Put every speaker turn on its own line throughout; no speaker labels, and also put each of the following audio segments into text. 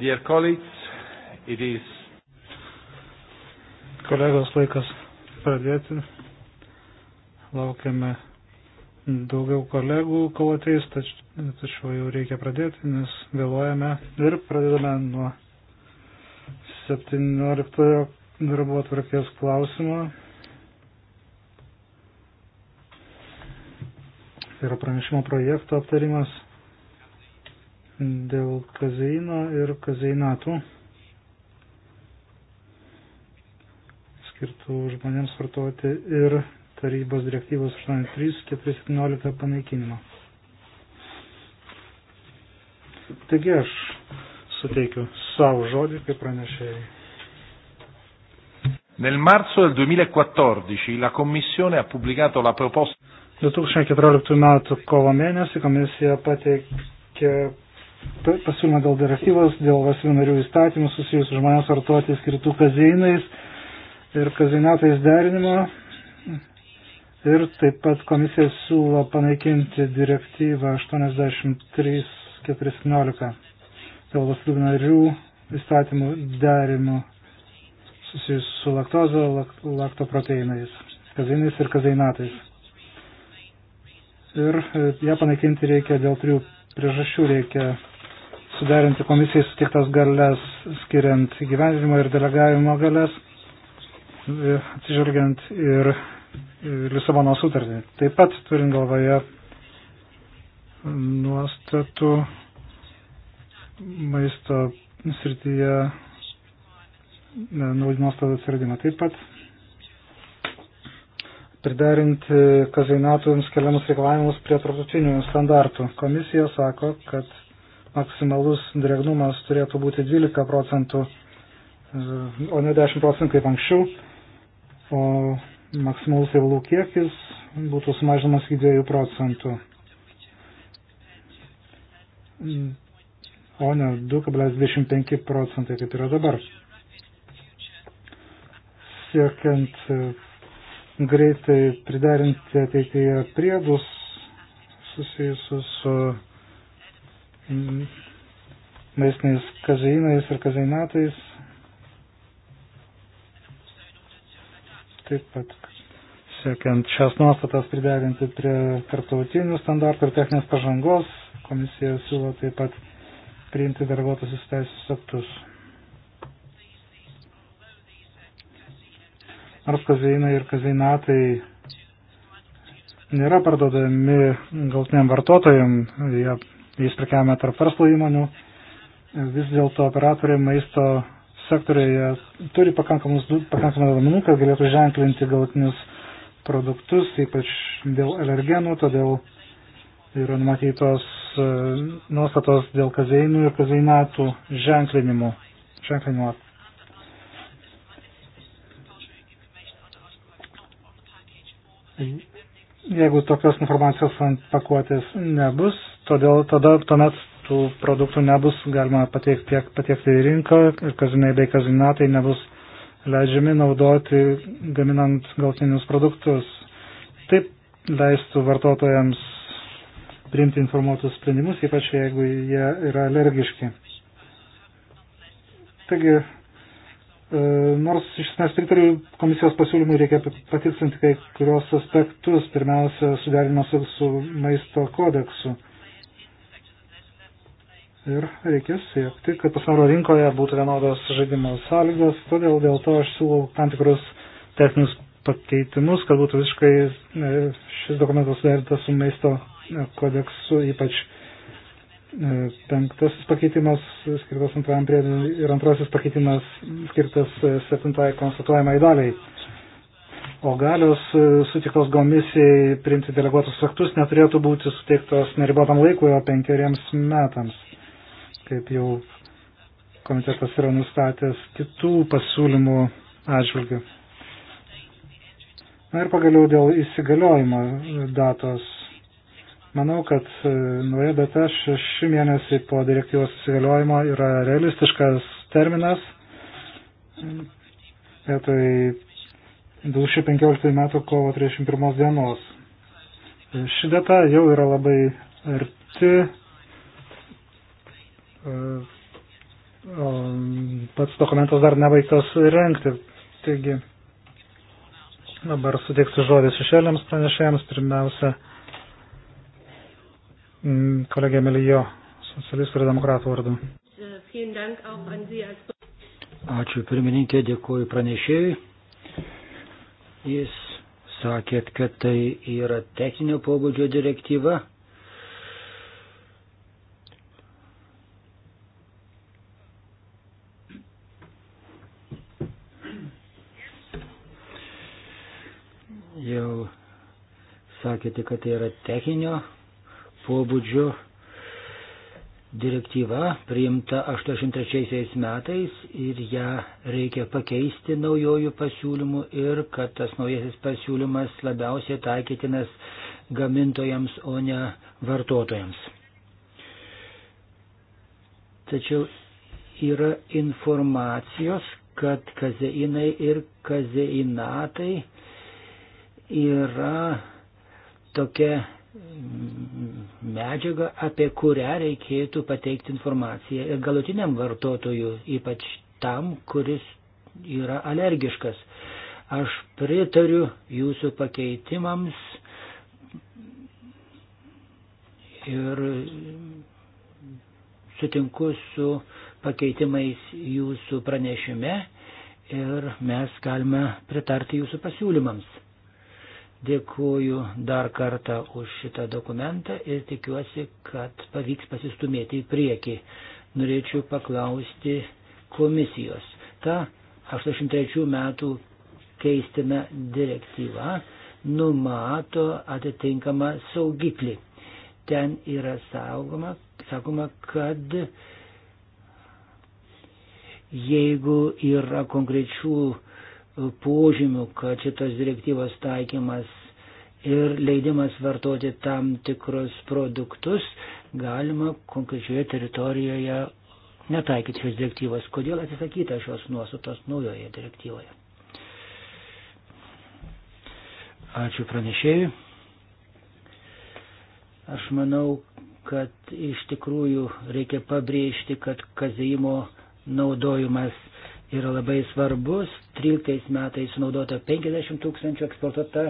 Dear colleagues, it is.
Kolegos laikas pradėti. Laukiame daugiau kolegų, kol ateis, tač, tačiau jau reikia pradėti, nes vėluojame ir pradedame nuo 17 darbo atvarkės klausimo. Tai yra pranešimo projekto aptarimas dėl kazeino ir kazeinatų skirtų žmonėms vartoti ir tarybos direktyvos 83-417 panaikinimo. Taigi aš suteikiu savo žodį kaip pranešėjai.
Nel marzo del 2014 la Commissione ha pubblicato
la proposta. 2014 m. kovo mėnesį komisija pateikė pasiūlymą dėl direktyvos, dėl valstybių narių įstatymų susijusių žmonės vartoti skirtų kazeinais ir kazeinatais derinimo. Ir taip pat komisija siūlo panaikinti direktyvą 83.14 dėl valstybių narių įstatymų derimo susijusių su laktozo, lak, laktoproteinais, kazeinais ir kazeinatais. Ir e, ją panaikinti reikia dėl trijų priežasčių. Reikia suderinti komisijai sutiktas galės, skiriant gyvenimo ir delegavimo galės, e, atsižvelgiant ir Lisabono sutartį. Taip pat turint galvoje nuostatų maisto srityje nuostatų atsiradimą. Taip pat pridarinti kazainatų jums keliamus reikalavimus prie tarptautinių standartų. Komisija sako, kad maksimalus drėgnumas turėtų būti 12 procentų, o ne 10 procentų kaip anksčiau, o maksimalus riebalų kiekis būtų sumažinamas iki 2 procentų, o ne 2,25 procentai kaip yra dabar. Siekiant e, greitai priderinti ateityje priedus susijusius su maistiniais kazeinais ir kazeinatais. Taip pat siekiant šias nuostatas priderinti prie tarptautinių standartų ir techninės pažangos, komisija siūlo taip pat priimti darbuotojus teisės aktus. Nors kazeinai ir kazeinatai nėra parduodami galtiniam vartotojam, jie jais prekiavame tarp verslo įmonių. Vis dėlto operatoriai maisto sektoriuje turi pakankamai duomenų, kad galėtų ženklinti galutinius produktus, ypač dėl alergenų, todėl yra numatytos e, nuostatos dėl kazeinų ir kazeinatų ženklinimo. ženklinimo. Jeigu tokios informacijos ant pakuotės nebus, todėl tada tuomet tų produktų nebus galima pateikti, tiek patiekti į rinką ir kazinai bei kazinatai nebus leidžiami naudoti gaminant galtinius produktus. Taip leistų vartotojams priimti informuotus sprendimus, ypač jeigu jie yra alergiški. Taigi, e, nors iš esmės pritariu komisijos pasiūlymui, reikia patikslinti kai kurios aspektus, pirmiausia, suderinimas su maisto kodeksu ir reikės siekti, kad pasaulio rinkoje būtų vienodos žaidimo sąlygos, todėl dėl to aš siūlau tam tikrus techninius pakeitimus, kad būtų visiškai e, šis dokumentas suderintas su maisto e, kodeksu, ypač e, penktasis pakeitimas skirtas antrajam priedui ir antrasis pakeitimas skirtas septintai konstatuojamai daliai. O galios sutiktos komisijai priimti deleguotus aktus neturėtų būti suteiktos neribotam laikui, o penkeriems metams kaip jau komitetas yra nustatęs kitų pasiūlymų atžvilgių. Na ir pagaliau dėl įsigaliojimo datos. Manau, kad e, nauja data šeši mėnesiai po direktyvos įsigaliojimo yra realistiškas terminas. Vietoj 2015 metų kovo 31 dienos. Ši data jau yra labai arti o pats dokumentas dar nebaigtas renkti. Taigi dabar suteiksiu žodį šešėliams pranešėjams. Pirmiausia, kolegė Melijo, socialistų ir demokratų vardu. Ačiū pirmininkė,
dėkuoju pranešėjui. Jis sakėt, kad tai yra techninio pobūdžio direktyva, sakėte, kad tai yra techninio pobūdžio direktyva priimta 83 metais ir ją reikia pakeisti naujojų pasiūlymų ir kad tas naujasis pasiūlymas labiausiai taikytinas gamintojams, o ne vartotojams. Tačiau yra informacijos, kad kazeinai ir kazeinatai yra tokia mm, medžiaga, apie kurią reikėtų pateikti informaciją ir galutiniam vartotojui, ypač tam, kuris yra alergiškas. Aš pritariu jūsų pakeitimams ir sutinku su pakeitimais jūsų pranešime ir mes galime pritarti jūsų pasiūlymams. Dėkuoju dar kartą už šitą dokumentą ir tikiuosi, kad pavyks pasistumėti į priekį. Norėčiau paklausti komisijos. Ta 83 metų keistina direktyva numato atitinkamą saugiklį. Ten yra saugoma, sakoma, kad jeigu yra konkrečių požymių, kad šitos direktyvos taikymas ir leidimas vartoti tam tikrus produktus galima konkrečioje teritorijoje netaikyti šios direktyvos. Kodėl atsisakyta šios nuostatos naujoje direktyvoje? Ačiū pranešėjui. Aš manau, kad iš tikrųjų reikia pabrėžti, kad kazeimo naudojimas yra labai svarbus. 13 metais sunaudota 50 tūkstančių, eksportuota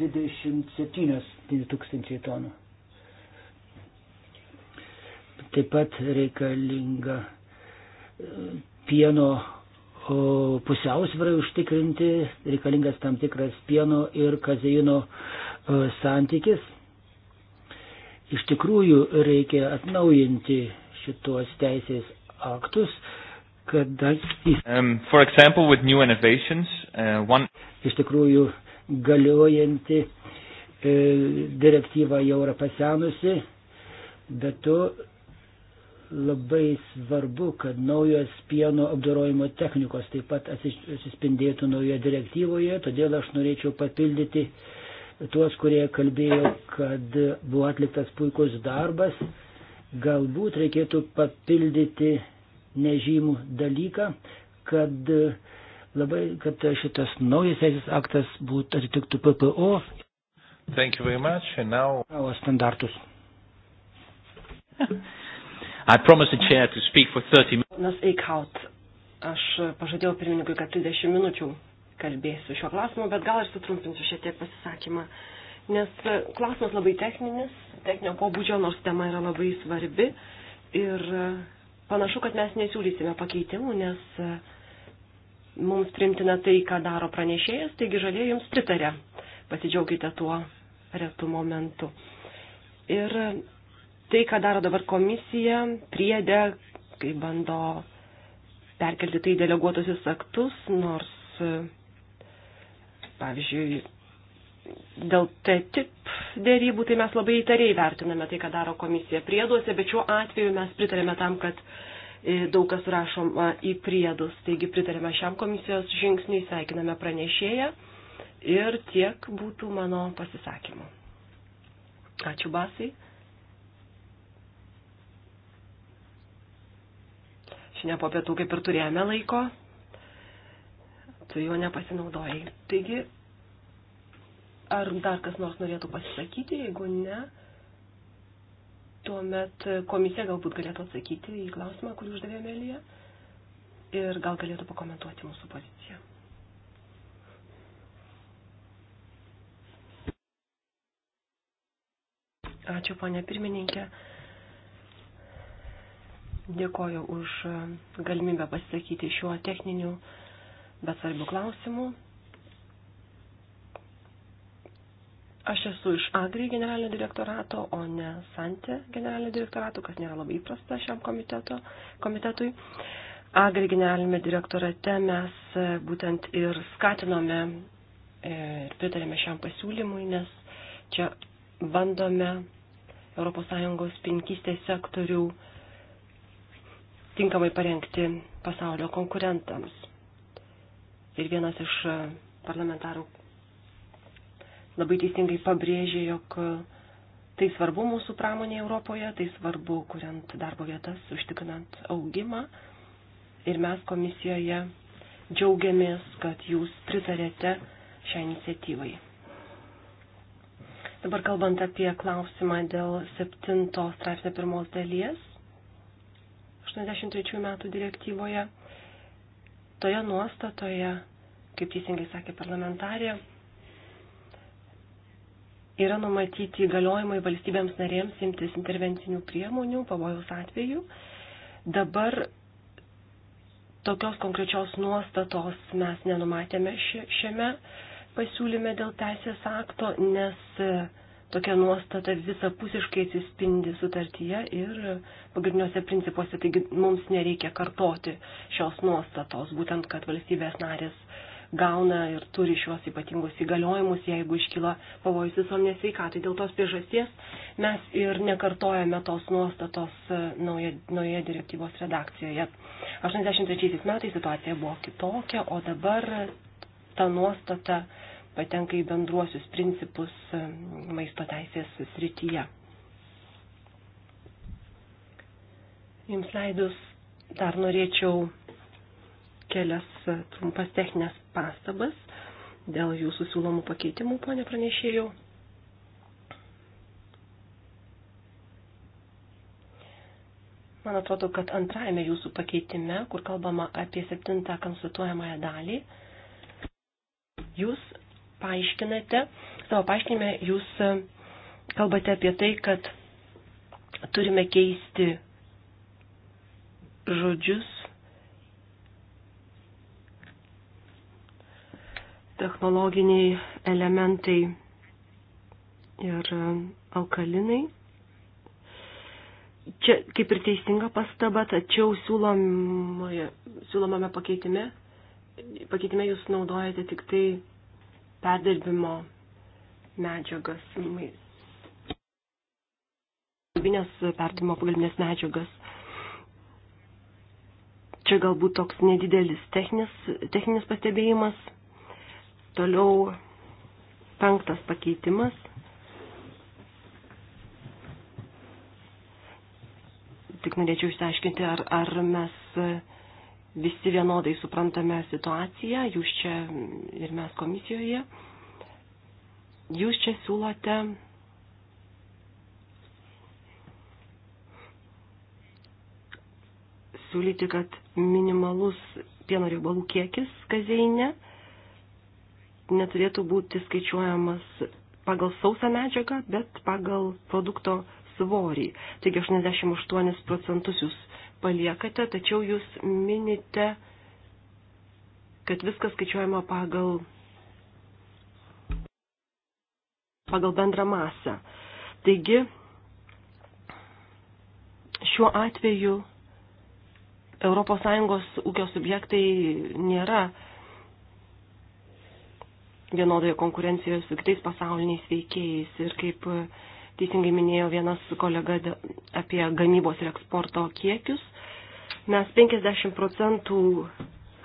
27 tūkstančiai tonų. Taip pat reikalinga e, pieno pusiausvėrai užtikrinti, reikalingas tam tikras pieno ir kazeino e, santykis. Iš tikrųjų reikia atnaujinti šitos teisės aktus, kada jis.
Um, for example, with new innovations,
uh, one... Iš tikrųjų, galiojanti e, direktyva jau yra pasenusi, bet to labai svarbu, kad naujos pieno apdorojimo technikos taip pat atsispindėtų naujoje direktyvoje, todėl aš norėčiau papildyti tuos, kurie kalbėjo, kad buvo atliktas puikus darbas. Galbūt reikėtų papildyti nežymų dalyką, kad, e, labai, kad šitas naujas teisės aktas būtų atitiktų PPO. Thank you very much. And now... standartus.
I promised the chair to speak for 30
minutes. Aš pažadėjau pirmininkui, kad 30 minučių kalbėsiu šiuo klausimu, bet gal ir sutrumpinsiu šiek tiek pasisakymą, nes e, klausimas labai techninis, techninio pobūdžio, nors tema yra labai svarbi ir e, Panašu, kad mes nesiūlysime pakeitimų, nes e, mums primtina tai, ką daro pranešėjas, taigi žalė jums pritarė. Pasidžiaugite tuo retų momentu. Ir e, tai, ką daro dabar komisija, priedė, kai bando perkelti tai deleguotusius aktus, nors, e, pavyzdžiui, dėl TTIP dėrybų, tai mes labai įtariai vertiname tai, ką daro komisija prieduose, bet šiuo atveju mes pritarėme tam, kad e, daug kas rašoma į priedus. Taigi pritarėme šiam komisijos žingsniui, sveikiname pranešėją ir tiek būtų mano pasisakymų. Ačiū Basai. Šiandien po pietų kaip ir turėjome laiko, tu jo nepasinaudojai. Taigi Ar dar kas nors norėtų pasisakyti, jeigu ne, tuomet komisija galbūt galėtų atsakyti į klausimą, kurį uždavė Melija ir gal galėtų pakomentuoti mūsų poziciją. Ačiū, ponė pirmininkė. Dėkoju už galimybę pasisakyti šiuo techniniu, bet svarbiu klausimu. Aš esu iš Agri generalinio direktorato, o ne Santė generalinio direktorato, kas nėra labai įprasta šiam komitetui. Agri generalinėme direktorate mes e, būtent ir skatinome e, ir pritarėme šiam pasiūlymui, nes čia bandome ES pinkystės sektorių tinkamai parengti pasaulio konkurentams. Ir vienas iš e, parlamentarų labai teisingai pabrėžė, jog tai svarbu mūsų pramonėje Europoje, tai svarbu, kuriant darbo vietas, užtikrinant augimą. Ir mes komisijoje džiaugiamės, kad jūs pritarėte šią iniciatyvai. Dabar kalbant apie klausimą dėl 7 straipsnio pirmos dalies 83 metų direktyvoje, toje nuostatoje, kaip teisingai sakė parlamentarė, yra numatyti įgaliojimai valstybėms narėms imtis intervencinių priemonių pavojaus atveju. Dabar tokios konkrečios nuostatos mes nenumatėme šiame pasiūlyme dėl teisės akto, nes e, tokia nuostata visapusiškai atsispindi sutartyje ir pagrindiniuose principuose, taigi mums nereikia kartoti šios nuostatos, būtent kad valstybės narės gauna ir turi šiuos ypatingus įgaliojimus, jeigu iškyla pavojus visuomenės sveikatai. Dėl tos priežasties mes ir nekartojame tos nuostatos e, naujoje, naujoje direktyvos redakcijoje. 83 metais situacija buvo kitokia, o dabar ta nuostata patenka į bendruosius principus e, maisto teisės srityje. Jums leidus dar norėčiau kelias trumpas techninės pastabas dėl jūsų siūlomų pakeitimų, ponė pranešėjau. Man atrodo, kad antrajame jūsų pakeitime, kur kalbama apie septintą konsultuojamąją dalį, jūs paaiškinate, savo paaiškinime jūs kalbate apie tai, kad turime keisti žodžius technologiniai elementai ir alkalinai. Čia kaip ir teisinga pastaba, tačiau siūlomoje, siūlomame pakeitime, pakeitime jūs naudojate tik tai perdirbimo medžiagas, pagalbinės perdirbimo pagalbinės medžiagas. Čia galbūt toks nedidelis techninis, techninis pastebėjimas Toliau penktas pakeitimas. Tik norėčiau išsiaiškinti, ar, ar mes visi vienodai suprantame situaciją, jūs čia ir mes komisijoje. Jūs čia siūlote siūlyti, kad minimalus pieno riebalų kiekis kazeinė neturėtų būti skaičiuojamas pagal sausą medžiagą, bet pagal produkto svorį. Taigi 88 procentus jūs paliekate, tačiau jūs minite, kad viskas skaičiuojama pagal, pagal bendrą masę. Taigi šiuo atveju ES ūkio subjektai nėra vienodoje konkurencijoje su kitais pasauliniais veikėjais. Ir kaip teisingai minėjo vienas kolega apie gamybos ir eksporto kiekius, mes 50 procentų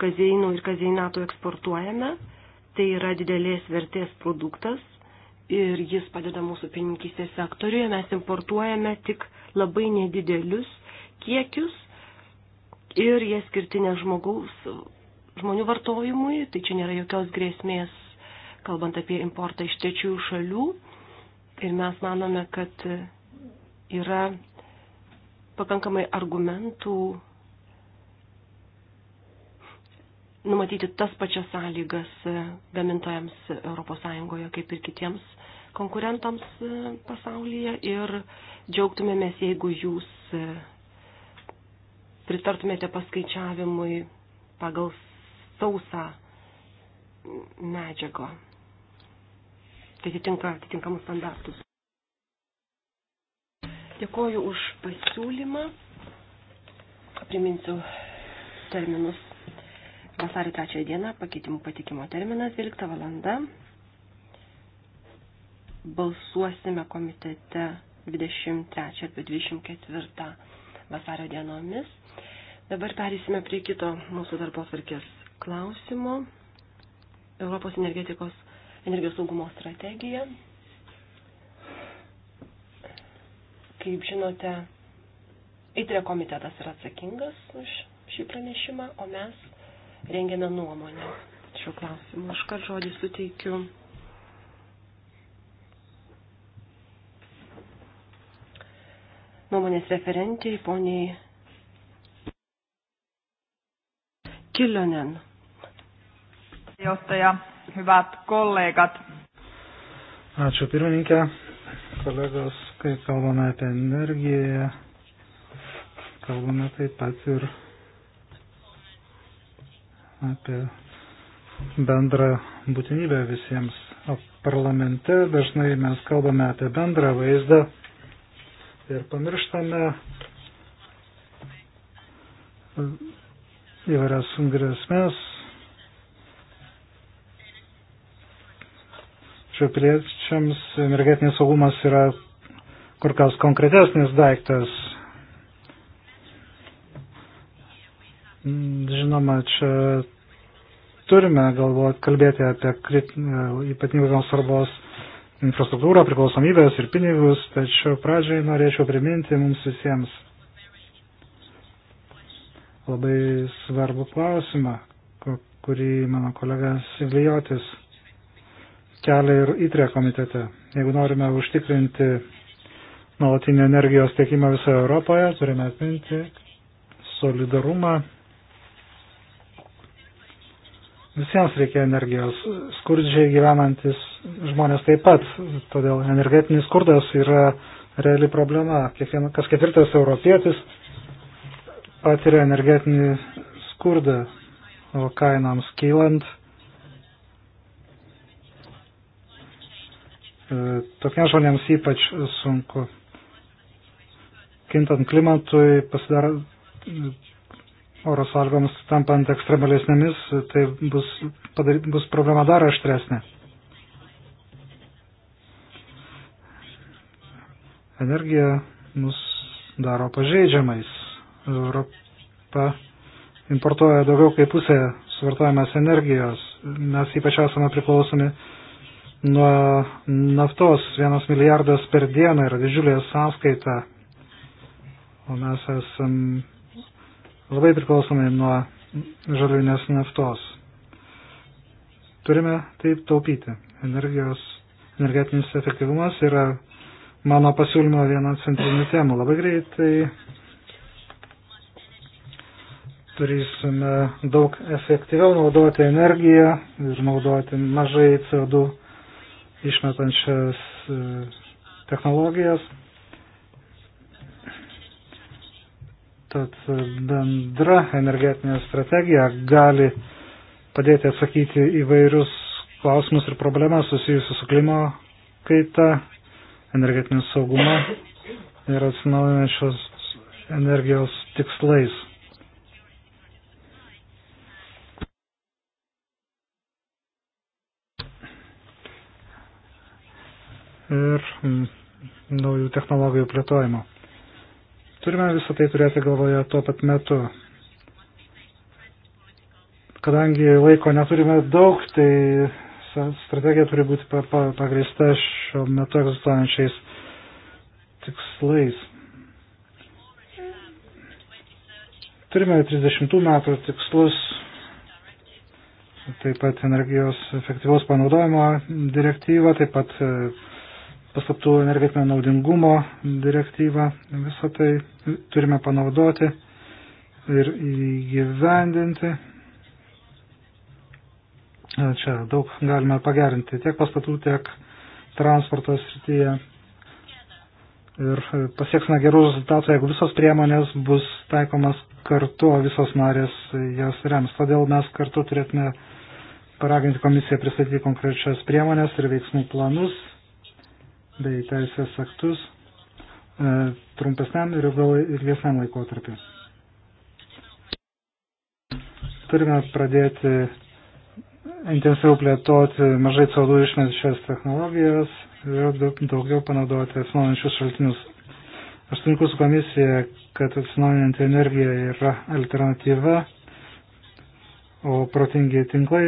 kazeinų ir kazeinatų eksportuojame, tai yra didelės vertės produktas ir jis padeda mūsų pininkystės sektoriuje, mes importuojame tik labai nedidelius kiekius ir jie skirti ne žmogaus, žmonių vartojimui, tai čia nėra jokios grėsmės kalbant apie importą iš trečiųjų šalių. Ir mes manome, kad yra pakankamai argumentų numatyti tas pačias sąlygas gamintojams ES kaip ir kitiems konkurentams pasaulyje ir džiaugtumėmės, jeigu jūs pritartumėte paskaičiavimui pagal sausą medžiagą tai atitinka atitinkamus standartus. Dėkoju už pasiūlymą. Priminsiu terminus. Vasarį 3 dieną pakeitimų patikimo terminas 12 valanda. Balsuosime komitete 23 ir 24 vasario dienomis. Dabar perėsime prie kito mūsų darbos varkės klausimo. Europos energetikos energijos saugumo strategiją. Kaip žinote, ITRE komitetas yra atsakingas už šį pranešimą, o mes rengiame nuomonę šiuo klausimu. Aš kad žodį suteikiu. Nuomonės referentiai, poniai Kiljonen.
Johtaja, hyvät kollegat.
Ačiū pirmininkė, kolegos, kai kalbame apie energiją, kalbame taip pat ir apie bendrą būtinybę visiems. O parlamente dažnai mes kalbame apie bendrą vaizdą ir pamirštame įvairias grėsmės, Šiuo piliečiams energetinis saugumas yra kur kas konkretesnis daiktas. Žinoma, čia turime galvoti, kalbėti apie krit, ypatingos svarbos infrastruktūrą, priklausomybės ir pinigus, tačiau pradžiai norėčiau priminti mums visiems labai svarbų klausimą, kurį mano kolega Siglijotis kelia ir įtrė komitete. Jeigu norime užtikrinti nuolatinį energijos tiekimą visoje Europoje, turime atminti solidarumą. Visiems reikia energijos. Skurdžiai gyvenantis žmonės taip pat. Todėl energetinis skurdas yra reali problema. Kiekvien, kas ketvirtas europietis patiria energetinį skurdą, o kainams kylant E, tokiems žmonėms ypač sunku. Kintant klimatui, pasidaro e, oro sąlygoms tampant ekstremalesnėmis, tai bus, padary, bus problema dar aštresnė. Energija mus daro pažeidžiamais. Europa importuoja daugiau kaip pusę suvartojamas energijos. Mes ypač esame priklausomi nuo naftos vienas milijardas per dieną yra didžiulė sąskaita, o mes esam labai priklausomi nuo žalinės naftos. Turime taip taupyti. Energijos, energetinis efektyvumas yra mano pasiūlymo viena centrinių temų. Labai greitai turėsime daug efektyviau naudoti energiją ir naudoti mažai CO2 išmetančias e, technologijas. Tad bendra energetinė strategija gali padėti atsakyti įvairius klausimus ir problemas susijusius su klimo kaita, energetiniu saugumu ir atsinaujinančios energijos tikslais. ir mm, naujų technologijų plėtojimo. Turime visą tai turėti galvoje tuo pat metu. Kadangi laiko neturime daug, tai strategija turi būti pagrįsta šiuo metu egzistuojančiais tikslais. Turime 30 metų tikslus, taip pat energijos efektyvaus panaudojimo direktyvą, taip pat e, pastatų energetinio naudingumo direktyvą. Visą tai turime panaudoti ir įgyvendinti. Čia daug galime pagerinti tiek pastatų, tiek transporto srityje. Ir pasieksime gerų rezultatų, jeigu visos priemonės bus taikomas kartu, o visos narės jas rems. Todėl mes kartu turėtume paraginti komisiją pristatyti konkrečias priemonės ir veiksmų planus bei teisės aktus e, trumpesniam ir ilgesniam laikotarpiu. Turime pradėti intensyviau plėtoti mažai CO2 išmetančias technologijas ir daugiau panaudoti atsinaujinančius šaltinius. Aš sutinku su komisija, kad atsinaujinanti energija yra alternatyva, o protingi tinklai,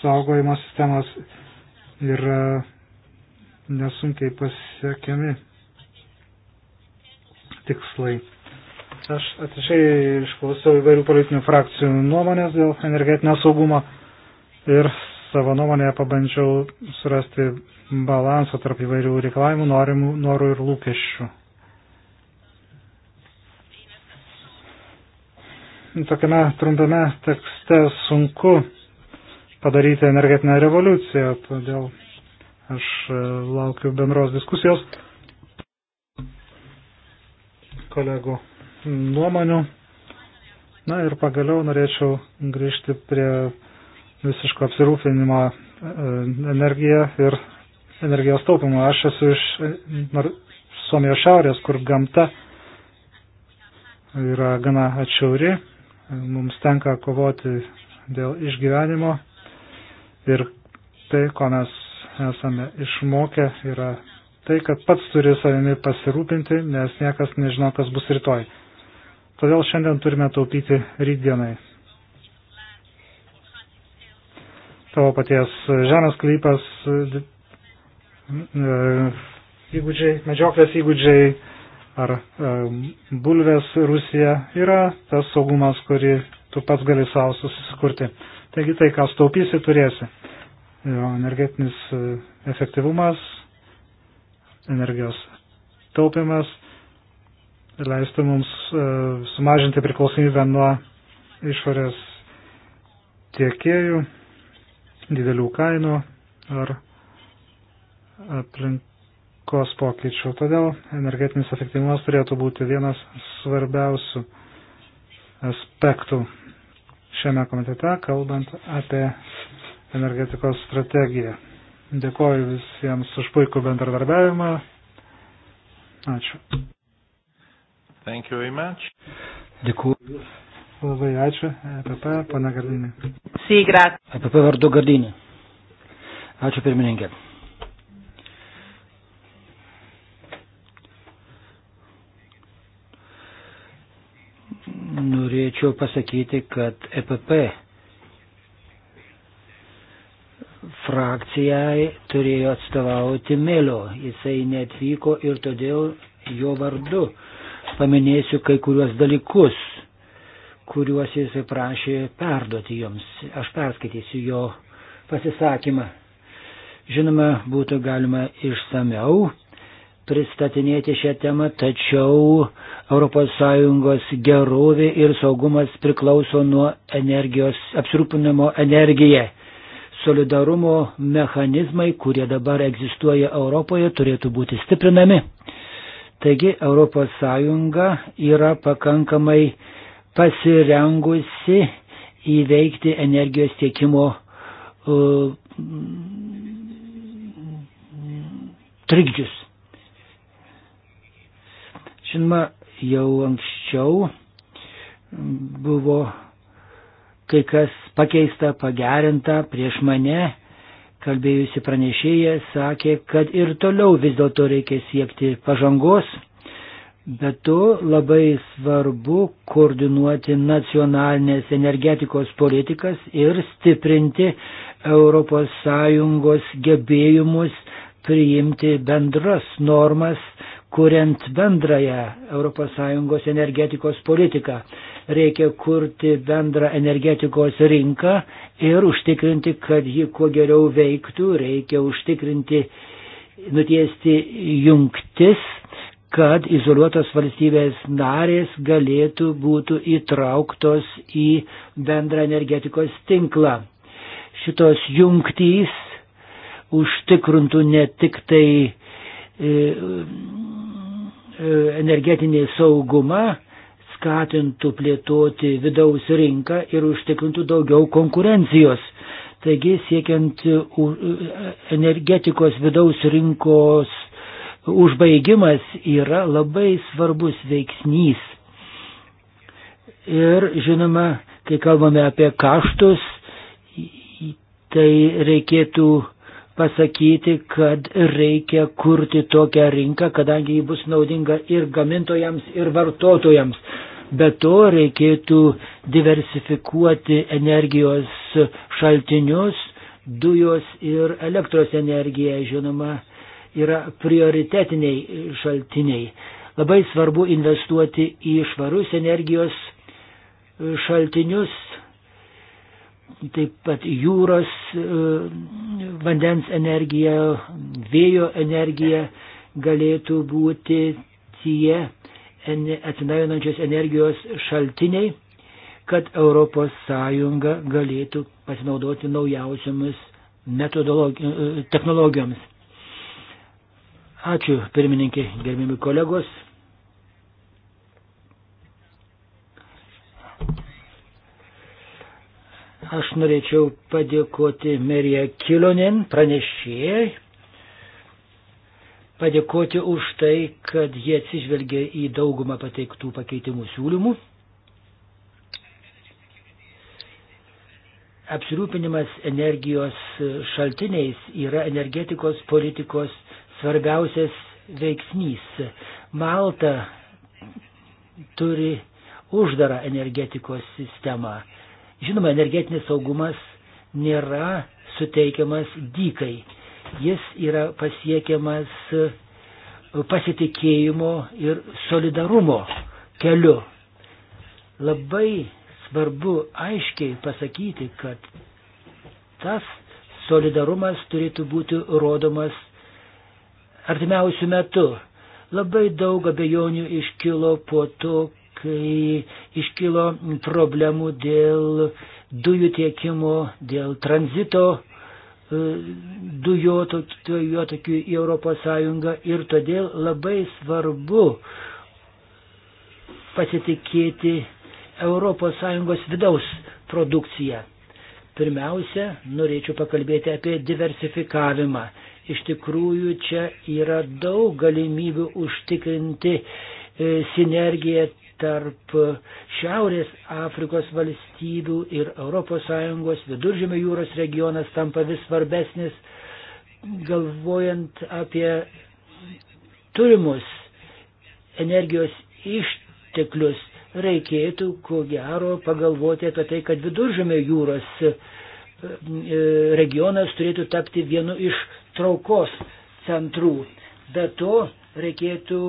saugojimo sistemas yra nesunkiai pasiekiami tikslai. Aš atvišiai išklausiau įvairių politinių frakcijų nuomonės dėl energetinio saugumo ir savo nuomonėje pabandžiau surasti balansą tarp įvairių reikalavimų, norimų, norų ir lūkesčių. Tokiame trumpame tekste sunku padaryti energetinę revoliuciją, todėl Aš e, laukiu bendros diskusijos kolegų nuomonių. Na ir pagaliau norėčiau grįžti prie visiško apsirūpinimo e, energiją ir energijos taupimo. Aš esu iš e, Suomijos šiaurės, kur gamta yra gana atšiauri. Mums tenka kovoti dėl išgyvenimo ir tai, ko mes esame išmokę, yra tai, kad pats turi savimi pasirūpinti, nes niekas nežino, kas bus rytoj. Todėl šiandien turime taupyti rytdienai. Tavo paties žemės klypas, e, įgūdžiai, medžioklės įgūdžiai ar e, bulvės Rusija yra tas saugumas, kurį tu pats gali savo susikurti. Taigi tai, ką staupysi, turėsi energetinis e, efektyvumas, energijos taupimas leistų mums e, sumažinti priklausomybę nuo išorės tiekėjų, didelių kainų ar aplinkos pokyčių. Todėl energetinis efektyvumas turėtų būti vienas svarbiausių aspektų šiame komitete, kalbant apie energetikos strategiją. Dėkoju visiems už puikų bendradarbiavimą. Ačiū.
Thank you very much.
Dėkuoju.
Labai ačiū. EPP, pana
Gardinė. Sì, grazie. EPP vardu Gardinė. Ačiū pirmininkė. Norėčiau pasakyti, kad EPP frakcijai turėjo atstovauti Melio. Jisai netvyko ir todėl jo vardu paminėsiu kai kuriuos dalykus, kuriuos jisai prašė perduoti jums. Aš perskaitysiu jo pasisakymą. Žinoma, būtų galima išsameu pristatinėti šią temą, tačiau ES gerovė ir saugumas priklauso nuo energijos apsirūpinimo energiją solidarumo mechanizmai, kurie dabar egzistuoja Europoje, turėtų būti stiprinami. Taigi ES yra pakankamai pasirengusi įveikti energijos tiekimo uh, trikdžius. Žinoma, jau anksčiau buvo kai kas pakeista, pagerinta. Prieš mane kalbėjusi pranešėja sakė, kad ir toliau vis dėlto reikia siekti pažangos. Be to labai svarbu koordinuoti nacionalinės energetikos politikas ir stiprinti ES gebėjimus priimti bendras normas, kuriant bendrąją ES energetikos politiką. Reikia kurti bendrą energetikos rinką ir užtikrinti, kad ji kuo geriau veiktų. Reikia užtikrinti, nutiesti jungtis kad izoliuotos valstybės narės galėtų būtų įtrauktos į bendrą energetikos tinklą. Šitos jungtys užtikrintų ne tik tai e, e, energetinį saugumą, skatintų plėtoti vidaus rinką ir užtikrintų daugiau konkurencijos. Taigi siekiant energetikos vidaus rinkos užbaigimas yra labai svarbus veiksnys. Ir žinoma, kai kalbame apie kaštus, tai reikėtų pasakyti, kad reikia kurti tokią rinką, kadangi ji bus naudinga ir gamintojams, ir vartotojams. Be to reikėtų diversifikuoti energijos šaltinius, dujos ir elektros energija, žinoma, yra prioritetiniai šaltiniai. Labai svarbu investuoti į švarus energijos šaltinius, taip pat jūros e, vandens energija, vėjo energija galėtų būti tie atsinaujinančios energijos šaltiniai, kad ES galėtų pasinaudoti naujausiamis e, technologijomis. Ačiū pirmininkė, gerbimi kolegos. Aš norėčiau padėkoti Merija Kilonin pranešėjai, padėkoti už tai, kad jie atsižvelgia į daugumą pateiktų pakeitimų siūlymų. Apsirūpinimas energijos šaltiniais yra energetikos politikos svarbiausias veiksnys. Malta turi uždarą energetikos sistemą. Žinoma, energetinis saugumas nėra suteikiamas dykai. Jis yra pasiekiamas e, pasitikėjimo ir solidarumo keliu. Labai svarbu aiškiai pasakyti, kad tas solidarumas turėtų būti rodomas artimiausių metų. Labai daug abejonių iškilo po to, kai iškilo problemų dėl dujų tiekimo, dėl tranzito e, dujotokių į ES ir todėl labai svarbu pasitikėti ES vidaus produkciją. Pirmiausia, norėčiau pakalbėti apie diversifikavimą. Iš tikrųjų, čia yra daug galimybių užtikrinti e, sinergiją tarp Šiaurės Afrikos valstybių ir ES viduržėmio jūros regionas tampa vis svarbesnis, galvojant apie turimus energijos išteklius. Reikėtų, ko gero, pagalvoti apie tai, kad viduržėmio jūros e, e, regionas turėtų tapti vienu iš traukos centrų. Be to reikėtų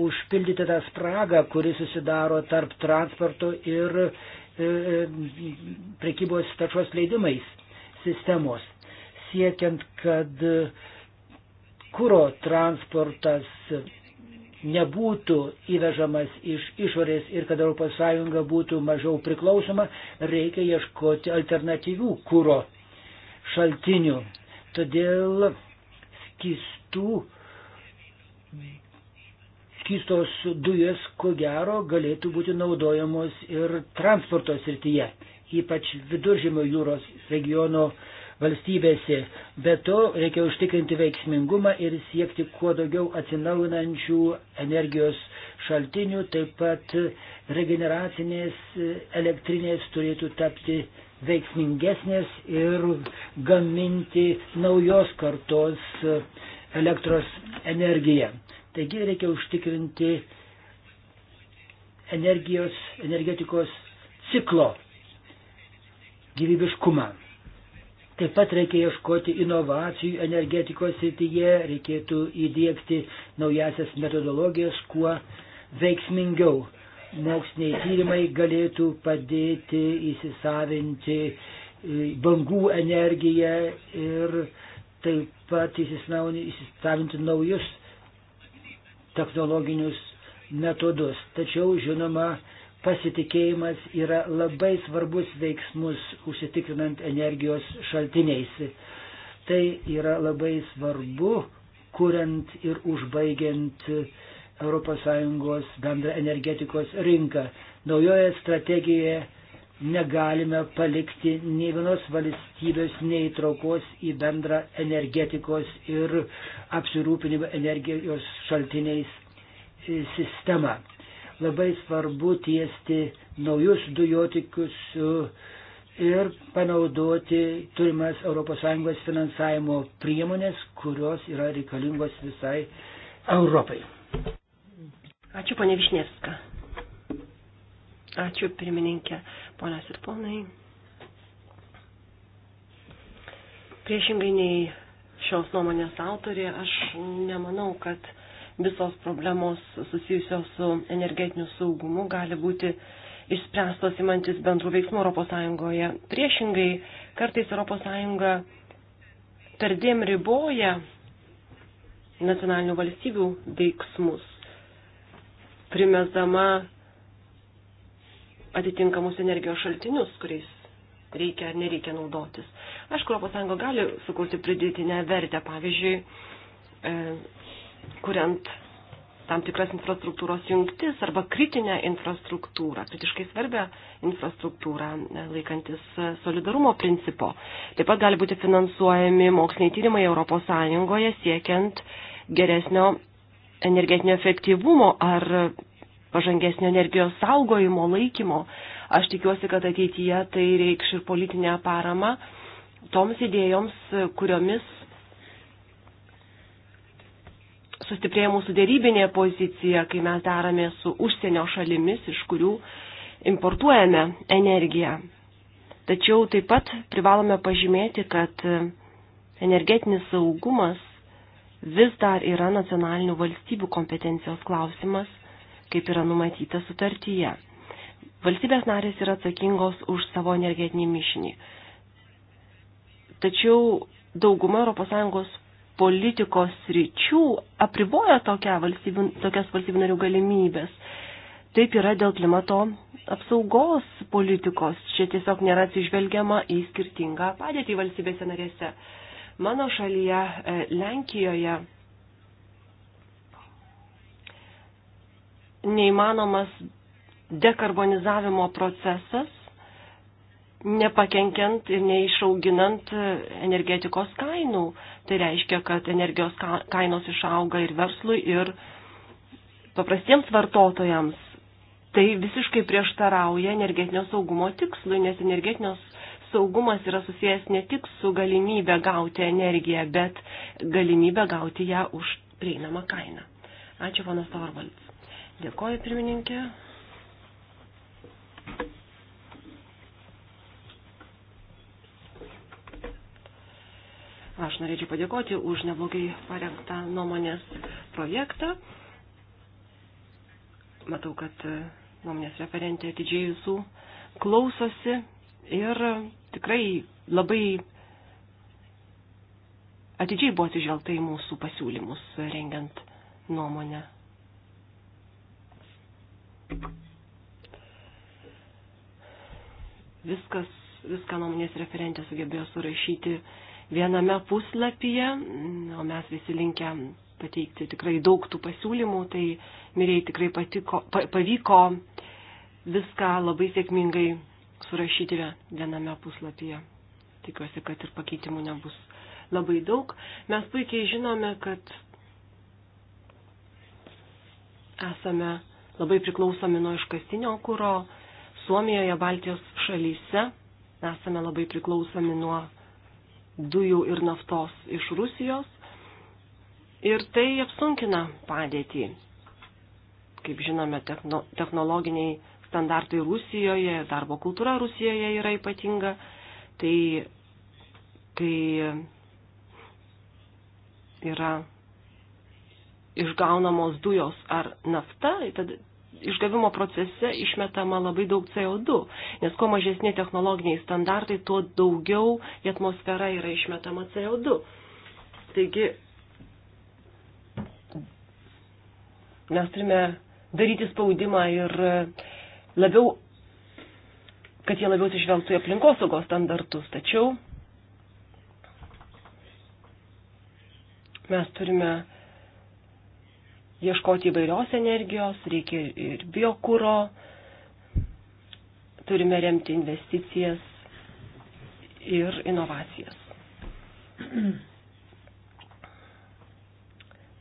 užpildyti tą spragą, kuri susidaro tarp transporto ir e, e prekybos taršos leidimais sistemos, siekiant, kad kūro transportas nebūtų įvežamas iš išorės ir kad ES būtų mažiau priklausoma, reikia ieškoti alternatyvių kūro šaltinių. Todėl skistų skystos dujos, ko gero, galėtų būti naudojamos ir transporto srityje, ypač viduržėmio jūros regiono valstybėse. Be to reikia užtikrinti veiksmingumą ir siekti kuo daugiau atsinaujinančių energijos šaltinių, taip pat regeneracinės elektrinės turėtų tapti veiksmingesnės ir gaminti naujos kartos elektros energiją. Taigi reikia užtikrinti energijos, energetikos ciklo gyvybiškumą. Taip pat reikia ieškoti inovacijų energetikos srityje, reikėtų įdėkti naujasias metodologijas kuo veiksmingiau. Moksliniai tyrimai galėtų padėti įsisavinti e, bangų energiją ir taip pat įsisavinti naujus technologinius metodus. Tačiau, žinoma, pasitikėjimas yra labai svarbus veiksmus užsitikrinant energijos šaltiniais. Tai yra labai svarbu, kuriant ir užbaigiant ES bendrą energetikos rinką. Naujoje strategijoje negalime palikti nei vienos valstybės neįtraukos į bendrą energetikos ir apsirūpinimo energijos šaltiniais e, sistemą. Labai svarbu tiesti naujus dujotikius e, ir panaudoti turimas ES finansavimo priemonės, kurios yra reikalingos visai Europai. Ačiū, ponė Višnievska.
Ačiū, pirmininkė ponios ir ponai. Priešingai nei šios nuomonės autorė, aš nemanau, kad visos problemos susijusios su energetiniu saugumu gali būti išspręstos įmantis bendrų veiksmų ES. Priešingai, kartais ES perdėm riboja nacionalinių valstybių veiksmus, primesdama atitinkamus energijos šaltinius, kuriais reikia ar nereikia naudotis. Aišku, ES gali sukurti pridėtinę vertę, pavyzdžiui, e, kuriant tam tikras infrastruktūros jungtis arba kritinę infrastruktūrą, kritiškai svarbę infrastruktūrą, e, laikantis solidarumo principo. Taip pat gali būti finansuojami moksliniai tyrimai ES siekiant geresnio energetinio efektyvumo ar pažangesnio energijos saugojimo, laikymo. Aš tikiuosi, kad ateityje tai reikš ir politinę paramą toms idėjoms, kuriomis sustiprėja mūsų dėrybinė pozicija, kai mes darome su užsienio šalimis, iš kurių importuojame energiją. Tačiau taip pat privalome pažymėti, kad energetinis saugumas vis dar yra nacionalinių valstybių kompetencijos klausimas kaip yra numatyta sutartyje. Valstybės narės yra atsakingos už savo energetinį mišinį. Tačiau dauguma ES politikos ryčių apriboja tokia valstybių, tokias valstybių narių galimybės. Taip yra dėl klimato apsaugos politikos. Čia tiesiog nėra atsižvelgiama į skirtingą padėtį valstybėse narėse. Mano šalyje, e, Lenkijoje, neįmanomas dekarbonizavimo procesas, nepakenkiant ir neišauginant energetikos kainų. Tai reiškia, kad energijos kainos išauga ir verslui, ir paprastiems vartotojams. Tai visiškai prieštarauja energetinio saugumo tikslui, nes energetinio saugumas yra susijęs ne tik su galimybė gauti energiją, bet galimybė gauti ją už prieinamą kainą. Ačiū, ponas Torvalds. Dėkoju, pirmininkė. Aš norėčiau padėkoti už neblogai parengtą nuomonės projektą. Matau, kad nuomonės referentė atidžiai jūsų klausosi ir tikrai labai atidžiai buvo atsižvelgta į mūsų pasiūlymus rengiant nuomonę. Viskas, viską nuomonės referentė sugebėjo surašyti viename puslapyje, o mes visi linkę pateikti tikrai daug tų pasiūlymų, tai miriai tikrai patiko, pa, pavyko viską labai sėkmingai surašyti viename puslapyje. Tikiuosi, kad ir pakeitimų nebus labai daug. Mes puikiai žinome, kad esame labai priklausomi nuo iškastinio kūro. Suomijoje, Baltijos šalyse esame labai priklausomi nuo dujų ir naftos iš Rusijos. Ir tai apsunkina padėtį. Kaip žinome, technologiniai standartai Rusijoje, darbo kultūra Rusijoje yra ypatinga. Tai kai yra išgaunamos dujos ar nafta, tai tad išgavimo procese išmetama labai daug CO2, nes kuo mažesni technologiniai standartai, tuo daugiau į atmosferą yra išmetama CO2. Taigi mes turime daryti spaudimą ir labiau, kad jie labiau atsižvelgtų į aplinkosaugos standartus. Tačiau mes turime ieškoti įvairios energijos, reikia ir biokūro, turime remti investicijas ir inovacijas.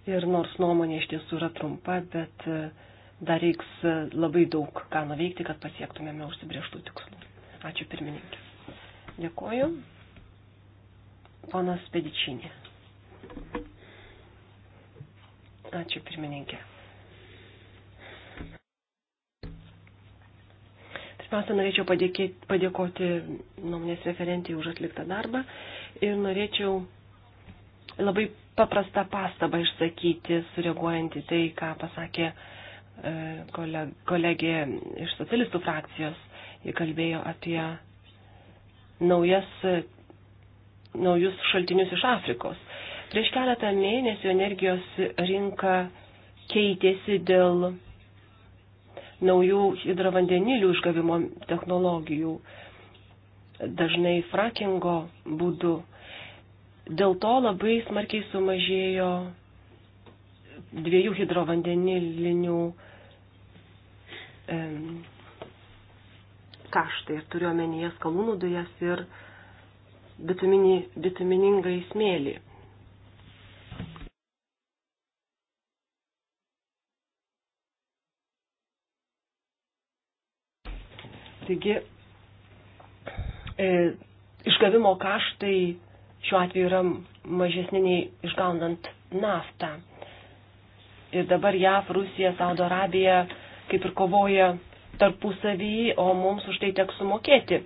Ir nors nuomonė iš tiesų yra trumpa, bet e, dar reiks e, labai daug ką nuveikti, kad pasiektumėme užsibrieštų tikslų. Ačiū pirmininkė. Dėkoju. Ponas Pedičinė. Ačiū pirmininkė. Pirmiausia, norėčiau padėkėti, padėkoti nuomonės referentijai už atliktą darbą ir norėčiau labai paprastą pastabą išsakyti, sureaguojant į tai, ką pasakė e, kolegė iš socialistų frakcijos. Ji kalbėjo apie naujas, naujus šaltinius iš Afrikos. Prieš keletą mėnesių energijos rinka keitėsi dėl naujų hidrovandenilių išgavimo technologijų, dažnai frakingo būdu. Dėl to labai smarkiai sumažėjo dviejų hidrovandenilinių e, kaštai. Ir turiu omenyje skalūnų dujas ir bituminį, bituminingą įsmėlį. Taigi, e, išgavimo kaštai šiuo atveju yra mažesni nei išgaunant naftą. Ir dabar JAV, Rusija, Saudo Arabija kaip ir kovoja tarpusavį, o mums už tai teks sumokėti,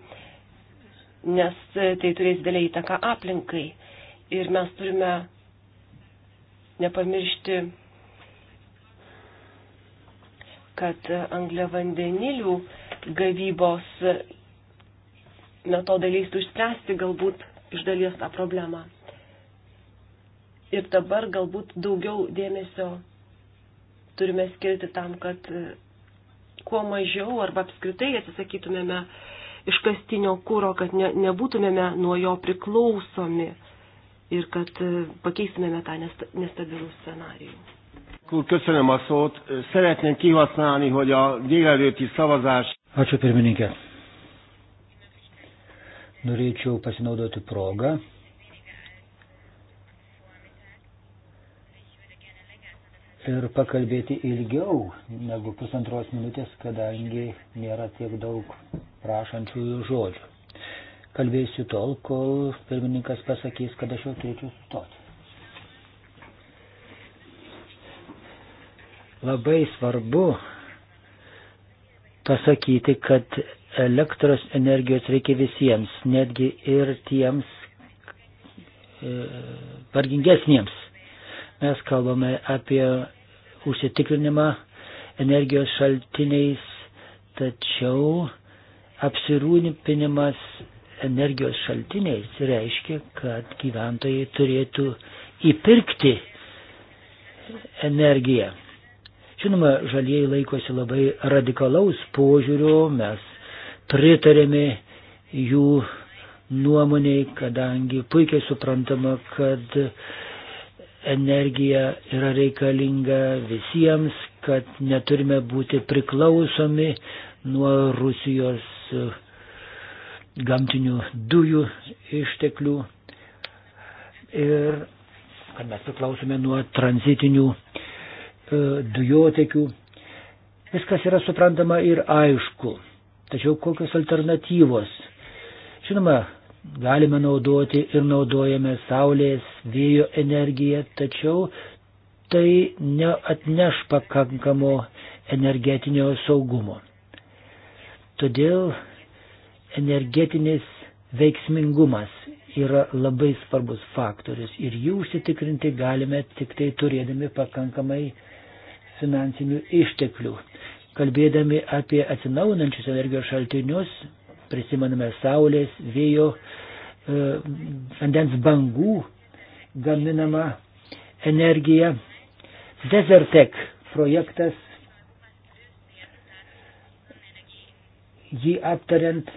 nes tai turės dėlį įtaką aplinkai. Ir mes turime nepamiršti, kad angliavandenilių vandenilių gavybos metodai leistų išspręsti galbūt iš dalies tą problemą. Ir dabar galbūt daugiau dėmesio turime skirti tam, kad e, kuo mažiau arba apskritai atsisakytumėme iškastinio kūro, kad ne, nebūtumėme nuo jo priklausomi ir kad e, pakeistumėme tą nestabilų scenarijų.
Köszönöm a szót. Szeretném kihasználni, hogy a délelőtti szavazás Ačiū pirmininkė. Norėčiau pasinaudoti progą ir pakalbėti ilgiau negu pusantros minutės, kadangi nėra tiek daug prašančiųjų žodžių. Kalbėsiu tol, kol pirmininkas pasakys, kad aš jau turėčiau sustoti. Labai svarbu pasakyti, kad elektros energijos reikia visiems, netgi ir tiems e, vargingesniems. Mes kalbame apie užsitikrinimą energijos šaltiniais, tačiau apsirūpinimas energijos šaltiniais reiškia, kad gyventojai turėtų įpirkti energiją. Žinoma, žalieji laikosi labai radikalaus požiūrio, mes pritarėme jų nuomoniai, kadangi puikiai suprantama, kad energija yra reikalinga visiems, kad neturime būti priklausomi nuo Rusijos gamtinių dujų išteklių ir kad mes priklausome nuo tranzitinių E, dujotekių. Viskas yra suprantama ir aišku. Tačiau kokios alternatyvos? Žinoma, galime naudoti ir naudojame saulės, vėjo energiją, tačiau tai neatneš pakankamo energetinio saugumo. Todėl energetinis veiksmingumas yra labai svarbus faktorius ir jį užsitikrinti galime tik tai turėdami pakankamai finansinių išteklių. Kalbėdami apie atsinaunančius energijos šaltinius, prisimename saulės, vėjo, e, vandens bangų gaminama energija. Desertec projektas, jį aptariant,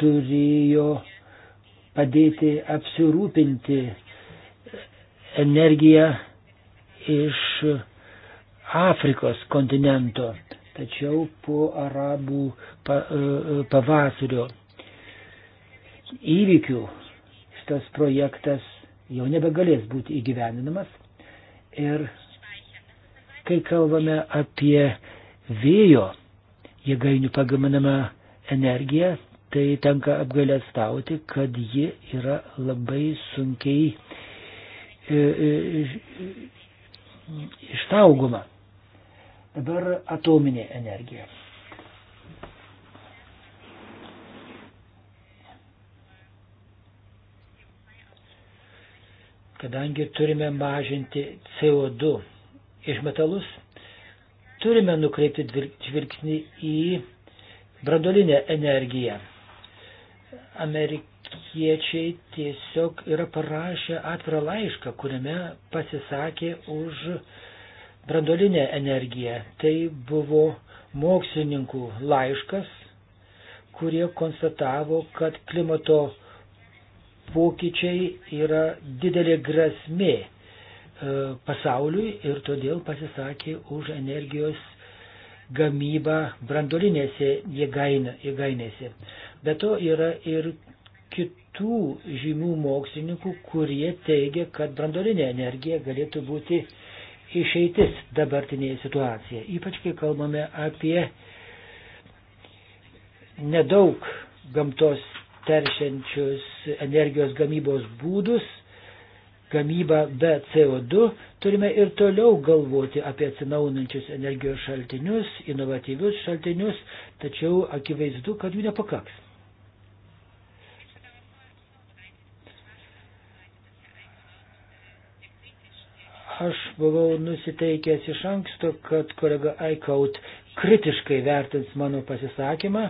turėjo padėti apsirūpinti energiją iš Afrikos kontinento, tačiau po arabų pa, e, e, pavasario įvykių šitas projektas jau nebegalės būti įgyveninamas. Ir kai kalbame apie vėjo jėgainių pagaminamą energiją, tai tenka apgailestauti, kad ji yra labai sunkiai išsaugoma. E, e, Dabar atominė energija. Kadangi turime mažinti CO2 išmetalus, turime nukreipti žvilgsnį į brandolinę energiją. Amerikiečiai tiesiog yra parašę atvirą laišką, kuriame pasisakė už uh, brandolinę energiją. Tai buvo mokslininkų laiškas, kurie konstatavo, kad klimato pokyčiai yra didelė grasmė e, pasauliui ir todėl pasisakė už energijos gamybą brandolinėse jėgainėse. Be to yra ir kitų žymių mokslininkų, kurie teigia, kad brandolinė energija galėtų būti uh, išeitis dabartinėje situacijoje, ypač kai kalbame apie nedaug gamtos teršiančius energijos gamybos būdus, gamybą be CO2, turime ir toliau galvoti apie atsinaunančius energijos šaltinius, inovatyvius šaltinius, tačiau akivaizdu, kad jų nepakaks. Aš buvau nusiteikęs iš anksto, kad kolega Aikaut kritiškai vertins mano pasisakymą,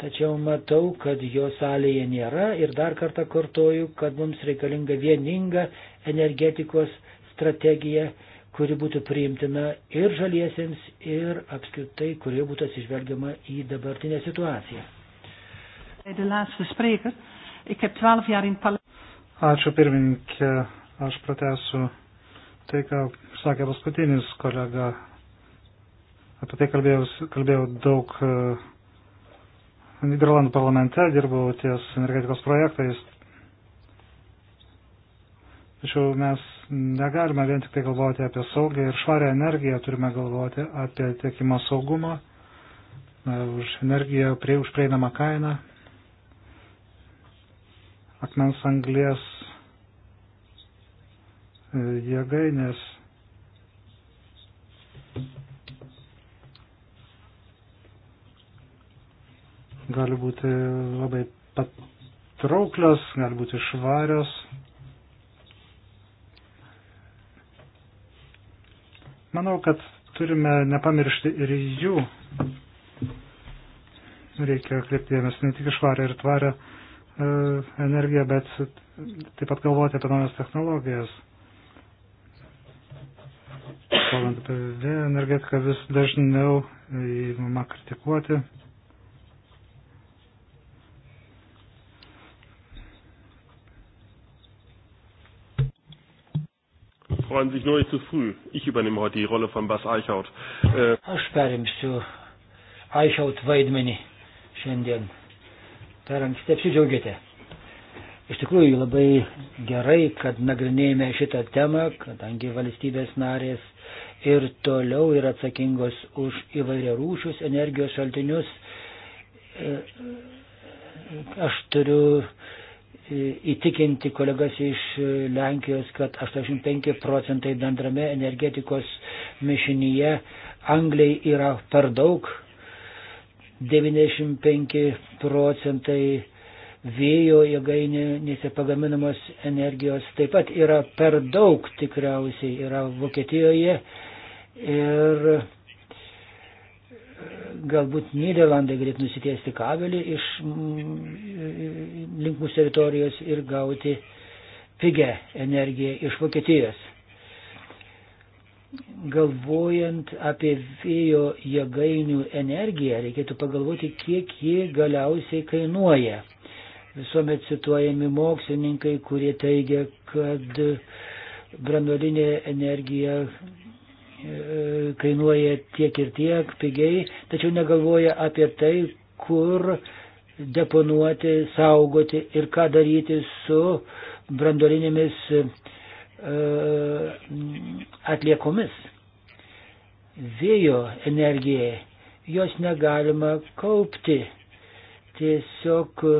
tačiau matau, kad jo salėje nėra ir dar kartą kartoju, kad mums reikalinga vieninga energetikos strategija, kuri būtų priimtina ir žaliesiems, ir apskritai, kurie būtų atsižvelgiama į dabartinę situaciją.
Ačiū pirmininkė, aš pratęsiu tai, ką sakė paskutinis kolega. Apie tai kalbėjau, kalbėjau daug e, Niderlandų parlamente, dirbau ties energetikos projektais. Tačiau mes negalime vien tik tai galvoti apie saugę ir švarę energiją, turime galvoti apie tiekimo saugumą, e, už energiją, prie, už prieinamą kainą, akmens anglės E, jėgainės. Gali būti labai patrauklios, gali būti švarios. Manau, kad turime nepamiršti ir jų. Reikia kreiptėmės ne tik švarę ir tvarę e, energiją, bet taip pat galvoti apie naujas technologijas kalbant apie vėjo energetiką, vis dažniau e, įmama kritikuoti.
Freuen sich nur nicht zu früh. Ich übernehme heute die Rolle von Bas Eichhaut. Äh
Aš perimsiu Eichhaut vaidmenį šiandien. Per anksti apsidžiaugėte. Iš tikrųjų labai gerai, kad nagrinėjame šitą temą, kadangi valstybės narės ir toliau yra atsakingos už įvairia rūšius energijos šaltinius. Aš turiu e, įtikinti kolegas iš Lenkijos, kad 85 procentai bendrame energetikos mišinyje angliai yra per daug, 95 procentai vėjo jėgainėse pagaminamos energijos taip pat yra per daug tikriausiai, yra Vokietijoje ir e, galbūt Niderlandai galėtų nusitiesti kabelį iš mm, e, link mūsų teritorijos ir gauti pigę energiją iš Vokietijos. Galvojant apie vėjo jėgainių energiją, reikėtų pagalvoti, kiek ji galiausiai kainuoja visuomet cituojami mokslininkai, kurie teigia, kad branduolinė energija e, kainuoja tiek ir tiek pigiai, tačiau negalvoja apie tai, kur deponuoti, saugoti ir ką daryti su branduolinėmis e, atliekomis. Vėjo energijai jos negalima kaupti. Tiesiog uh,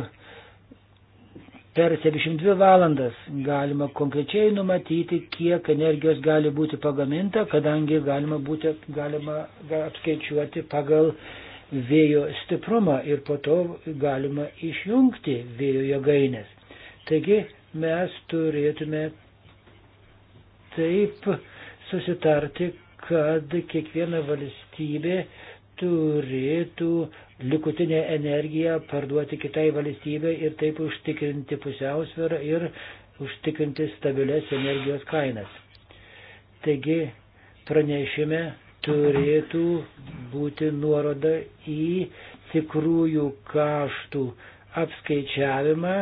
per 72 valandas galima konkrečiai numatyti, kiek energijos gali būti pagaminta, kadangi galima, būti, galima apskaičiuoti pagal vėjo stiprumą ir po to galima išjungti vėjo jėgainės. Taigi mes turėtume taip susitarti, kad kiekviena valstybė turėtų likutinę energiją parduoti kitai valstybei ir taip užtikrinti pusiausvyrą ir užtikrinti stabilias energijos kainas. Taigi pranešime turėtų būti nuoroda į tikrųjų kaštų apskaičiavimą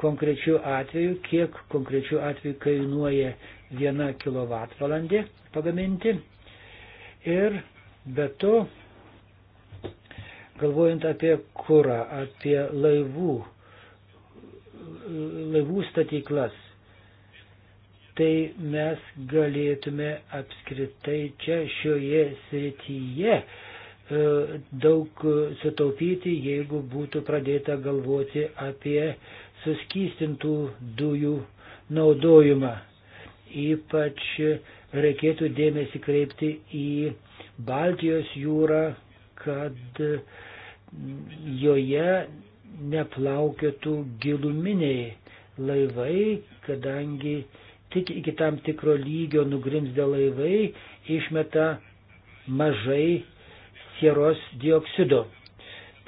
konkrečių atvejų, kiek konkrečių atvejų kainuoja viena kilovatvalandė pagaminti. Ir be to Galvojant apie kurą, apie laivų, laivų statyklas, tai mes galėtume apskritai čia šioje srityje e, daug sutaupyti, jeigu būtų pradėta galvoti apie suskystintų dujų naudojimą. Ypač reikėtų dėmesį kreipti į Baltijos jūrą, kad joje neplaukėtų giluminiai laivai, kadangi tik iki tam tikro lygio nugrimzdę laivai išmeta mažai sieros dioksido.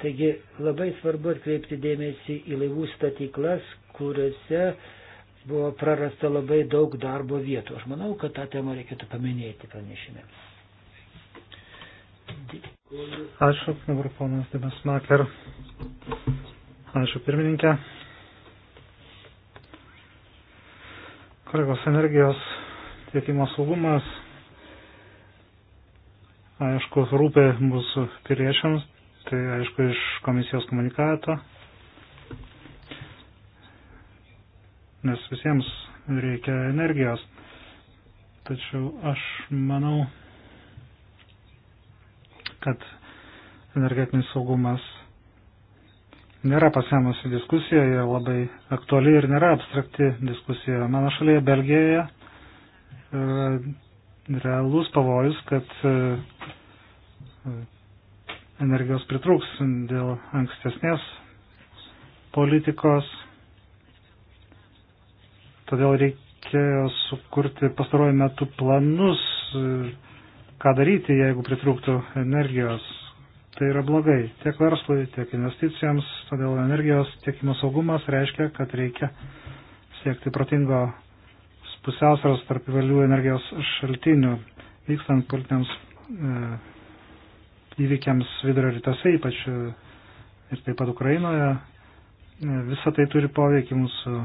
Taigi labai svarbu atkreipti dėmesį į laivų statyklas, kuriuose buvo prarasta labai daug darbo vietų. Aš manau, kad tą temą reikėtų paminėti pranešime.
Ačiū, dabar ponas Dimas Maker. Ačiū pirmininkė. Kolegos energijos tiekimo saugumas, aišku, rūpė mūsų piliečiams, tai aišku iš komisijos komunikato, nes visiems reikia energijos. Tačiau aš manau, kad energetinis saugumas nėra pasenusi diskusija, jie labai aktuali ir nėra abstrakti diskusija. Mano šalyje Belgijoje e, realus pavojus, kad e, e, energijos pritrūks dėl ankstesnės politikos. Todėl reikėjo sukurti pastaruoju metu planus ką daryti, jeigu pritrūktų energijos. Tai yra blogai tiek verslui, tiek investicijoms, todėl energijos tiekimo saugumas reiškia, kad reikia siekti protingo pusiausvėros tarp įvalių energijos šaltinių, vykstant politiniams e, įvykiams vidurio rytuose, ypač e, ir taip pat Ukrainoje. E, visa tai turi poveikį mūsų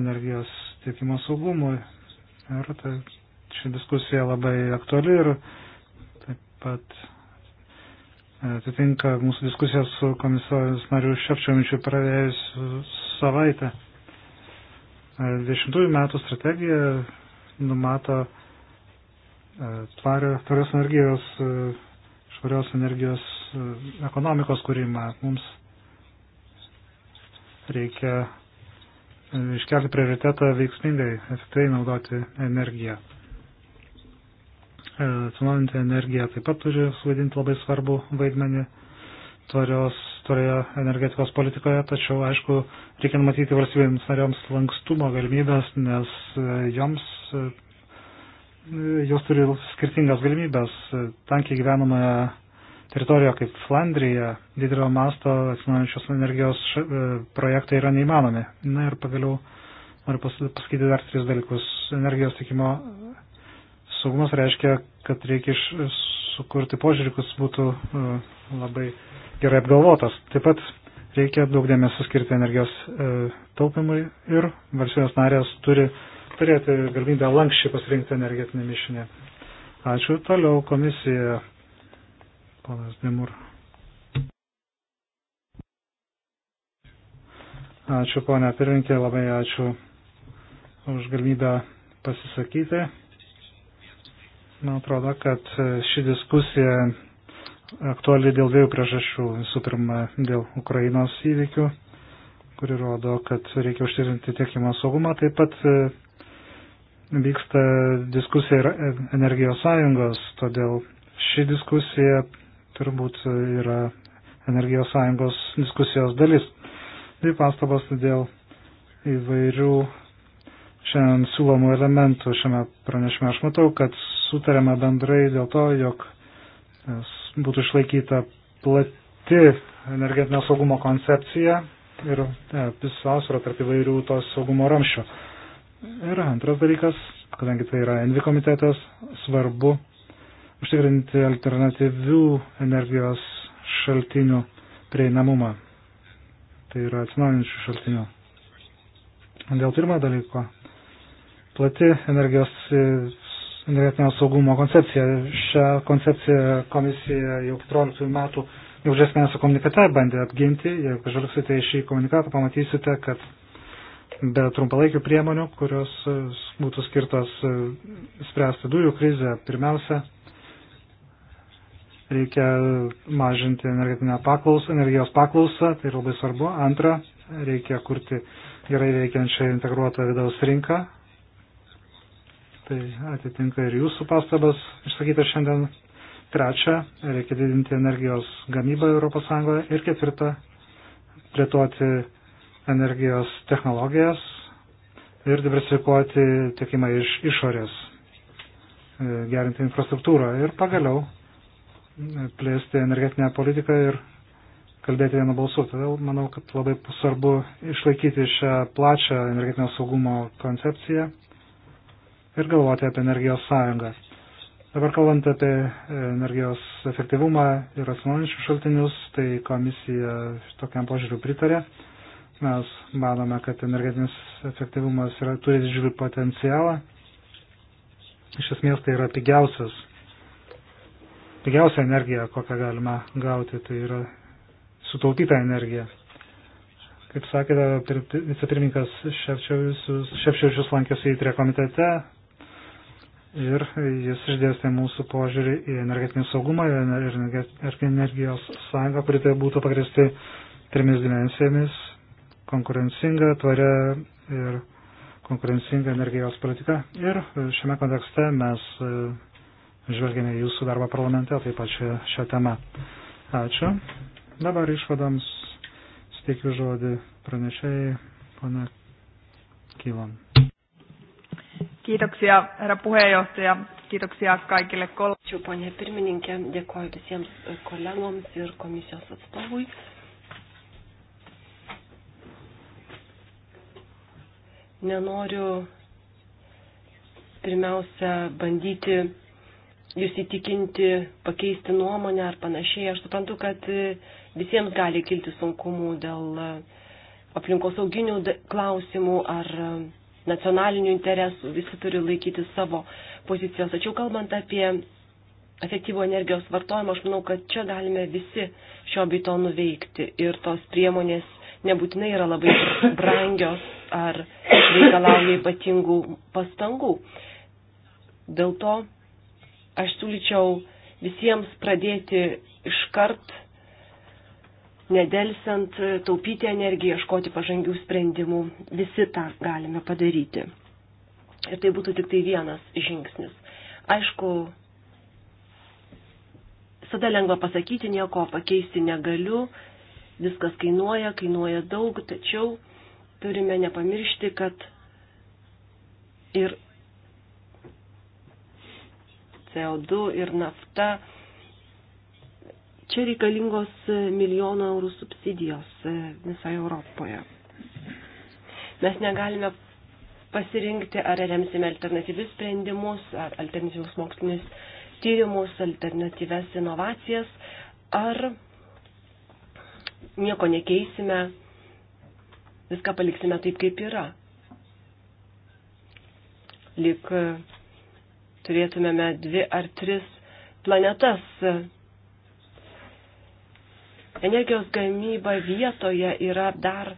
energijos tiekimo saugumui ir tai ši diskusija labai aktuali ir taip pat e, atitinka mūsų diskusiją su komisijos nariu Šepčiovičiu praėjusią savaitę. 20 e, metų strategija numato e, tvarios energijos, švarios energijos ekonomikos kūrimą. Mums reikia iškelti prioritetą veiksmingai, efektyviai naudoti energiją. E, atsinaujinti energija taip pat turi suvaidinti labai svarbu vaidmenį tvarios, tvarioje energetikos politikoje, tačiau, aišku, reikia matyti valstybėms narėms lankstumo galimybės, nes e, joms e, jos turi skirtingas galimybės. Tankiai gyvenamoje teritorijoje kaip Flandrija didelio masto atsinaujančios energijos projektai yra neįmanomi. Na ir pagaliau noriu pasakyti dar tris dalykus. Energijos tikimo saugumas reiškia, kad reikia iš, sukurti požiūrį, kuris būtų e, labai gerai apgalvotas. Taip pat reikia daug dėmesio skirti energijos e, taupimui ir valstybės narės turi turėti galimybę lankščiai pasirinkti energetinį mišinį. Ačiū. Toliau komisija. Ponas Dimur. Ačiū, ponia pirminkė, labai ačiū už galimybę pasisakyti. Man atrodo, kad e, ši diskusija aktuali dėl dviejų priežasčių. Visų pirma, dėl Ukrainos įvykių, kuri rodo, kad reikia užtikrinti tiekimo saugumą. Taip pat e, vyksta diskusija ir energijos sąjungos, todėl ši diskusija turbūt yra energijos sąjungos diskusijos dalis. Dvi pastabas dėl įvairių šiandien siūlomų elementų šiame pranešime. Aš matau, kad sutarėme bendrai dėl to, jog e, būtų išlaikyta plati energetinio saugumo koncepcija ir pusiausvėra e, tarp įvairių tos saugumo ramščių. Ir antras dalykas, kadangi tai yra Envi komitetas, svarbu užtikrinti alternatyvių energijos šaltinių prieinamumą. Tai yra atsinaujinčių šaltinių. Dėl pirmo dalyko, plati energijos e, energetinio saugumo koncepciją. Šią koncepciją komisija jau 14 metų jau mėnesio komunikate bandė apginti. Jeigu pažvelgsite į šį komunikatą, pamatysite, kad be trumpalaikių priemonių, kurios būtų skirtos e, spręsti dujų krizę, pirmiausia, reikia mažinti energetinę paklausą, energijos paklausą, tai labai svarbu. Antra, reikia kurti gerai veikiančią integruotą vidaus rinką, Tai atitinka ir jūsų pastabas išsakyta šiandien. Trečia, reikia didinti energijos gamybą ES. Ir ketvirta, plėtoti energijos technologijas ir diversifikuoti tiekimą iš išorės, e, gerinti infrastruktūrą ir pagaliau e, plėsti energetinę politiką ir kalbėti vienu balsu. Todėl manau, kad labai svarbu išlaikyti šią plačią energetinio saugumo koncepciją ir galvoti apie energijos sąjungą. Dabar kalbant apie energijos efektyvumą ir atsinaujinčių šaltinius, tai komisija tokiam požiūriu pritarė. Mes manome, kad energetinis efektyvumas yra, turi didžiulį potencialą. Iš esmės tai yra pigiausias, pigiausia energija, kokią galima gauti, tai yra sutaupyta energija kaip sakėte, vicepirmininkas Šepčiavičius lankėsi į trie komitete, ir jis išdėstė mūsų požiūrį į energetinį saugumą ir energijos sąjungą, kuri tai būtų pagristi trimis dimensijomis - konkurencinga, tvaria ir konkurencinga energijos politika. Ir šiame kontekste mes e, žvelgėme jūsų darbą parlamente, taip pat šią, šią temą. Ačiū. Dabar išvadams steikiu žodį pranešėjai, pana Kylan.
Kiitoksia, herra puheenjohtaja.
Kiitoksia kaikille kollegoms. Ačiū, ponė pirmininkė. Dėkoju visiems kolegoms ir komisijos atstovui. Nenoriu pirmiausia bandyti jūs įtikinti, pakeisti nuomonę ar panašiai. Aš suprantu, kad visiems gali kilti sunkumų dėl aplinkosauginių klausimų ar nacionalinių interesų, visi turi laikyti savo pozicijos. Tačiau kalbant apie efektyvų energijos vartojimą, aš manau, kad čia galime visi šio byto nuveikti ir tos priemonės nebūtinai yra labai brangios ar reikalauja ypatingų pastangų. Dėl to aš siūlyčiau visiems pradėti iškart nedelsiant taupyti energiją, ieškoti pažangių sprendimų. Visi tą galime padaryti. Ir tai būtų tik tai vienas žingsnis. Aišku, visada lengva pasakyti, nieko pakeisti negaliu, viskas kainuoja, kainuoja daug, tačiau turime nepamiršti, kad ir CO2 ir nafta Čia reikalingos e, milijono eurų subsidijos e, visai Europoje. Mes negalime pasirinkti, ar remsime alternatyvius sprendimus, ar alternatyvius mokslinius tyrimus, alternatyves inovacijas, ar nieko nekeisime, viską paliksime taip, kaip yra. Lik e, turėtumėme dvi ar tris planetas Energijos gamyba vietoje yra dar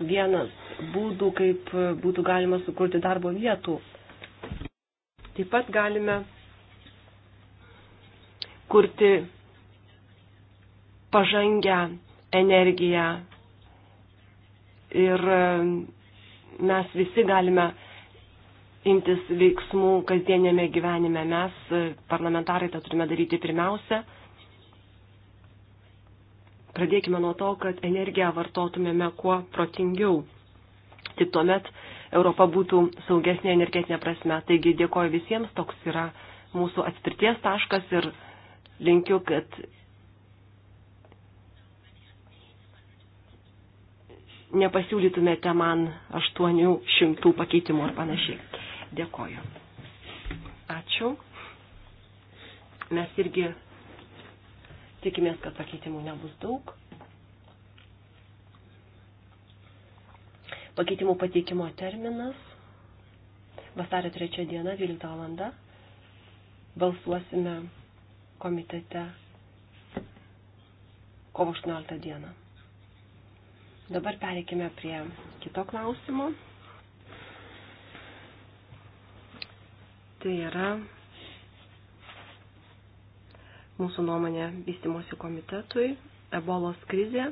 vienas būdų, kaip būtų galima sukurti darbo vietų. Taip pat galime kurti pažangę energiją ir mes visi galime imtis veiksmų kasdienėme gyvenime. Mes, parlamentarai, tą turime daryti pirmiausia pradėkime nuo to, kad energiją vartotumėme kuo protingiau. Tik tuomet Europa būtų saugesnė energetinė prasme. Taigi dėkoju visiems, toks yra mūsų atspirties taškas ir linkiu, kad nepasiūlytumėte man 800 pakeitimų ar panašiai. Dėkoju. Ačiū. Mes irgi Tikimės, kad pakeitimų nebus daug. Pakeitimų pateikimo terminas vasario 3 diena, 12 valanda. Balsuosime komitete kovo 18 dieną. Dabar pereikime prie kito klausimo. Tai yra mūsų nuomonė vystimosi komitetui, ebolos krizė,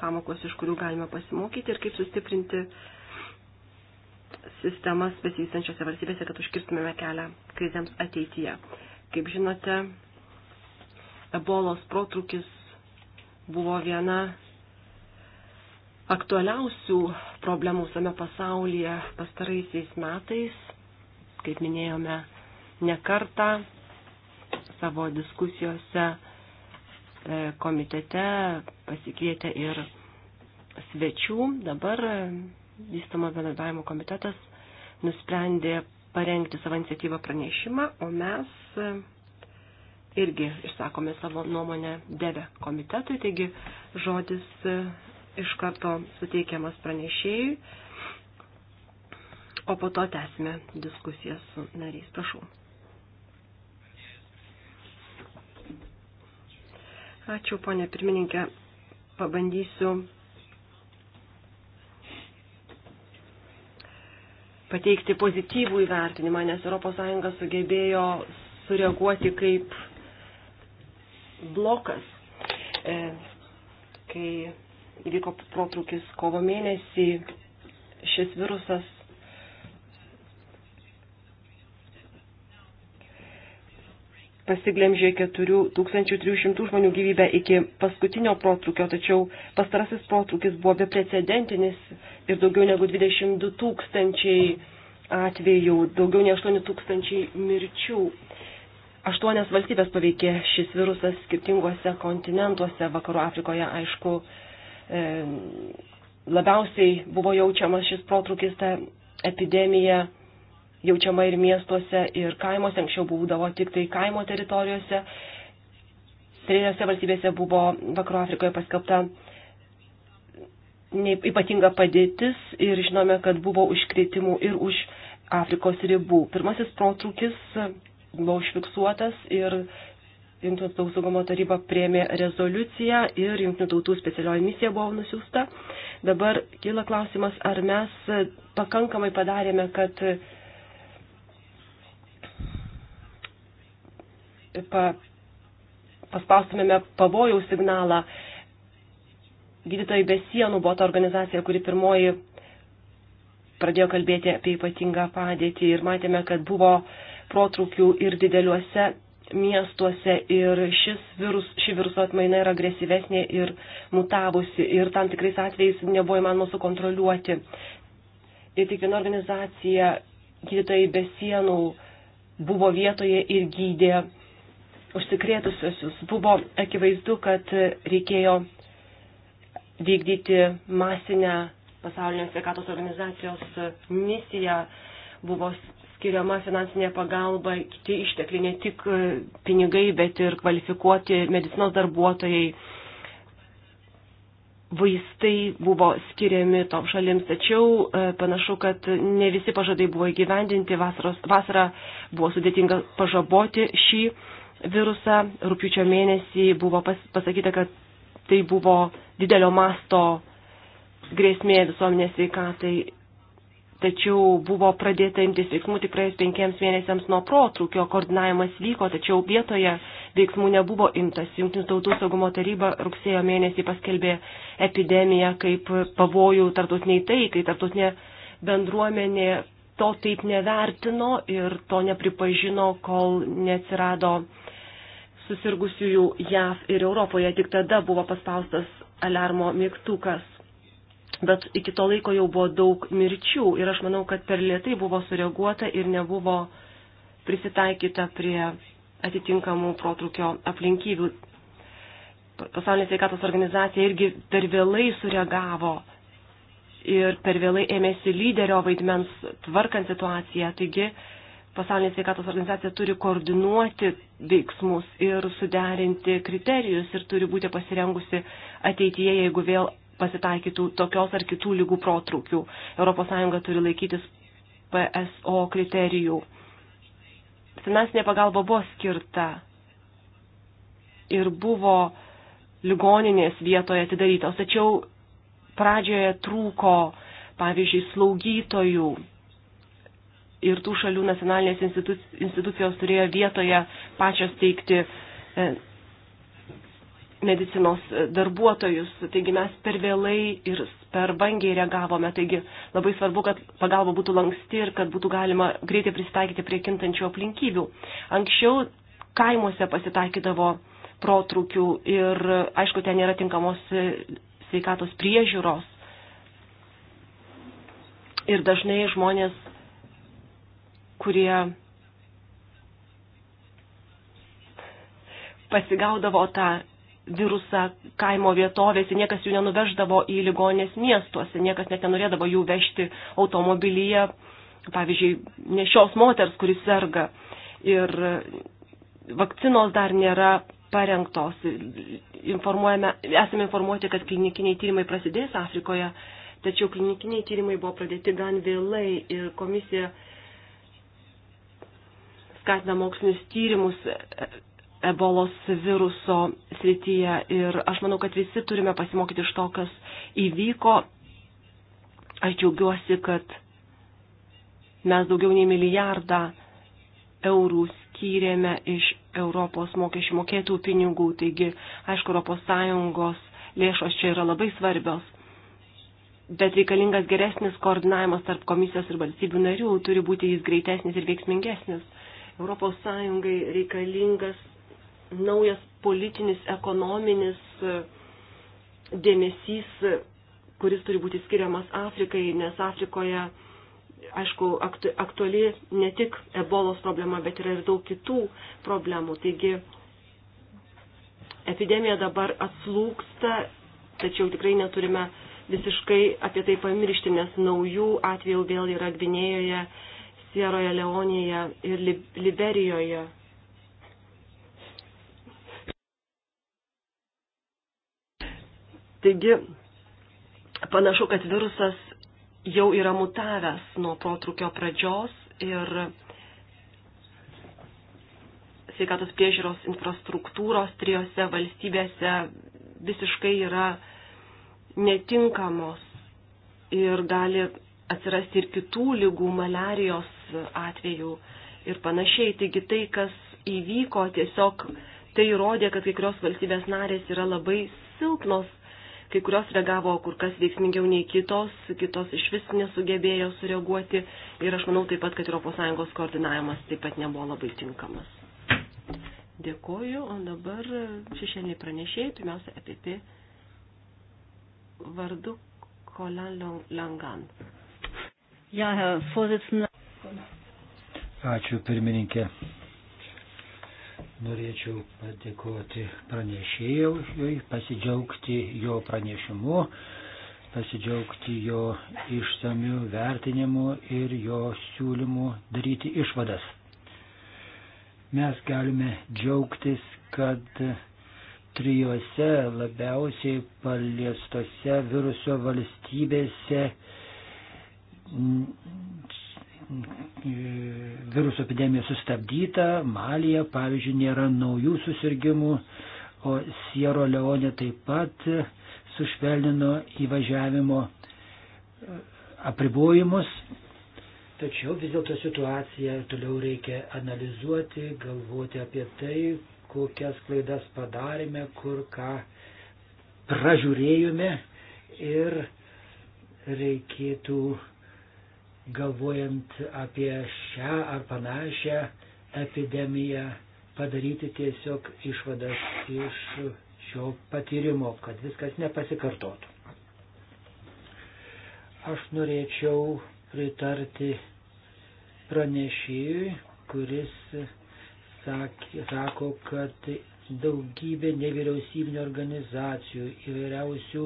pamokos, iš kurių galime pasimokyti ir kaip sustiprinti sistemas besivystančiose valstybėse, kad užkirstumėme kelią krizėms ateityje. Kaip žinote, ebolos protrukis buvo viena aktualiausių problemų visame pasaulyje pastaraisiais metais, kaip minėjome, nekartą savo diskusijose e, komitete pasikvietę ir svečių. Dabar e, vystamo bendradarbiavimo komitetas nusprendė parengti savo iniciatyvą pranešimą, o mes e, irgi išsakome savo nuomonę deve komitetui, taigi žodis iš karto suteikiamas pranešėjui, o po to tęsime diskusiją su nariais. Prašau. Ačiū, ponė pirmininkė. Pabandysiu pateikti pozityvų įvertinimą, nes ES sugebėjo sureaguoti kaip blokas, e, kai įvyko protrukis kovo mėnesį. Šis virusas pasiglemžė 4300 žmonių gyvybę iki paskutinio protrukio, tačiau pastarasis protrukis buvo beprecedentinis ir daugiau negu 22 tūkstančiai atvejų, daugiau nei 8 tūkstančiai mirčių. Aštuonias valstybės paveikė šis virusas skirtinguose kontinentuose, vakarų Afrikoje, aišku, e, labiausiai buvo jaučiamas šis protrukis, ta epidemija jaučiama ir miestuose, ir kaimuose, anksčiau būdavo tik tai kaimo teritorijose. Trijose valstybėse buvo Vakarų Afrikoje paskelbta ypatinga padėtis ir žinome, kad buvo užkreitimų ir už Afrikos ribų. Pirmasis protrūkis buvo užfiksuotas ir Junktinių tautų saugumo taryba priemė rezoliuciją ir Junktinių tautų specialioji misija buvo nusiųsta. Dabar kyla klausimas, ar mes pakankamai padarėme, kad pa, paspaustumėme pavojaus signalą. Gydytojai be sienų buvo ta organizacija, kuri pirmoji pradėjo kalbėti apie ypatingą padėtį ir matėme, kad buvo protrukių ir dideliuose miestuose ir šis virus, ši viruso atmaina yra agresyvesnė ir mutavusi ir tam tikrais atvejais nebuvo įmanoma sukontroliuoti. Ir tik viena organizacija, gydytojai be sienų, buvo vietoje ir gydė užsikrėtusiosius, buvo akivaizdu, kad reikėjo vykdyti masinę pasaulinio sveikatos organizacijos misiją, buvo skiriama finansinė pagalba, kiti ištekliai, ne tik pinigai, bet ir kvalifikuoti medicinos darbuotojai. Vaistai buvo skiriami tom šalims, tačiau e, panašu, kad ne visi pažadai buvo įgyvendinti, vasaros, vasarą buvo sudėtinga pažaboti šį virusą. Rūpiučio mėnesį buvo pas, pasakyta, kad tai buvo didelio masto grėsmė visuomenės sveikatai, tačiau buvo pradėta imtis veiksmų tik praėjus penkiems mėnesiams nuo protrūkio, koordinavimas vyko, tačiau vietoje veiksmų nebuvo imtas. Junktinių tautų saugumo taryba rugsėjo mėnesį paskelbė epidemiją kaip pavojų tartutiniai taikai, tartutinė bendruomenė to taip nevertino ir to nepripažino, kol neatsirado susirgusiųjų JAV ir Europoje. Tik tada buvo paspaustas alarmo mygtukas. Bet iki to laiko jau buvo daug mirčių ir aš manau, kad per lietai buvo sureaguota ir nebuvo prisitaikyta prie atitinkamų protrukio aplinkybių. Pasaulinė sveikatos organizacija irgi per vėlai sureagavo ir per vėlai ėmėsi lyderio vaidmens tvarkant situaciją. Taigi, pasaulinė sveikatos organizacija turi koordinuoti veiksmus ir suderinti kriterijus ir turi būti pasirengusi ateityje, jeigu vėl pasitaikytų tokios ar kitų lygų protrukių. ES turi laikytis PSO kriterijų. Finansinė pagalba buvo skirta ir buvo ligoninės vietoje atidarytos, tačiau pradžioje trūko, pavyzdžiui, slaugytojų, ir tų šalių nacionalinės institucijos turėjo vietoje pačios teikti e, medicinos e, darbuotojus. Taigi mes per vėlai ir per vangiai reagavome. Taigi labai svarbu, kad pagalba būtų lanksti ir kad būtų galima greitai pristaikyti prie kintančių aplinkybių. Anksčiau kaimuose pasitaikydavo protrukių ir, aišku, ten nėra tinkamos e, sveikatos priežiūros. Ir dažnai žmonės kurie pasigaudavo tą virusą kaimo vietovėse, niekas jų nenuveždavo į ligonės miestuose, niekas net nenorėdavo jų vežti automobilyje, pavyzdžiui, nešios moters, kuris serga. Ir vakcinos dar nėra parengtos. Informuojame, esame informuoti, kad klinikiniai tyrimai prasidės Afrikoje, tačiau klinikiniai tyrimai buvo pradėti gan vėlai ir komisija skatina mokslinius tyrimus e, ebolos viruso srityje ir aš manau, kad visi turime pasimokyti iš to, kas įvyko. Aš džiaugiuosi, kad mes daugiau nei milijardą eurų skyrėme iš Europos mokesčių mokėtų pinigų, taigi, aišku, ES lėšos čia yra labai svarbios, bet reikalingas geresnis koordinavimas tarp komisijos ir valstybių narių, turi būti jis greitesnis ir veiksmingesnis ES reikalingas naujas politinis, ekonominis e, dėmesys, e, kuris turi būti skiriamas Afrikai, nes Afrikoje, aišku, aktuali ne tik ebolos problema, bet yra ir daug kitų problemų. Taigi epidemija dabar atslūksta, tačiau tikrai neturime visiškai apie tai pamiršti, nes naujų atvejų vėl yra Gvinėjoje, Sieroje Leonėje ir Liberijoje. Taigi, panašu, kad virusas jau yra mutavęs nuo protrukio pradžios ir sveikatos priežiūros infrastruktūros trijose valstybėse visiškai yra netinkamos ir gali atsirasti ir kitų lygų, malerijos atvejų ir panašiai. Taigi tai, kas įvyko, tiesiog tai įrodė, kad kai kurios valstybės narės yra labai silpnos, kai kurios reagavo kur kas veiksmingiau nei kitos, kitos iš vis nesugebėjo sureaguoti ir aš manau taip pat, kad ES koordinavimas taip pat nebuvo labai tinkamas. Dėkoju, o dabar šešėlį pranešėjai, pirmiausia, EPP vardu Kolan Langan.
Ja, Herr Vorsitzender. Ačiū pirmininkė. Norėčiau padėkoti pranešėjui, pasidžiaugti jo pranešimu, pasidžiaugti jo išsamiu vertinimu ir jo siūlymu daryti išvadas. Mes galime džiaugtis, kad trijose labiausiai paliestose viruso valstybėse viruso epidemija sustabdyta, Malija, pavyzdžiui, nėra naujų susirgymų, o Siero Leone taip pat sušvelnino įvažiavimo e, apribojimus. Tačiau vis dėlto situaciją toliau reikia analizuoti, galvoti apie tai, kokias klaidas padarėme, kur ką pražiūrėjome ir reikėtų galvojant apie šią ar panašią epidemiją, padaryti tiesiog išvadas iš šio patyrimo, kad viskas nepasikartotų. Aš norėčiau pritarti pranešėjui, kuris sakė, sako, kad daugybė nevyriausybinio organizacijų, įvairiausių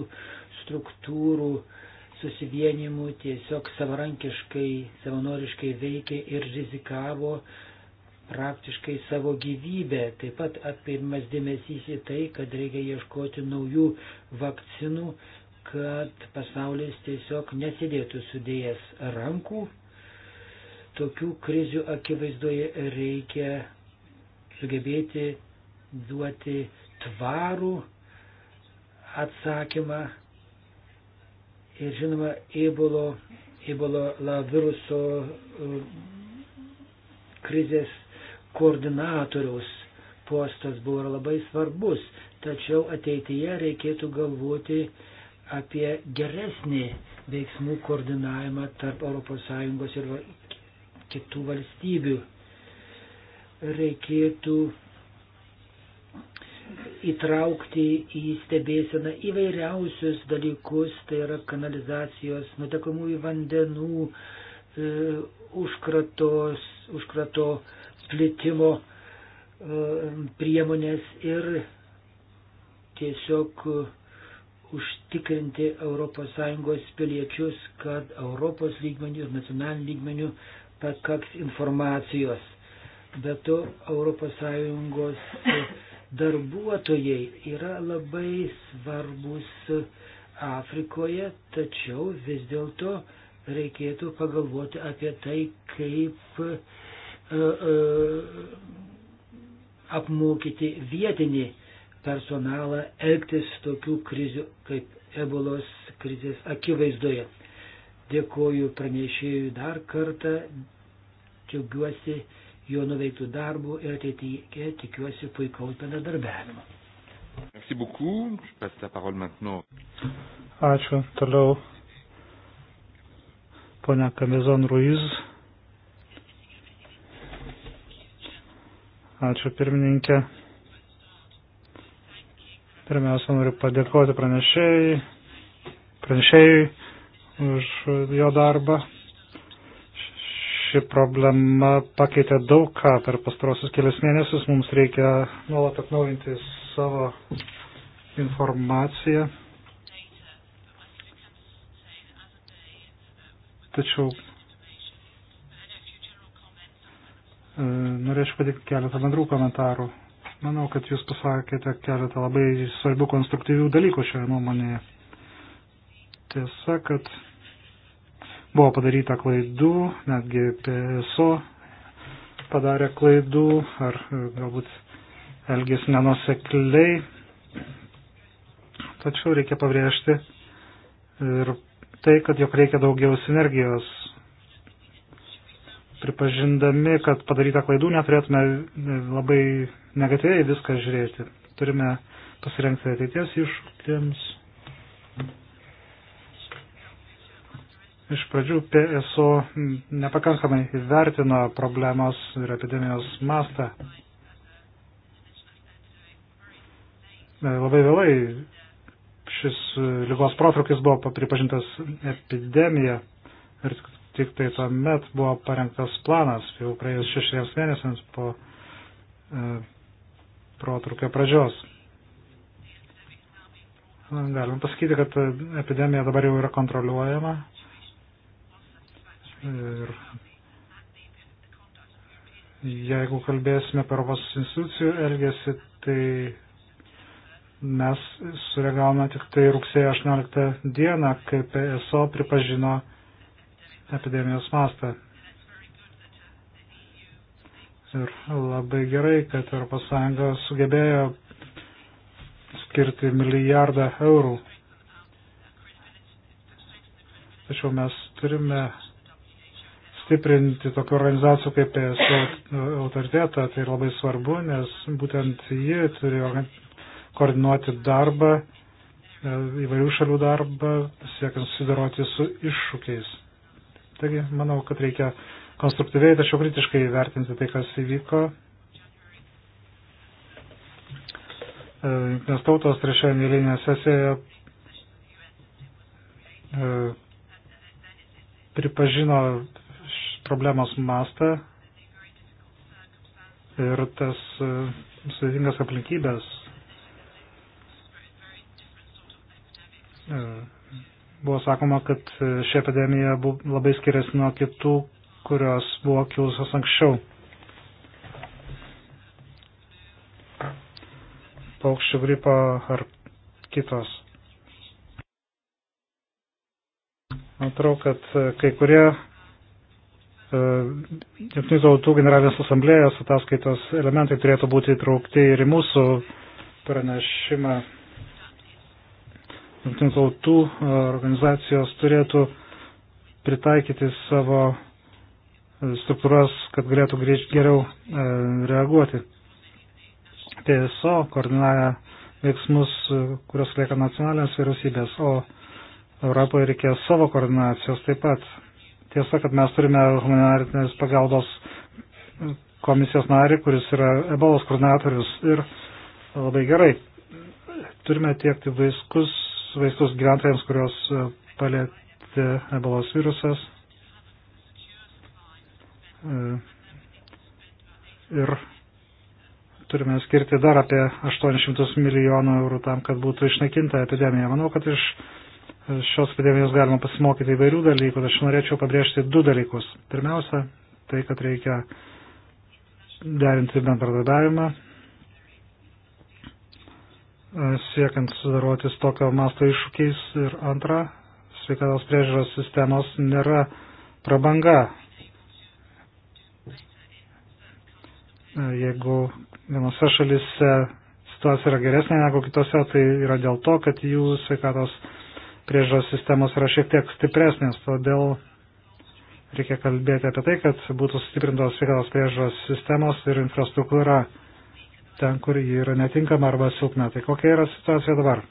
struktūrų susivienimų tiesiog savarankiškai, savanoriškai veikė ir rizikavo praktiškai savo gyvybę. Taip pat apimas dėmesys į tai, kad reikia ieškoti naujų vakcinų, kad pasaulis tiesiog nesidėtų sudėjęs rankų. Tokių krizių akivaizdoje reikia sugebėti duoti tvarų atsakymą ir žinoma, ebolo, ebola viruso e, krizės koordinatoriaus postas buvo labai svarbus, tačiau ateityje reikėtų galvoti apie geresnį veiksmų koordinavimą tarp ES ir kitų valstybių. Reikėtų įtraukti į stebėseną įvairiausius dalykus, tai yra kanalizacijos, nutekamųjų vandenų, e, užkratos, užkrato plitimo e, priemonės ir tiesiog užtikrinti ES piliečius, kad Europos lygmenių ir nacionalinių lygmenių pakaks informacijos. Be to, ES darbuotojai yra labai svarbus Afrikoje, tačiau vis dėlto reikėtų pagalvoti apie tai, kaip uh, uh, apmokyti vietinį personalą elgtis tokių krizių kaip ebolos krizės akivaizdoje. Dėkoju pranešėjui dar kartą, džiaugiuosi jo nuveiktų darbų ir ateityje tikiuosi puikaus bendradarbiavimo.
Ačiū. Toliau ponia Kamezon Ruiz. Ačiū pirmininkė. Pirmiausia, noriu padėkoti pranešėjai, pranešėjai už jo darbą ši problema pakeitė daug ką per pastarosius kelias mėnesius. Mums reikia nuolat atnaujinti savo informaciją. Tačiau e, norėčiau patikti keletą bendrų komentarų. Manau, kad jūs pasakėte keletą labai svarbių konstruktyvių dalykų šioje nuomonėje. Tiesa, kad Buvo padaryta klaidų, netgi PSO padarė klaidų ar e, galbūt elgės nenusekliai. Tačiau reikia pabrėžti ir tai, kad jog reikia daugiau sinergijos. Pripažindami, kad padaryta klaidų, neturėtume labai negatyviai viską žiūrėti. Turime pasirengti ateities iššūkiams Iš pradžių PSO nepakankamai įvertino problemos ir epidemijos mastą. Labai vėlai šis lygos protrukis buvo pripažintas epidemija ir tik tai tuomet buvo parengtas planas jau praėjus šešiems mėnesiams po e, protrukio pradžios. Galim pasakyti, kad epidemija dabar jau yra kontroliuojama Ir jeigu kalbėsime per vos institucijų elgesį, tai mes sureagavome tik tai rugsėjo 18 dieną, kai PSO pripažino epidemijos mastą. Ir labai gerai, kad ES sugebėjo skirti milijardą eurų. Tačiau mes turime stiprinti tokių organizacijų kaip PSO autoritetą, tai labai svarbu, nes būtent ji turi koordinuoti darbą, e, įvairių šalių darbą, siekiant susidaroti su iššūkiais. Taigi, manau, kad reikia konstruktyviai, tačiau kritiškai vertinti tai, kas įvyko. E, nes tautos trečioje mėlynėje sesijoje e, pripažino problemos mastą ir tas e, sudėtingas aplinkybės e, buvo sakoma, kad e, ši epidemija labai skiriasi nuo kitų, kurios buvo kilusios anksčiau. Paukščių gripo ar kitos. Atrau, kad kai kurie E, Junktinių tautų generalinės asamblėjos ataskaitos elementai turėtų būti įtraukti ir į mūsų pranešimą. Junktinių tautų e, organizacijos turėtų pritaikyti savo e, struktūras, kad galėtų geriau reaguoti. TSO koordinuoja veiksmus, kurios lieka nacionalinės vyriausybės, o Europoje reikės savo koordinacijos taip pat. Tiesa, kad mes turime humanitarinės pagalbos komisijos narį, kuris yra ebolos koordinatorius ir labai gerai. Turime tiekti vaiskus, vaistus gyventojams, kurios e, palėtė ebolos virusas. E, ir turime skirti dar apie 800 milijonų eurų tam, kad būtų išnaikinta epidemija. Manau, kad iš šios epidemijos galima pasimokyti įvairių dalykų, aš norėčiau pabrėžti du dalykus. Pirmiausia, tai, kad reikia derinti bendradarbiavimą, e, siekiant sudarotis tokio masto iššūkiais. Ir antra, sveikatos priežiūros sistemos nėra prabanga. E, jeigu vienose šalise situacija yra geresnė negu kitose, tai yra dėl to, kad jų sveikatos priežiūros priežos sistemos yra šiek tiek stipresnės, todėl reikia kalbėti apie tai, kad būtų sustiprintos sveikatos priežos sistemos ir infrastruktūra ten, kur ji yra netinkama arba silpna. Tai kokia yra situacija dabar?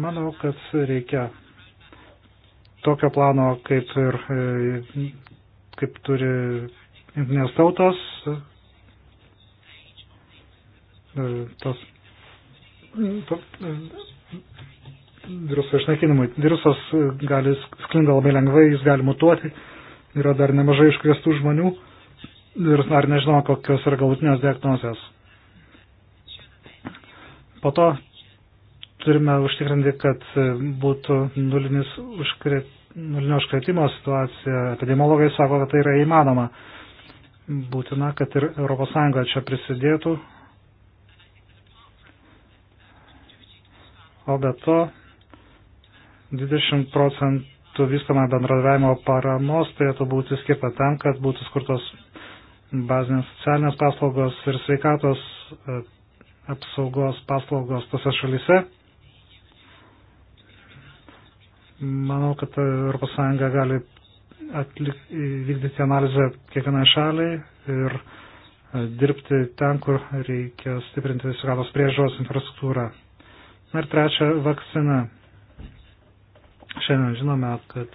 Manau, kad reikia tokio plano, kaip ir e, kaip turi jungtinės tautos, e, tos, to, viruso išnaikinimui. Virusas gali sklinda labai lengvai, jis gali mutuoti, yra dar nemažai iškviestų žmonių ir dar nežinoma, kokios yra galutinės diagnozijos. Po to turime užtikrinti, kad būtų nulinis užkret, nulinio užkretimo situacija. Epidemiologai sako, kad tai yra įmanoma. Būtina, kad ir ES čia prisidėtų. O be to, 20 procentų vystomą bendradavimo paramos turėtų būti skirta tam, kad būtų skurtos bazinės socialinės paslaugos ir sveikatos e, apsaugos paslaugos tose šalise. Manau, kad ES gali atlik, vykdyti analizę kiekvienai šaliai ir e, dirbti ten, kur reikia stiprinti sveikatos priežiūros infrastruktūrą. Ir trečia, vakcina. Šiandien žinome, kad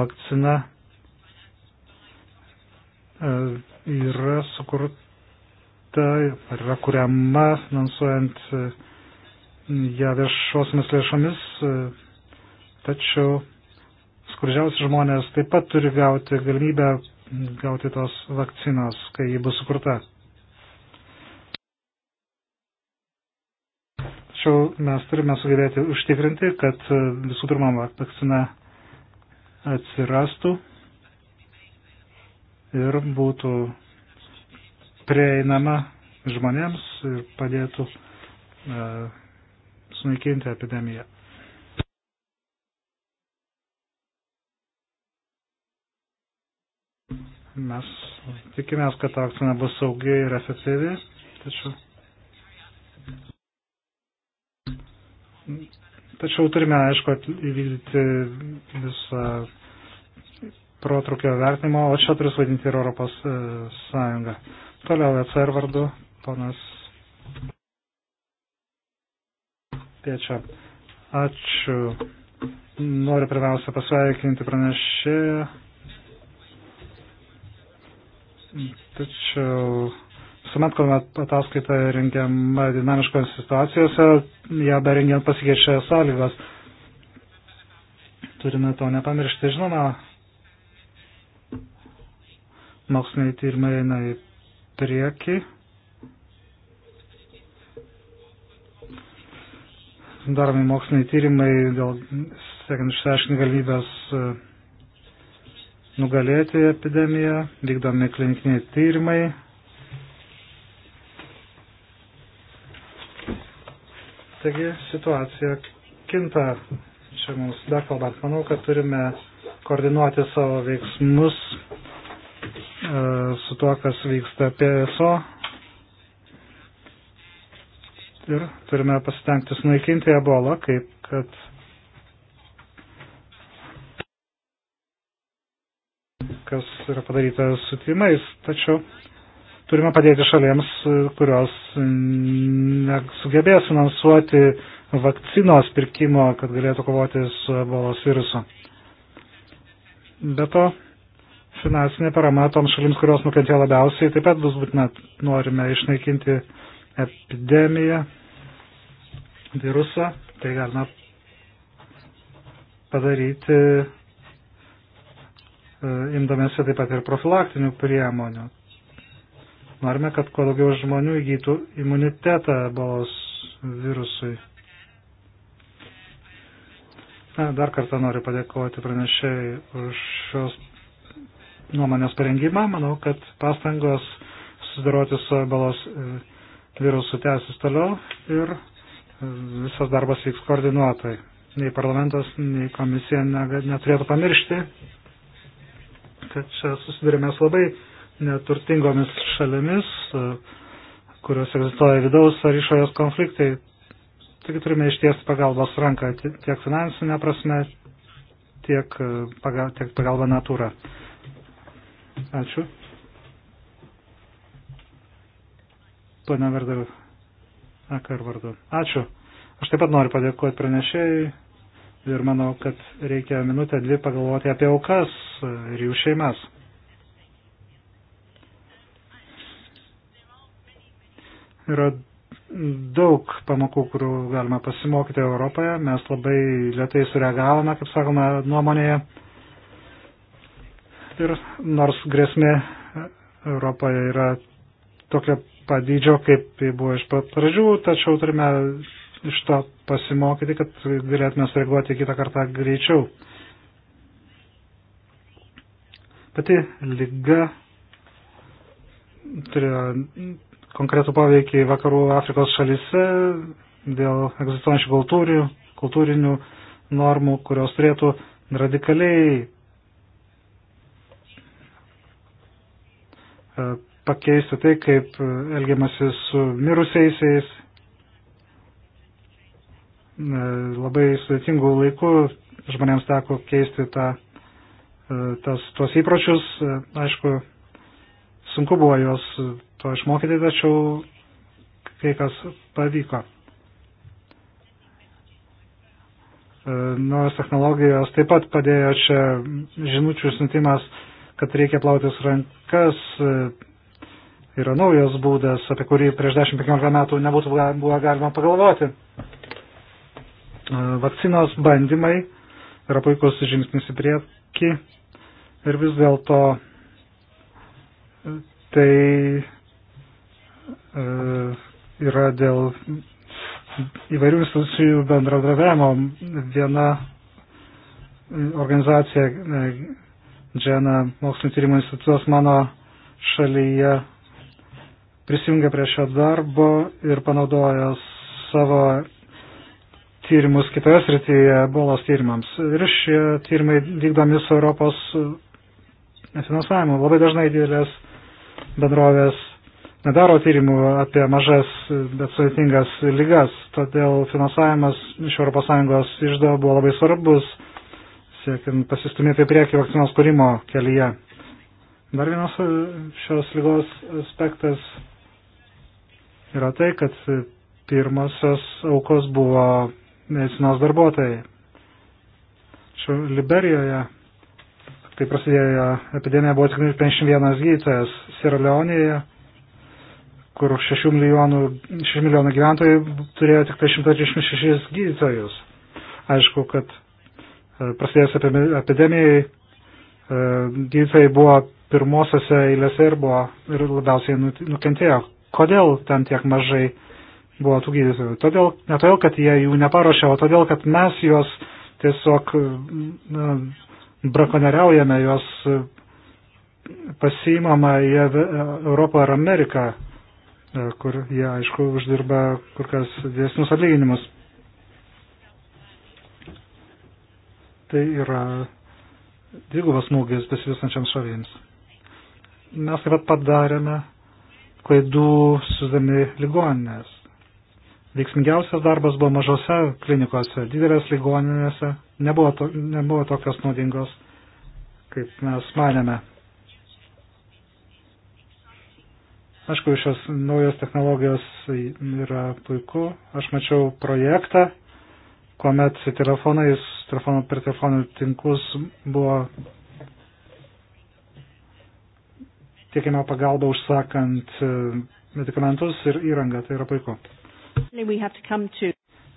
vakcina e, yra sukurta, yra kuriama finansuojant e, ją viešosiamis lėšomis, e, tačiau skurdžiausi žmonės taip pat turi gauti galimybę gauti tos vakcinos, kai ji bus sukurta. Tačiau mes turime sugebėti užtikrinti, kad visų pirma vakcina atsirastų ir būtų prieinama žmonėms ir padėtų e, sunaikinti epidemiją. Mes tikimės, kad vakcina bus saugi ir efektyvi, tačiau Tačiau turime, aišku, įvykdyti visą protrukio vertinimo, o čia turi vaidinti ir Europos e, Sąjunga. Toliau ECR vardu, ponas Piečia. Ačiū. Noriu pirmiausia pasveikinti pranešėją. Tačiau Visuomet, kuomet ataskaita rengiama dinamiškos situacijose, ją dar rengiant pasikeičia sąlygos. Turime to nepamiršti. Žinoma, moksliniai tyrimai eina į priekį. Daromi moksliniai tyrimai dėl, siekiant išsiaiškinti galimybės e, nugalėti epidemiją, vykdomi klinikiniai tyrimai Taigi situacija kinta, čia mums bekalbant, manau, kad turime koordinuoti savo veiksmus e, su tuo, kas vyksta PSO. Ir turime pasitengti sunaikinti ebolą, kaip kad kas yra padaryta su tymais. Tačiau turime padėti šalėms, kurios sugebės finansuoti vakcinos pirkimo, kad galėtų kovoti su ebolos virusu. Be to, finansinė parama toms šalims, kurios nukentėjo labiausiai, taip pat bus būtina, norime išnaikinti epidemiją, virusą, tai galima padaryti e, imdamėsi taip pat ir profilaktinių priemonių. Norime, kad kuo daugiau žmonių įgytų imunitetą ebolos virusui. Na, dar kartą noriu padėkoti pranešėjai už šios nuomonės parengimą. Manau, kad pastangos susidaroti su ebolos e, virusu tęsis toliau ir e, visas darbas vyks koordinuotai. Nei parlamentas, nei komisija neturėtų pamiršti, kad čia susidurime su labai neturtingomis šalimis, kurios egzistuoja vidaus ar išorės konfliktai. Taigi turime išties pagalbos ranką tiek finansinę prasme, tiek, e, pagal, tiek pagalba natūra. Ačiū. Pane Verdar, Akar vardu. Ačiū. Aš taip pat noriu padėkoti pranešėjai ir manau, kad reikia minutę dvi pagalvoti apie aukas ir jų šeimas. Yra daug pamokų, kurių galima pasimokyti Europoje. Mes labai lietai sureagavome, kaip sakoma, nuomonėje. Ir nors grėsmė Europoje yra tokia padydžio, kaip buvo iš pat pradžių, tačiau turime iš to pasimokyti, kad galėtume sureaguoti kitą kartą greičiau. Pati lyga turėjo konkretų poveikį vakarų Afrikos šalise dėl egzistuojančių kultūrių, kultūrinių normų, kurios turėtų radikaliai e, pakeisti tai, kaip e, elgiamasi su mirusiaisiais e, labai sudėtingų laikų žmonėms teko keisti tą, tas, tuos įpročius. Aišku, sunku buvo jos to išmokyti, tačiau kai kas pavyko. E, naujos technologijos taip pat padėjo čia žinučių siuntimas, kad reikia plautis rankas, e, yra naujas būdas, apie kurį prieš 10-15 metų nebūtų buvo galima pagalvoti. E, vakcinos bandymai yra puikus žingsnis į priekį ir vis dėlto tai e, yra dėl įvairių institucijų bendradarbiavimo. Viena e, organizacija, e, Džena Mokslinio tyrimo institucijos mano šalyje prisijungia prie šio darbo ir panaudoja savo tyrimus kitoje srityje bolos tyrimams. Ir šie tyrimai vykdomi su Europos finansavimu. Labai dažnai didelės bendrovės nedaro tyrimų apie mažas, bet sudėtingas lygas, todėl finansavimas iš ES išdo buvo labai svarbus, siekiant pasistumėti priekį vakcinos kūrimo kelyje. Dar vienas šios lygos aspektas yra tai, kad pirmosios aukos buvo medicinos darbuotojai. Čia Liberijoje kai prasidėjo epidemija, buvo tik 51 gydytojas Siraleonėje, kur 6 milijonų, 6 milijonų gyventojų turėjo tik 136 tai gydytojus. Aišku, kad e, prasidėjus epidemijai e, gydytojai buvo pirmosiose eilėse ir buvo ir labiausiai nu-, nukentėjo. Kodėl ten tiek mažai buvo tų gydytojų? Todėl, ne todėl, kad jie jų neparuošė, o todėl, kad mes juos tiesiog na, e, brakonieriaujame, juos pasiimama į Europą ar Ameriką, e, kur jie, aišku, uždirba kur kas didesnius atlyginimus. Tai yra dvigubas smūgis besivystančiams šalims. Mes taip pat padarėme klaidų suzdami ligoninės. Veiksmingiausias darbas buvo mažose klinikose, didelės ligoninėse, nebuvo, to, nebuvo tokios naudingos, kaip mes manėme. Aišku, šios naujos technologijos yra puiku. Aš mačiau projektą, kuomet telefonais, telefonų per telefonų tinklus buvo tiekiama pagalba užsakant e, medikamentus ir įrangą. Tai yra puiku.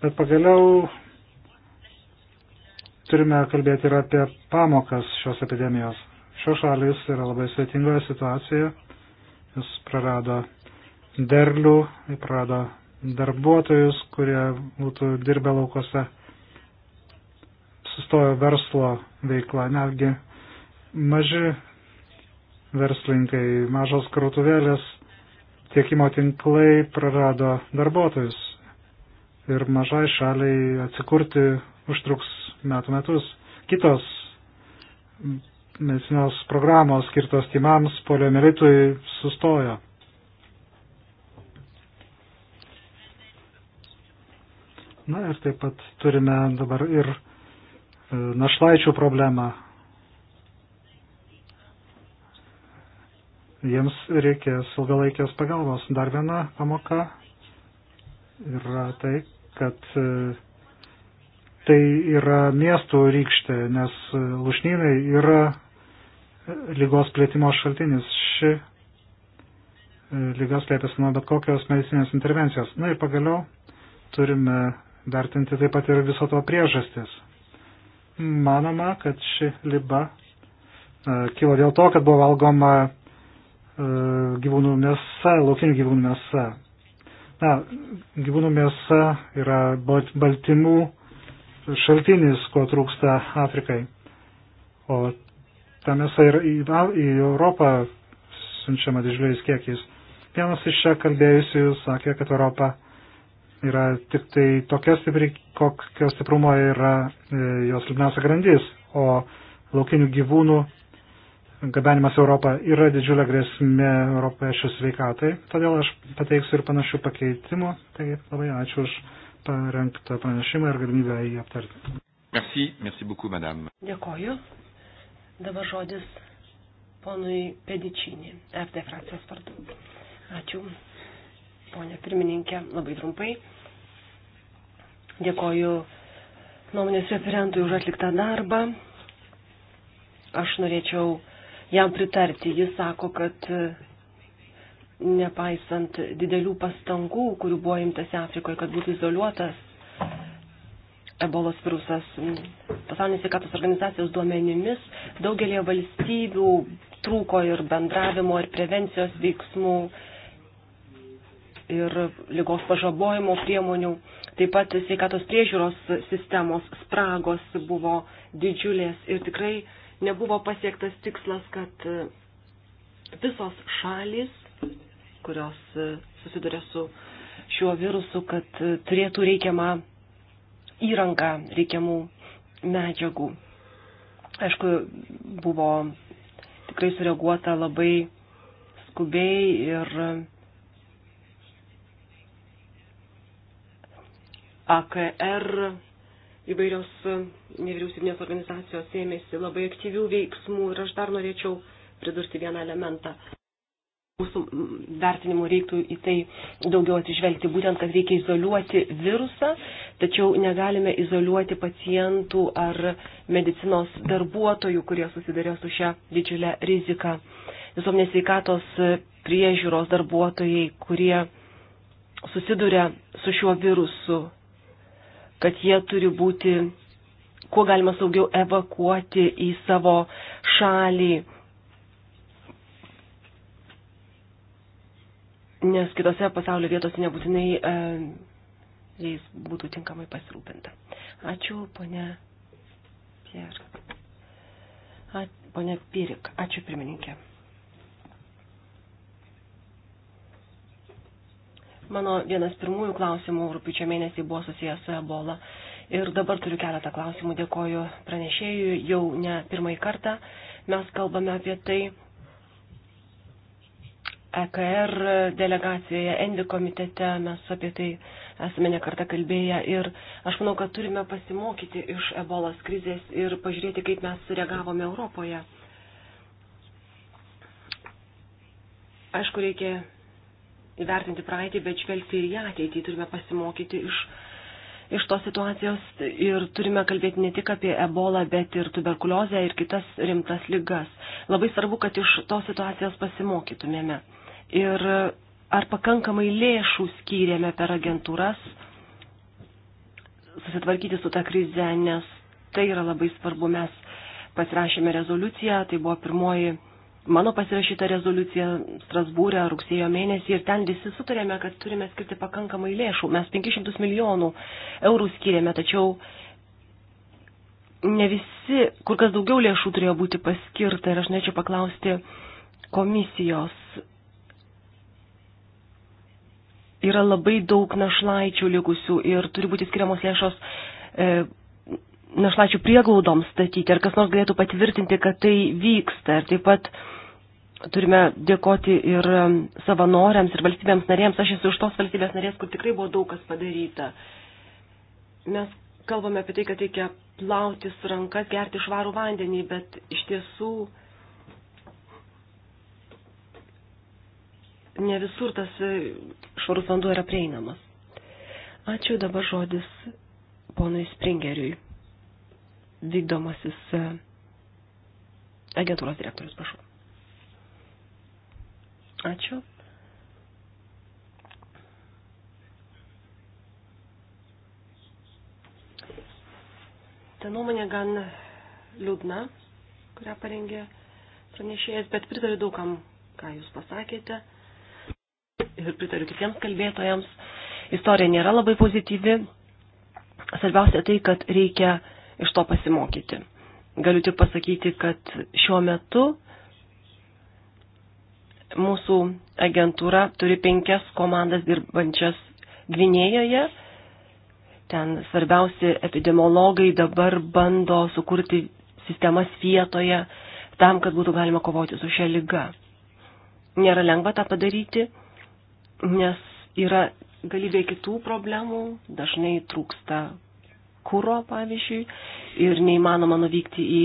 Bet pagaliau turime kalbėti ir apie pamokas šios epidemijos. Šios šalis yra labai sveitingoje situacijoje. Jis prarado derlių, prarado darbuotojus, kurie būtų dirbę laukose. Sustojo verslo veikla, netgi maži verslinkai, mažos krautuvėlės tiekimo tinklai prarado darbuotojus ir mažai šaliai atsikurti užtruks metų metus. Kitos medicinos programos skirtos timams poliomelitui sustojo. Na ir taip pat turime dabar ir e, našlaičių problemą. jiems reikės ilgalaikės pagalbos. Dar viena pamoka yra tai, kad e, tai yra miestų rykštė, nes lušnynai yra lygos plėtimo šaltinis. Ši e, lygas plėtėsi nuo bet kokios medicinės intervencijos. Na ir pagaliau turime vertinti taip pat ir viso to priežastis. Manoma, kad ši liba e, kilo dėl to, kad buvo valgoma E, gyvūnų mėsa, laukinių gyvūnų mėsa. Na, gyvūnų mėsa yra baltymų šaltinis, ko trūksta Afrikai. O ta mėsa ir į, į Europą siunčiama didžiuliais kiekiais. Vienas iš čia kalbėjusių sakė, kad Europa yra tik tai tokia stipri, kokio stiprumo yra e, jos liūdniausia grandis, o laukinių gyvūnų gabenimas Europą yra didžiulė grėsmė Europoje šios sveikatai, todėl aš pateiksiu ir panašių pakeitimų. Taigi labai ačiū už parengtą pranešimą ir galimybę jį aptarti. Merci, merci beaucoup, madame.
Dėkoju. Dabar žodis ponui Pedičinį, FD frakcijos vardu. Ačiū, ponė pirmininkė, labai trumpai. Dėkoju nuomonės referentui už atliktą darbą. Aš norėčiau jam pritarti. Jis sako, kad e, nepaisant didelių pastangų, kurių buvo imtasi Afrikoje, kad būtų izoliuotas ebolos virusas, pasaulinės sveikatos organizacijos duomenimis daugelie valstybių trūko ir bendravimo, ir prevencijos veiksmų, ir lygos pažabojimo priemonių. Taip pat sveikatos priežiūros sistemos spragos buvo didžiulės ir tikrai nebuvo pasiektas tikslas, kad e, visos šalis, kurios e, susiduria su šiuo virusu, kad e, turėtų reikiamą įrangą, reikiamų medžiagų. Aišku, buvo tikrai sureaguota labai skubiai ir AKR įvairios e, nevyriausybinės organizacijos ėmėsi labai aktyvių veiksmų ir aš dar norėčiau pridurti vieną elementą. Mūsų vertinimu reiktų į tai daugiau atsižvelgti, būtent, kad reikia izoliuoti virusą, tačiau negalime izoliuoti pacientų ar medicinos darbuotojų, kurie susidarė su šia didžiulė rizika. Visuomenės veikatos priežiūros darbuotojai, kurie susiduria su šiuo virusu kad jie turi būti kuo galima saugiau evakuoti į savo šalį, nes kitose pasaulio vietose nebūtinai e, jais būtų tinkamai pasirūpinta. Ačiū, ponia Pierik. At, ponia Pirik, ačiū pirmininkė. Mano vienas pirmųjų klausimų rūpiučio mėnesį buvo susijęs su ebola. Ir dabar turiu keletą klausimų. Dėkoju pranešėjui jau ne pirmąjį kartą. Mes kalbame apie tai. EKR er delegacijoje, Endi komitete mes apie tai esame nekartą kalbėję ir aš manau, kad turime pasimokyti iš ebolos krizės ir pažiūrėti, kaip mes sureagavome Europoje. Aišku, reikia įvertinti praeitį, bet žvelgti ir į ateitį. Turime pasimokyti iš, iš tos situacijos ir turime kalbėti ne tik apie ebolą, bet ir tuberkuliozę ir kitas rimtas lygas. Labai svarbu, kad iš tos situacijos pasimokytumėme. Ir ar pakankamai lėšų skyrėme per agentūras susitvarkyti su tą krize, nes tai yra labai svarbu. Mes pasirašėme rezoliuciją, tai buvo pirmoji mano pasirašyta rezoliucija Strasbūrė rugsėjo mėnesį ir ten visi sutarėme, kad turime skirti pakankamai lėšų. Mes 500 milijonų eurų skiriame, tačiau ne visi, kur kas daugiau lėšų turėjo būti paskirta ir aš norėčiau paklausti komisijos. Yra labai daug našlaičių likusių ir turi būti skiriamos lėšos e, našlaičių prieglaudoms statyti, ar kas nors galėtų patvirtinti, kad tai vyksta. Ir taip pat turime dėkoti ir um, savanoriams, ir valstybėms narėms. Aš esu iš tos valstybės narės, kur tikrai buvo daug kas padaryta. Mes kalbame apie tai, kad reikia plautis rankas, gerti švarų vandenį, bet iš tiesų ne visur tas e, švarus vanduo yra prieinamas. Ačiū dabar žodis ponui Springeriui vykdomasis e, agentūros direktorius, prašau. Ačiū. Ta nuomonė gan liūdna, kurią parengė pranešėjas, bet pritariu daugam, ką jūs pasakėte. Ir pritariu kitiems kalbėtojams. Istorija nėra labai pozityvi. Svarbiausia tai, kad reikia iš to pasimokyti. Galiu tik pasakyti, kad šiuo metu mūsų agentūra turi penkias komandas dirbančias Gvinėjoje. Ten svarbiausi epidemiologai dabar bando sukurti sistemas vietoje tam, kad būtų galima kovoti su šia lyga. Nėra lengva tą padaryti, nes yra galybė kitų problemų, dažnai trūksta kūro, pavyzdžiui, ir neįmanoma nuvykti į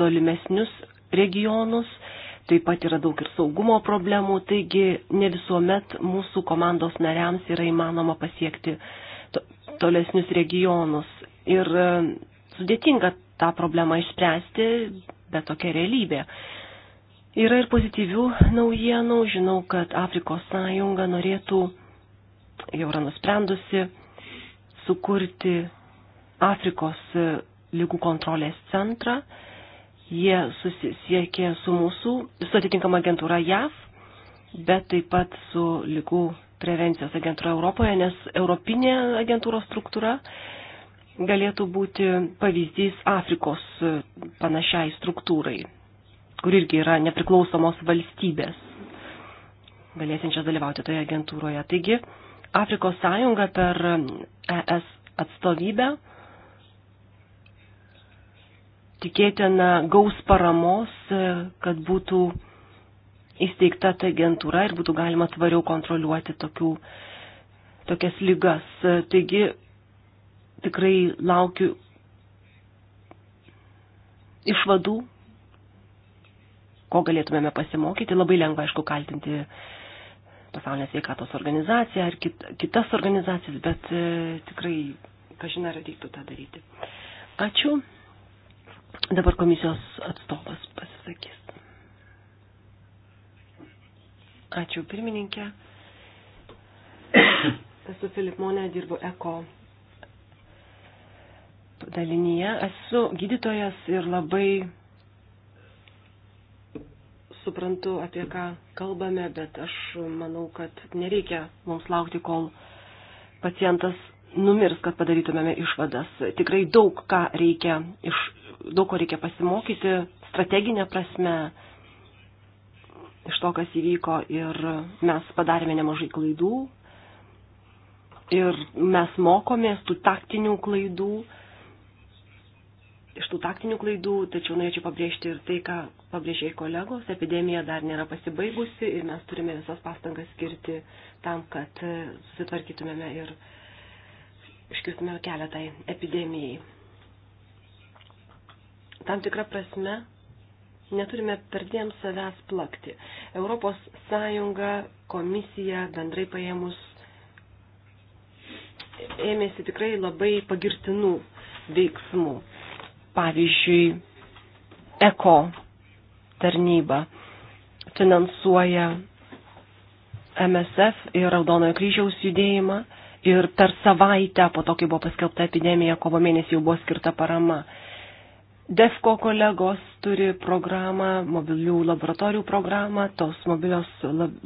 tolimesnius regionus. Taip pat yra daug ir saugumo problemų, taigi ne visuomet mūsų komandos nariams yra įmanoma pasiekti to, tolesnius regionus. Ir e, sudėtinga tą problemą išspręsti, bet tokia realybė. Yra ir pozityvių naujienų. Žinau, kad Afrikos sąjunga norėtų, jau yra nusprendusi, sukurti Afrikos e, lygų kontrolės centrą. Jie susisiekė su mūsų, su atitinkama agentūra JAV, bet taip pat su lygų prevencijos agentūra Europoje, nes europinė agentūros struktūra galėtų būti pavyzdys Afrikos e, panašiai struktūrai, kur irgi yra nepriklausomos valstybės, galėsinčios dalyvauti toje agentūroje. Taigi, Afrikos sąjunga per ES e atstovybę tikėtina gaus paramos, e, kad būtų įsteigta ta agentūra ir būtų galima tvariau kontroliuoti tokių, tokias lygas. E, taigi tikrai laukiu išvadų, ko galėtumėme pasimokyti. Labai lengva, aišku, kaltinti pasaulinės veikatos organizaciją ar kit, kitas organizacijas, bet e, tikrai, kažin ar reiktų tą daryti. Ačiū. Dabar komisijos atstovas pasisakys. Ačiū pirmininkė. Esu Filip Monė, dirbu ECO dalinyje. Esu gydytojas ir labai suprantu, apie ką kalbame, bet aš manau, kad nereikia mums laukti, kol pacientas numirs, kad padarytumėme išvadas. Tikrai daug, ką reikia, iš, daug ko reikia pasimokyti strateginė prasme iš to, kas įvyko ir mes padarėme nemažai klaidų ir mes mokomės tų taktinių klaidų, iš tų taktinių klaidų, tačiau norėčiau pabrėžti ir tai, ką pabrėžė ir kolegos, epidemija dar nėra pasibaigusi ir mes turime visas pastangas skirti tam, kad susitvarkytumėme ir užkirtume kelią tai epidemijai. Tam tikrą prasme neturime perdėm savęs plakti. Europos Sąjunga, komisija, bendrai paėmus, ėmėsi tikrai labai pagirtinų veiksmų. Pavyzdžiui, ECO tarnyba finansuoja MSF ir Raudonojo kryžiaus judėjimą ir per savaitę po to, kai buvo paskelbta epidemija, kovo mėnesį jau buvo skirta parama. DEFCO kolegos turi programą, mobilių laboratorijų programą, tos mobilios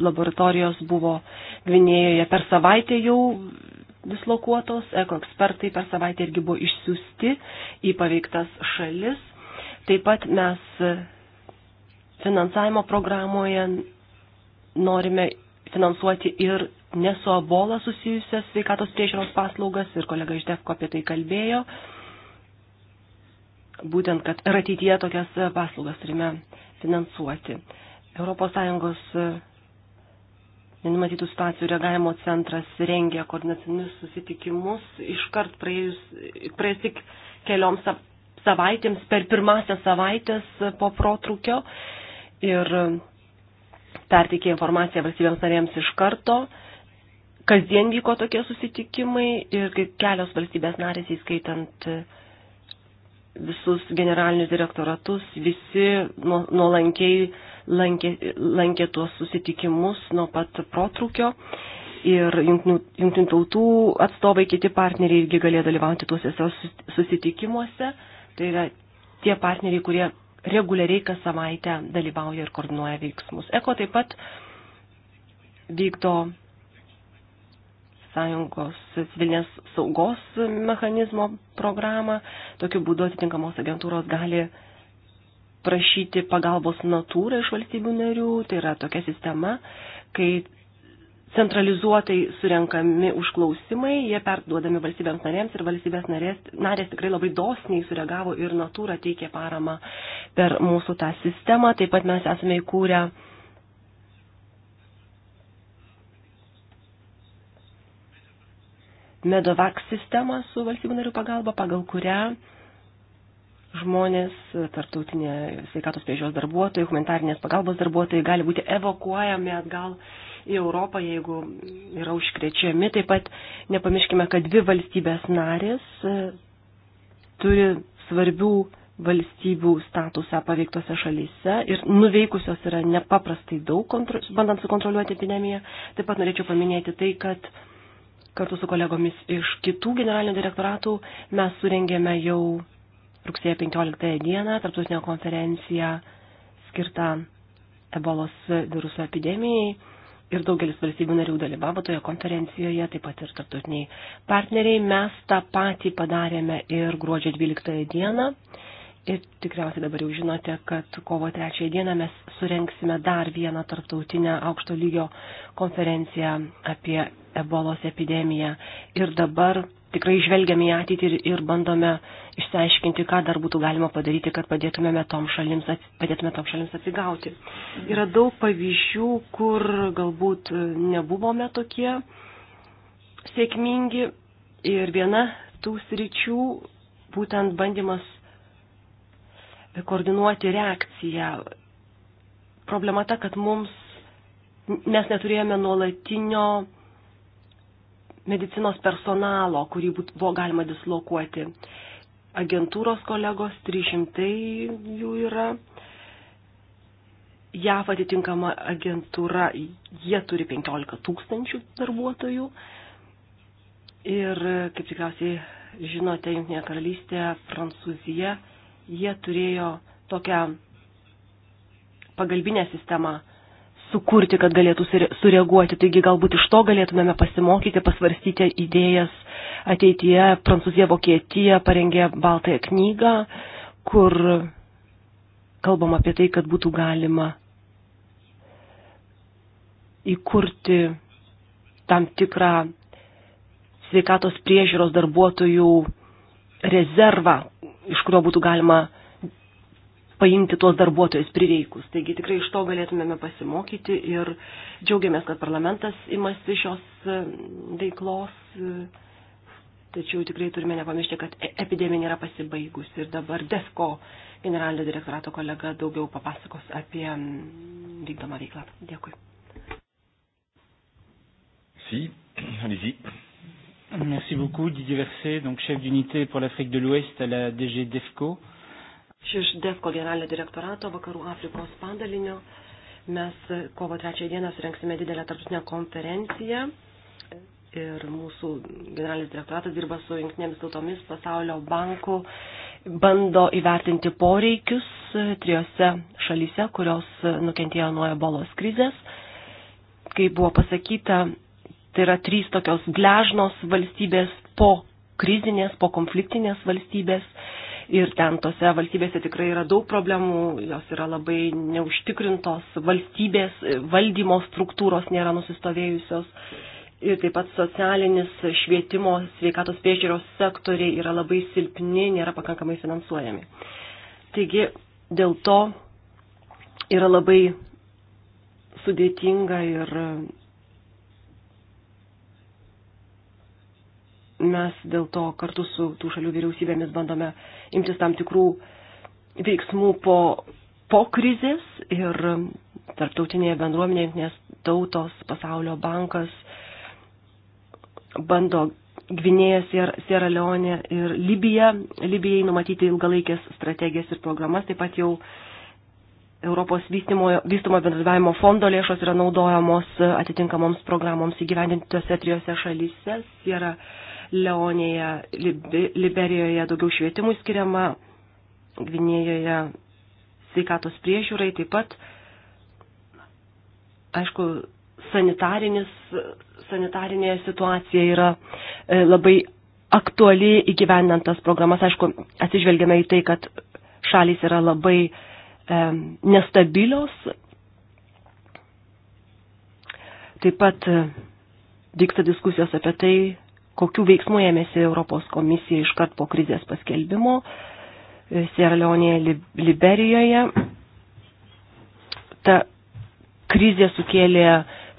laboratorijos buvo Gvinėjoje per savaitę jau dislokuotos, ekoekspertai per savaitę irgi buvo išsiųsti į paveiktas šalis. Taip pat mes finansavimo programoje norime finansuoti ir ne su abola susijusias sveikatos priežiūros paslaugas ir kolega iš DEFKO apie tai kalbėjo. Būtent, kad ir ateityje tokias e, paslaugas turime finansuoti. ES e, nenumatytų situacijų reagavimo centras rengia koordinacinius susitikimus iškart praėjus, praėjus tik kelioms savaitėms per pirmąsias savaitės e, po protrukio ir perteikė informaciją valstybėms narėms iš karto kasdien vyko tokie susitikimai ir kelios valstybės narės, įskaitant e, visus generalinius direktoratus, visi nuolankiai lankė, lankė tuos susitikimus nuo pat protrukio. Ir jungtinių tautų atstovai, kiti partneriai irgi galėjo dalyvauti tuose susitikimuose. Tai yra tie partneriai, kurie reguliariai kas savaitę dalyvauja ir koordinuoja veiksmus. ECO taip pat vykdo ES civilinės saugos mechanizmo programą. Tokiu būdu atitinkamos agentūros gali prašyti pagalbos natūrą iš valstybių narių. Tai yra tokia sistema, kai centralizuotai surenkami užklausimai, jie perduodami valstybėms narėms ir valstybės narės, narės tikrai labai dosniai sureagavo ir natūra teikė paramą per mūsų tą sistemą. Taip pat mes esame įkūrę Medovac sistemą su valstybių narių pagalba, pagal kurią žmonės, tarptautinė sveikatos priežiūros darbuotojai, humanitarinės pagalbos darbuotojai gali būti evakuojami atgal į Europą, jeigu yra užkrečiami. Taip pat nepamirškime, kad dvi valstybės narės e, turi svarbių valstybių statusą paveiktose šalyse ir nuveikusios yra nepaprastai daug, bandant sukontroliuoti epidemiją. Taip pat norėčiau paminėti tai, kad Kartu su kolegomis iš kitų generalinio direktoratų mes surengėme jau rugsėjo 15 dieną tarptautinę konferenciją skirtą ebolos viruso epidemijai ir daugelis valstybių narių dalyvavo toje konferencijoje, taip pat ir tarptautiniai partneriai. Mes tą patį padarėme ir gruodžio 12 dieną. Ir tikriausiai dabar jau žinote, kad kovo 3 dieną mes surenksime dar vieną tarptautinę aukšto lygio konferenciją apie ebolos epidemiją. Ir dabar tikrai žvelgiame į ateitį ir, ir bandome išsiaiškinti, ką dar būtų galima padaryti, kad padėtumėme tom šalims, padėtume tom šalims atsigauti. Yra daug pavyzdžių, kur galbūt nebuvome tokie sėkmingi ir viena tų sričių būtent bandymas koordinuoti reakciją. Problema ta, kad mums mes neturėjome nuolatinio medicinos personalo, kurį buvo galima dislokuoti. Agentūros kolegos 300 jų yra. JAF atitinkama agentūra, jie turi 15 tūkstančių darbuotojų. Ir kaip tikriausiai žinote, Junktinė karalystė, Prancūzija, jie turėjo tokią pagalbinę sistemą sukurti, kad galėtų sureaguoti. Taigi galbūt iš to galėtumėme pasimokyti, pasvarstyti idėjas ateityje. Prancūzija, Vokietija parengė Baltąją knygą, kur kalbam apie tai, kad būtų galima įkurti tam tikrą sveikatos priežiūros darbuotojų rezervą, iš kurio būtų galima paimti tuos darbuotojus prireikus. Taigi tikrai iš to galėtumėme pasimokyti ir džiaugiamės, kad parlamentas imasi šios e, veiklos. Tačiau tikrai turime nepamiršti, kad e, epidemija nėra pasibaigusi ir dabar DESCO generalinio direktorato kolega daugiau papasakos apie vykdomą veiklą. Dėkui. Si, allez-y.
Merci beaucoup, Didier Verset, donc chef d'unité pour l'Afrique de l'Ouest à la DG DEFCO. Euh,
iš DEFCO generalinio direktorato Vakarų Afrikos padalinio. Mes e, kovo trečią dieną surenksime didelę tarptautinę konferenciją ir mūsų generalinis direktoratas dirba su jungtinėmis tautomis pasaulio banku, bando įvertinti poreikius e, trijose šalyse, kurios e, nukentėjo nuo ebolos krizės. Kaip buvo pasakyta, tai yra trys tokios gležnos valstybės po krizinės, po konfliktinės valstybės ir ten tose valstybėse tikrai yra daug problemų, jos yra labai neužtikrintos, valstybės valdymo struktūros nėra nusistovėjusios ir taip pat socialinis švietimo sveikatos priežiūros sektoriai yra labai silpni, nėra pakankamai finansuojami. Taigi dėl to yra labai sudėtinga ir Mes dėl to kartu su tų šalių vyriausybėmis bandome imtis tam tikrų veiksmų po, po krizės ir tarptautinėje bendruomenėje, nes tautos, pasaulio bankas bando Gvinėja, Sierra Leone ir Libija, Libijai numatyti ilgalaikės strategijas ir programas, taip pat jau Europos vystymo, vystumo bendradavimo fondo lėšos yra naudojamos atitinkamoms programoms įgyvendinti tose trijose šalyse - Sierra Leonėje, Liberijoje daugiau švietimų skiriama, Gvinėjoje sveikatos priežiūrai taip pat, aišku, sanitarinė situacija yra e, labai aktuali įgyvendant tas programas. Aišku, atsižvelgiame į tai, kad šalis yra labai e, nestabilios. Taip pat e, vyksta diskusijos apie tai, kokių veiksmų ėmėsi Europos komisija iškart po krizės paskelbimo e, Sierleonėje, Liberijoje. Ta krizė sukėlė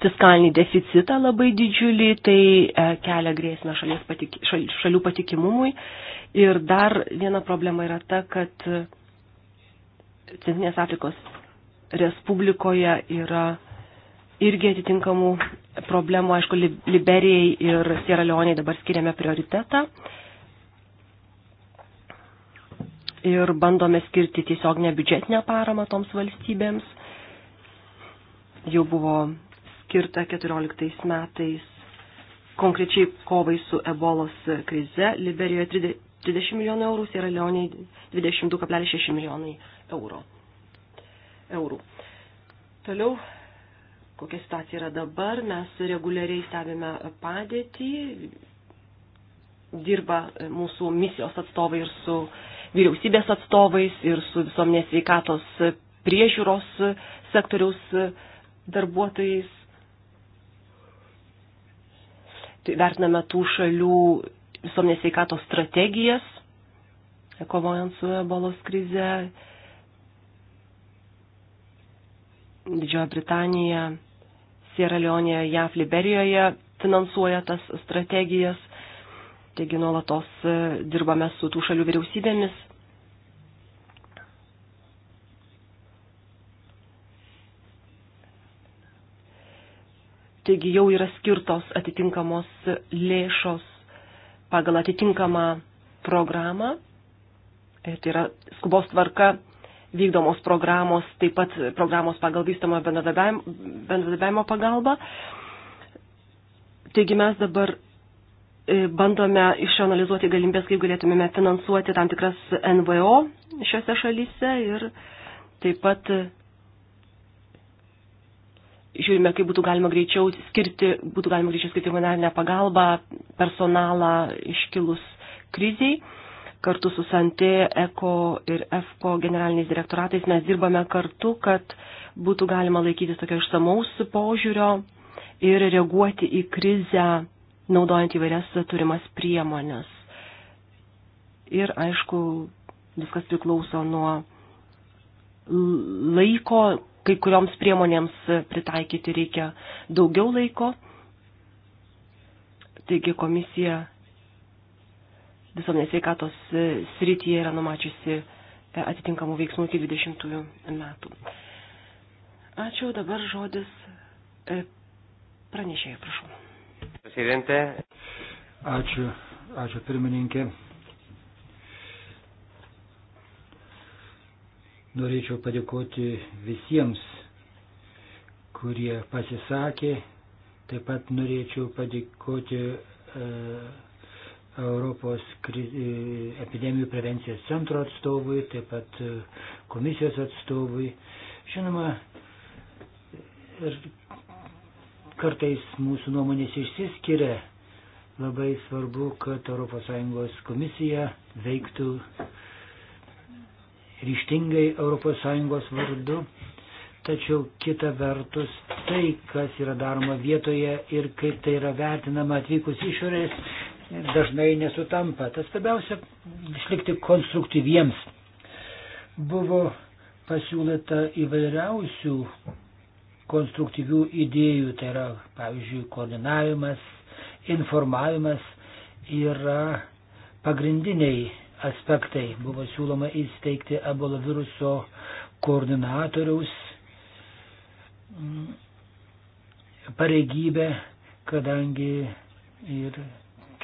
fiskalinį deficitą labai didžiulį, tai e, kelia grėsmę patik, šal, šalių patikimumui. Ir dar viena problema yra ta, kad e, Centrinės Afrikos Respublikoje yra irgi atitinkamų problemų, aišku, Liberijai ir Sierra Leonei dabar skiriame prioritetą. Ir bandome skirti tiesiog nebiudžetinę paramą toms valstybėms. Jau buvo skirta 14 metais konkrečiai kovai su ebolos krize. Liberijoje 30 milijonų eurų, Sierra Leonei 22,6 milijonai eurų. eurų. Toliau kokia situacija yra dabar. Mes reguliariai stebime padėtį, dirba mūsų misijos atstovai ir su vyriausybės atstovais, ir su visuomenės veikatos priežiūros sektoriaus darbuotojais. Tai vertiname tų šalių visuomenės veikatos strategijas, kovojant su ebolos krize. Didžioji Britanija Sierra Leonėje, JAF, Liberijoje finansuoja tas strategijas. Taigi nuolatos e, dirbame su tų šalių vyriausybėmis. Taigi jau yra skirtos atitinkamos lėšos pagal atitinkamą programą. Ir e, tai yra skubos tvarka vykdomos programos, taip pat programos pagal vystamą bendradarbiavimo pagalbą. Taigi mes dabar e, bandome išanalizuoti galimybės, kaip galėtumėme finansuoti tam tikras NVO šiuose šalyse ir taip pat e, žiūrime, kaip būtų galima greičiau skirti, būtų galima greičiau skirti humanitarinę pagalbą, personalą iškilus kriziai kartu su Santė, ECO ir EFCO generaliniais direktoratais mes dirbame kartu, kad būtų galima laikytis tokio išsamaus požiūrio ir reaguoti į krizę, naudojant įvairias turimas priemonės. Ir aišku, viskas priklauso nuo laiko, kai kurioms priemonėms pritaikyti reikia daugiau laiko. Taigi komisija visuomenės veikatos e, srityje yra numačiusi e, atitinkamų veiksmų iki 20 metų. Ačiū, dabar žodis
e, pranešėjai, prašau. Presidente. Ačiū, ačiū pirmininkė. Norėčiau padėkoti visiems, kurie pasisakė. Taip pat norėčiau padėkoti. E, Europos e, epidemijų prevencijos centro atstovui, taip pat e, komisijos atstovui. Žinoma, ir kartais mūsų nuomonės išsiskiria. Labai svarbu, kad ES komisija veiktų ryštingai ES vardu, tačiau kita vertus tai, kas yra daroma vietoje ir kaip tai yra vertinama atvykus išorės, dažnai nesutampa. Tas svarbiausia išlikti konstruktyviems. Buvo pasiūlyta įvairiausių konstruktyvių idėjų, tai yra, pavyzdžiui, koordinavimas, informavimas yra pagrindiniai aspektai. Buvo siūloma įsteigti ebola viruso koordinatoriaus mm, pareigybę, kadangi ir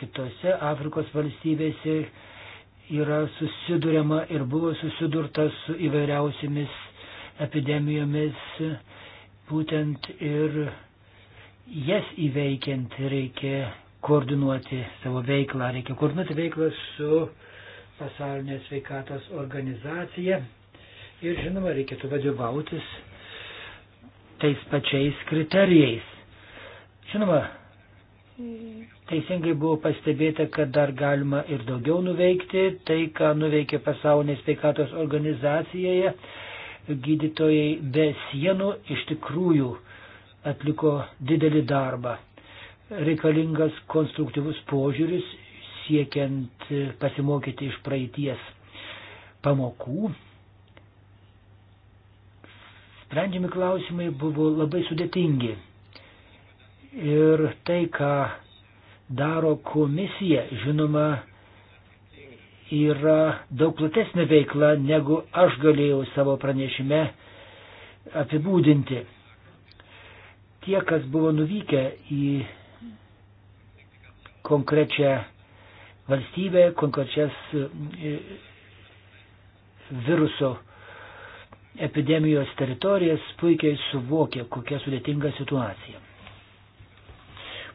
kitose Afrikos valstybėse yra susidurima ir buvo susidurta su įvairiausiamis epidemijomis, būtent ir jas įveikiant reikia koordinuoti savo veiklą, reikia koordinuoti veiklą su pasaulinė sveikatos organizacija ir žinoma reikėtų vadovautis tais pačiais kriterijais. Žinoma, Teisingai buvo pastebėta, kad dar galima ir daugiau nuveikti. Tai, ką nuveikė pasaulinė sveikatos organizacijoje, gydytojai be sienų iš tikrųjų atliko didelį darbą. Reikalingas konstruktyvus požiūris siekiant pasimokyti iš praeities pamokų. Sprendžiami klausimai buvo labai sudėtingi. Ir tai, ką daro komisija, žinoma, yra daug platesnė veikla, negu aš galėjau savo pranešime apibūdinti. Tie, kas buvo nuvykę į konkrečią valstybę, konkrečias e, viruso epidemijos teritorijas, puikiai suvokė, kokia sudėtinga situacija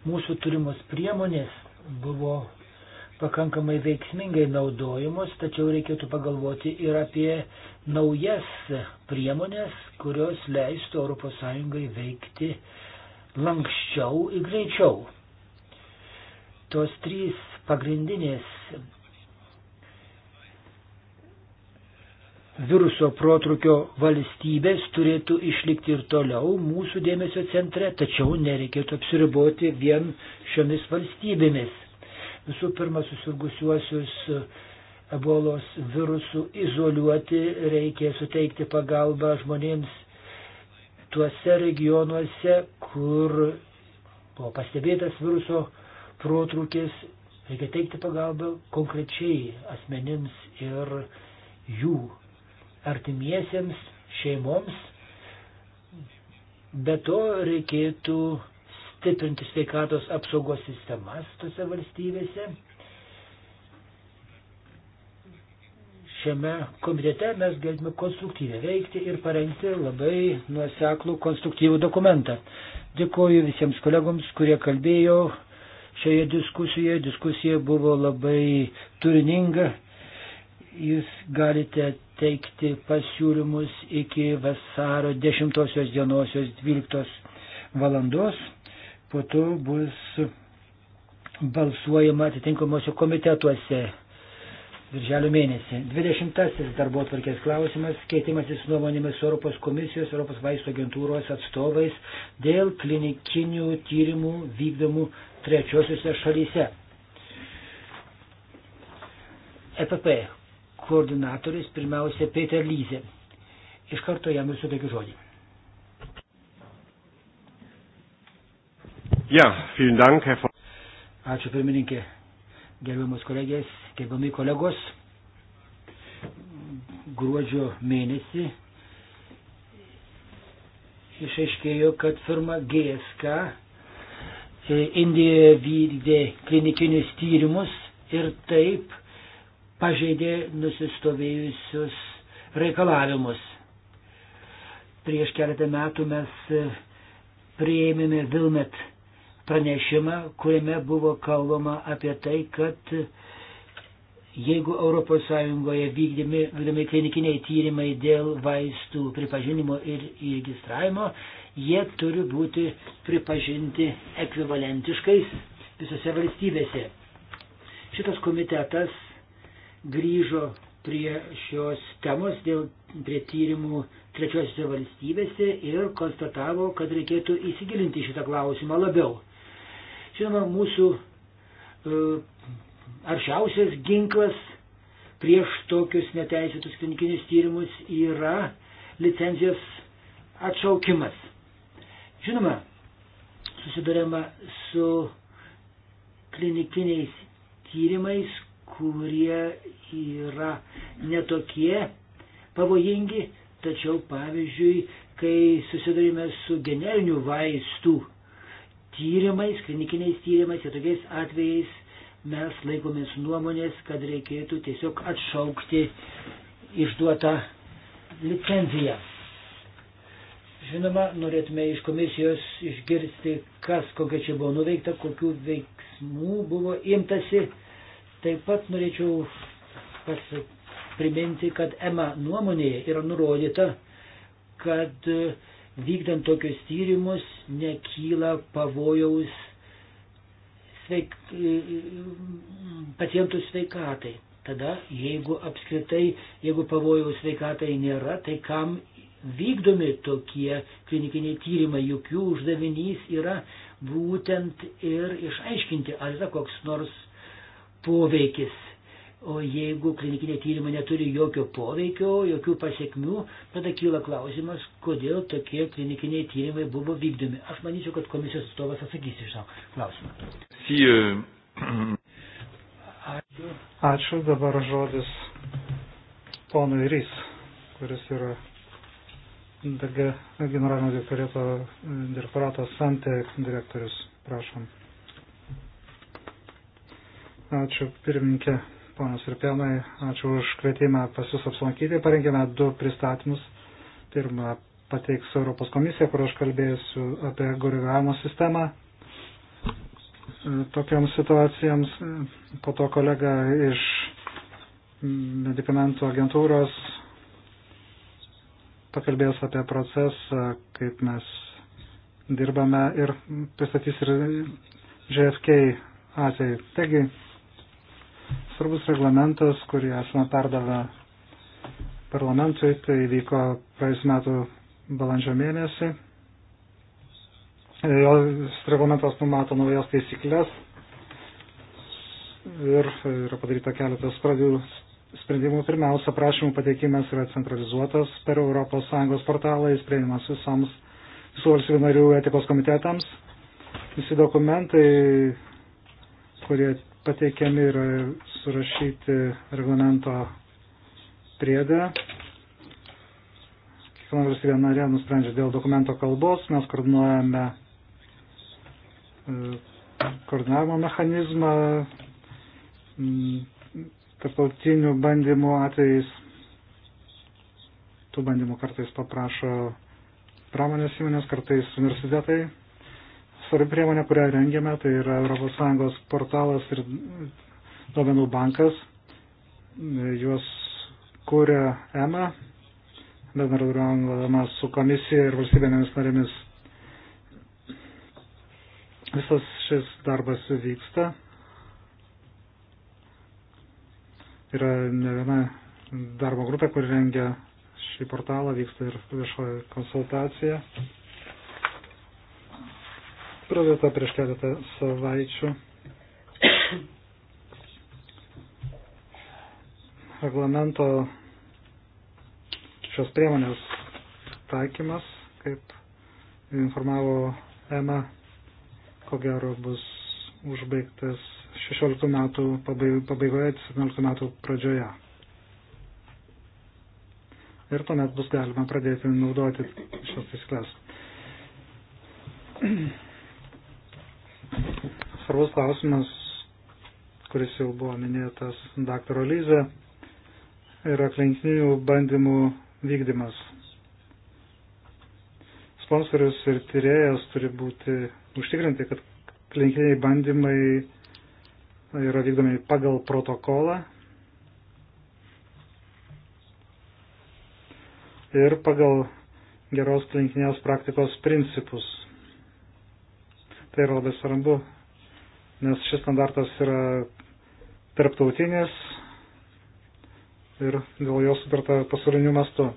mūsų turimos priemonės buvo pakankamai veiksmingai naudojamos, tačiau reikėtų pagalvoti ir apie naujas priemonės, kurios leistų ES veikti lankščiau ir greičiau. Tos trys pagrindinės viruso protrukio valstybės turėtų išlikti ir toliau mūsų dėmesio centre, tačiau nereikėtų apsiriboti vien šiomis valstybėmis. Visų pirma, susirgusiuosius ebolos virusų izoliuoti reikia suteikti pagalbą žmonėms tuose regionuose, kur buvo pastebėtas viruso protrukis, reikia teikti pagalbą konkrečiai asmenims ir jų artimiesiems, šeimoms. Be to reikėtų stiprinti sveikatos apsaugos sistemas tose valstybėse. Šiame komitete mes galime konstruktyviai veikti ir parengti labai nuoseklų konstruktyvų dokumentą. Dėkuoju visiems kolegoms, kurie kalbėjo šioje diskusijoje. Diskusija buvo labai turininga. Jūs galite teikti pasiūlymus iki vasaro 10 dienos 12 valandos. Po to bus balsuojama atitinkamuose komitetuose Virželio mėnesį. 20. darbo atvarkės klausimas - keitimasis nuomonėmis Europos komisijos, Europos vaisto agentūros atstovais dėl klinikinių tyrimų vykdomų trečiosiuose šalyse. EPP koordinatorius, pirmiausia, Peter Lyze. Iš karto jam ir suteikiu žodį.
Ja, vielen Dank, Herr von.
Ačiū pirmininkė, gerbiamus kolegės, gerbiami kolegos. Gruodžio mėnesį išaiškėjo, kad firma GSK e, Indijoje vykdė klinikinius tyrimus ir taip pažeidė nusistovėjusius reikalavimus. Prieš keletą metų mes e, prieėmėme Vilmet pranešimą, kuriame buvo kalbama apie tai, kad jeigu ES vykdami, vykdami klinikiniai tyrimai dėl vaistų pripažinimo ir įregistravimo, jie turi būti pripažinti ekvivalentiškais visose valstybėse. Šitas komitetas grįžo prie šios temos dėl prie tyrimų trečiosiuose valstybėse ir konstatavo, kad reikėtų įsigilinti šitą klausimą labiau. Žinoma, mūsų e, aršiausias ginklas prieš tokius neteisėtus klinikinius tyrimus yra licencijos atšaukimas. Žinoma, susidurėma su klinikiniais tyrimais, kurie yra netokie pavojingi, tačiau pavyzdžiui, kai susidurime su generinių vaistų tyrimais, klinikiniais tyrimais ir tai tokiais atvejais mes laikomės nuomonės, kad reikėtų tiesiog atšaukti išduotą licenciją. Žinoma, norėtume iš komisijos išgirsti, kas kokia čia buvo nuveikta, kokių veiksmų buvo imtasi Taip pat norėčiau pasakyti priminti, kad EMA nuomonėje yra nurodyta, kad e, vykdant tokius tyrimus nekyla pavojaus sveik, e, e, pacientų sveikatai. Tada, jeigu apskritai, jeigu pavojaus sveikatai nėra, tai kam vykdomi tokie klinikiniai tyrimai, juk jų uždavinys yra būtent ir išaiškinti, ar yra koks nors poveikis. O jeigu klinikiniai tyrimai neturi jokio poveikio, jokių pasiekmių, tada kyla klausimas, kodėl tokie klinikiniai tyrimai buvo vykdomi. Aš manyčiau, kad komisijos atstovas atsakys iš savo klausimą.
E,
Ačiū.
Ačiū dabar žodis ponui Rys, kuris yra generalinio direktorato direktorato Sante direktorius. Prašom. Ačiū pirmininkė, ponas ir pienai, ačiū už kvietimą pas Jūs apsilankyti. Parengėme du pristatymus. Pirmą pateiks Europos komisija, kur aš kalbėsiu apie korigavimo sistemą e, tokiams situacijams. E, po to kolega iš medikamentų agentūros pakalbės apie procesą, kaip mes dirbame ir pristatys ir JFK atveju. Taigi, svarbus reglamentas, kurį esame perdavę parlamentui, tai vyko praėjus metų balandžio mėnesį. Jo reglamentas numato naujas taisyklės ir yra padaryta keletas pradžių sprendimų. Pirmiausia, prašymų pateikimas yra centralizuotas per ES portalą, jis prieinamas visoms visų valstybių narių etikos komitetams. Visi dokumentai, kurie pateikiami ir surašyti reglamento priedą. Kiekviena valstybė narė nusprendžia dėl dokumento kalbos, mes koordinuojame e, koordinavimo mechanizmą tarptautinių bandymų atvejais. Tų bandymų kartais paprašo pramonės įmonės, kartais universitetai, svarbi priemonė, kurią rengiame, tai yra ES portalas ir duomenų bankas. Juos kūrė EMA, bendradarbiavimas su komisija ir valstybėmis narėmis. Visas šis darbas vyksta. Yra ne viena darbo grupė, kur rengia šį portalą, vyksta ir viešoji konsultacija pradėta prieš keletą savaičių. Reglamento šios priemonės taikymas, kaip informavo EMA, ko gero bus užbaigtas 16 metų pabaigoje, 17 metų pradžioje. Ir tuomet bus galima pradėti naudoti šios taisyklės svarbus klausimas, kuris jau buvo minėtas daktaro Lyze, yra klinikinių bandymų vykdymas. Sponsorius ir tyrėjas turi būti užtikrinti, kad klinikiniai bandymai yra vykdomi pagal protokolą ir pagal geros klinikinės praktikos principus. Tai yra labai svarbu nes šis standartas yra tarptautinis ir dėl jo sutarta pasauliniu mastu.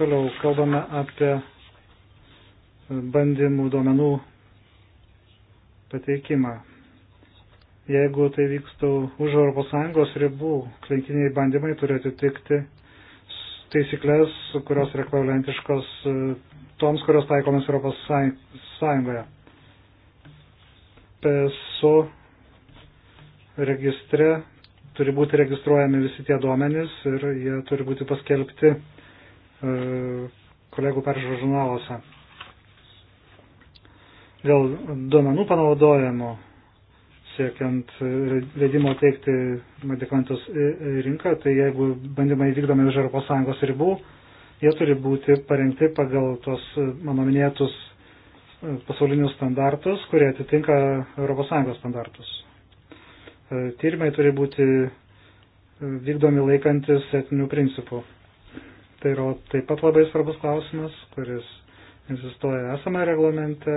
Toliau kalbame apie bandymų duomenų pateikimą. Jeigu tai vyksta už ES ribų, klinikiniai bandymai turi atitikti taisyklės, kurios yra ekvivalentiškos toms, kurios taikomas ES. PSO registre turi būti registruojami visi tie duomenys ir jie turi būti paskelbti e, kolegų peržiūros žurnaluose. Dėl duomenų panaudojimo siekiant e, leidimo teikti medikamentus į rinką, tai jeigu bandymai vykdomi už ES ribų, jie turi būti parengti pagal tos mano minėtus pasaulinius standartus, kurie atitinka ES standartus. E, tyrimai turi būti e, vykdomi laikantis etinių principų. Tai yra taip pat labai svarbus klausimas, kuris egzistuoja esame reglamente,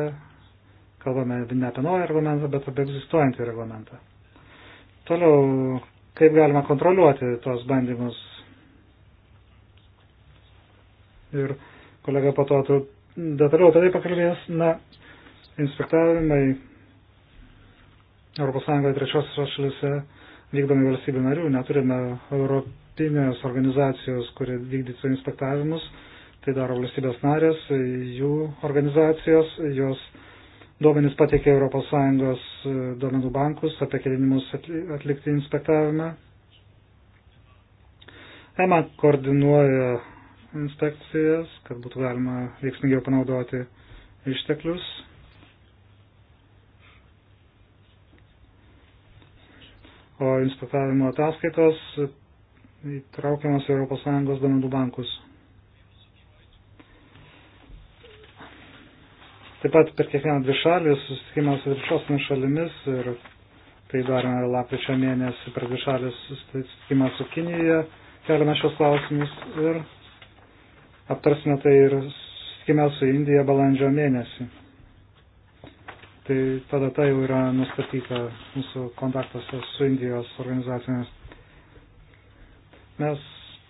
kalbame ne apie naują reglamentą, bet apie egzistuojantį reglamentą. Toliau, kaip galima kontroliuoti tuos bandymus. Ir kolega po to detaliau apie tai pakalbės, na, inspektavimai ES trečiosios šalise vykdomi valstybių narių, neturime europinės organizacijos, kuri vykdytų inspektavimus, tai daro valstybės narės, jų organizacijos, jos duomenys pateikė ES e, duomenų bankus apie ketinimus atlikti inspektavimą. EMA koordinuoja inspekcijas, kad būtų galima veiksmingiau panaudoti išteklius. O inspektavimo ataskaitos įtraukiamas ES duomenų bankus. Taip pat per kiekvieną dvišalį susitikimą su viršosnės šalimis ir tai darome lapkričio mėnesį per dvišalį susitikimą su Kinija, keliame šios klausimus ir aptarsime tai ir susitikime su Indija balandžio mėnesį. Tai tada tai jau yra nustatyta mūsų kontaktuose su Indijos organizacijomis. Mes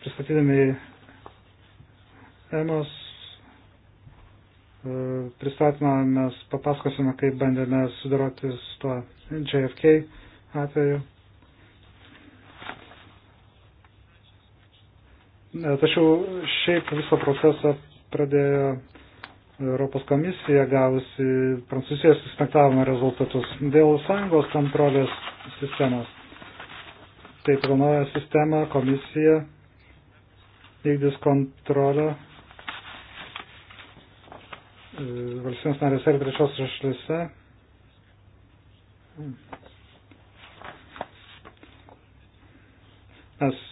pristatydami EMOS e, pristatymą mes papasakosime, kaip bandėme sudaroti su tuo JFK atveju. E, tačiau šiaip viso proceso pradėjo Europos komisija gavusi Prancūzijos inspektavimo rezultatus dėl sąjungos kontrolės sistemos. Taip, pagal naują sistemą komisija vykdys kontrolę e, valstybės narėse ir trečios šalyse. Mes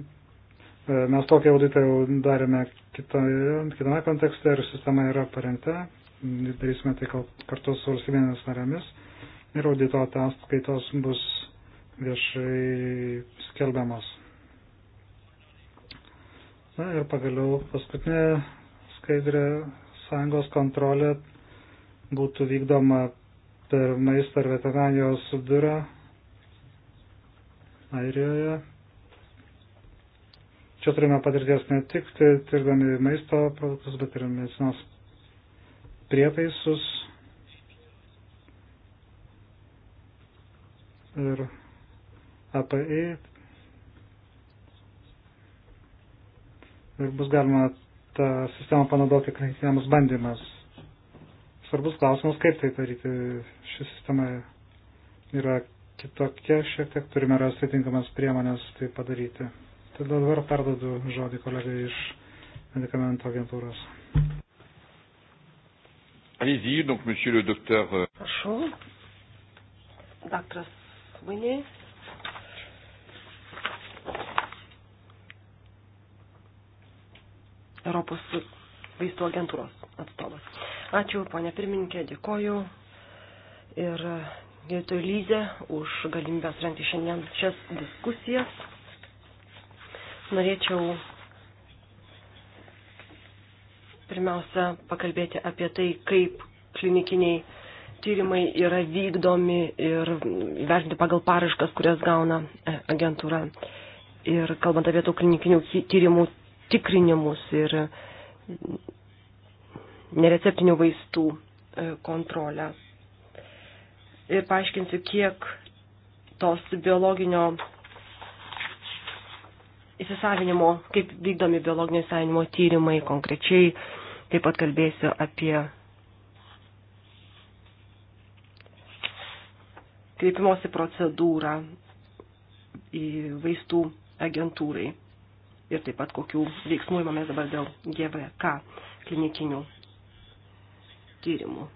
E, mes tokį auditą jau darėme kitame kontekste ir sistema yra parengta. Darysime tai kartu su valstybėmis narėmis. Ir audito ataskaitos bus viešai skelbiamos. Na ir pagaliau paskutinė skaidrė sąjungos kontrolė būtų vykdoma per maisto ir veterinarijos biurą Airijoje Čia turime patirties ne tik tai tirdami maisto produktus, bet ir medicinos prietaisus. Ir API. Ir bus galima tą sistemą panaudoti klinikiniams bandymams. Svarbus klausimas, kaip tai daryti. Ši sistema yra kitokia, šiek tiek turime rasti tinkamas priemonės tai padaryti. Tada dabar perdodu žodį kolegai iš medikamento agentūros.
Allez-y, donc monsieur le docteur. Euh,
Prašau.
Daktaras Vainė. Europos vaistų agentūros atstovas. Ačiū, ponė pirmininkė, dėkoju. Ir e, Gėto Lyze už galimybę rengti šiandien šias diskusijas. Norėčiau pirmiausia pakalbėti apie tai, kaip klinikiniai tyrimai yra vykdomi ir vertinti pagal paraškas, kurias gauna e, agentūra. Ir kalbant apie tų klinikinių tyrimų tikrinimus ir nereceptinių vaistų e, kontrolę. Ir paaiškinsiu, kiek tos biologinio įsisavinimo, kaip vykdomi biologinio įsisavinimo tyrimai konkrečiai. Taip pat kalbėsiu apie kreipimosi procedūrą į vaistų agentūrai ir taip pat kokių veiksmų įmamės dabar dėl GVK klinikinių tyrimų.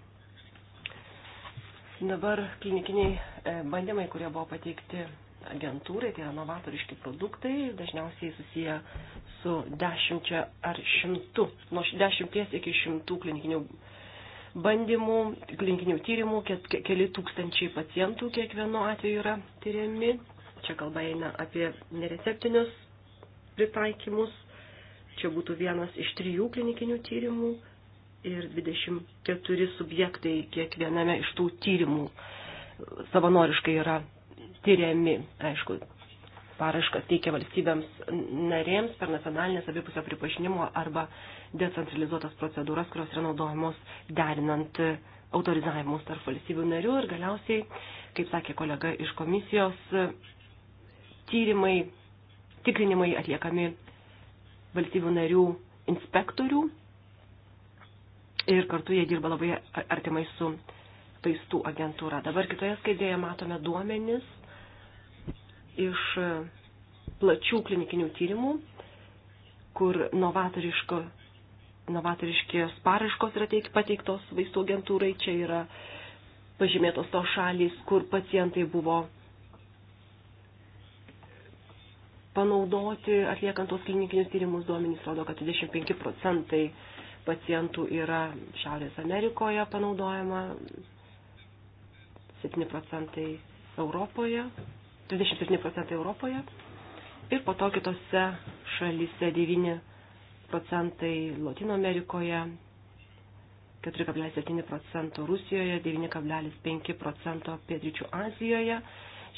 Dabar klinikiniai e, bandymai, kurie buvo pateikti agentūrai, tai yra novatoriški produktai, dažniausiai susiję su dešimčia ar šimtu, nuo dešimties iki šimtų klinikinių bandymų, klinikinių tyrimų, keli tūkstančiai pacientų kiekvienu atveju yra tyriami. Čia kalba eina apie nereceptinius pritaikymus. Čia būtų vienas iš trijų klinikinių tyrimų ir 24 subjektai kiekviename iš tų tyrimų savanoriškai yra tyriami. Aišku, paraškas teikia valstybėms narėms per nacionalinės abipusio pripažinimo arba decentralizuotas procedūras, kurios yra naudojamos derinant autorizavimus tarp valstybių narių ir galiausiai, kaip sakė kolega iš komisijos, tyrimai, tikrinimai atliekami valstybių narių inspektorių ir kartu jie dirba labai artimai su vaistų agentūra. Dabar kitoje skaidrėje matome duomenis iš plačių klinikinių tyrimų, kur novatoriškės paraiškos yra teik, pateiktos vaistų agentūrai. Čia yra pažymėtos tos šalys, kur pacientai buvo panaudoti atliekant tos klinikinius tyrimus duomenys rodo, kad 25 procentai pacientų yra Šiaurės Amerikoje panaudojama, 7 procentai Europoje, 27 procentai Europoje ir po to kitose šalyse 9 procentai Latino Amerikoje, 4,7 procento Rusijoje, 9,5 procento Pietryčių Azijoje.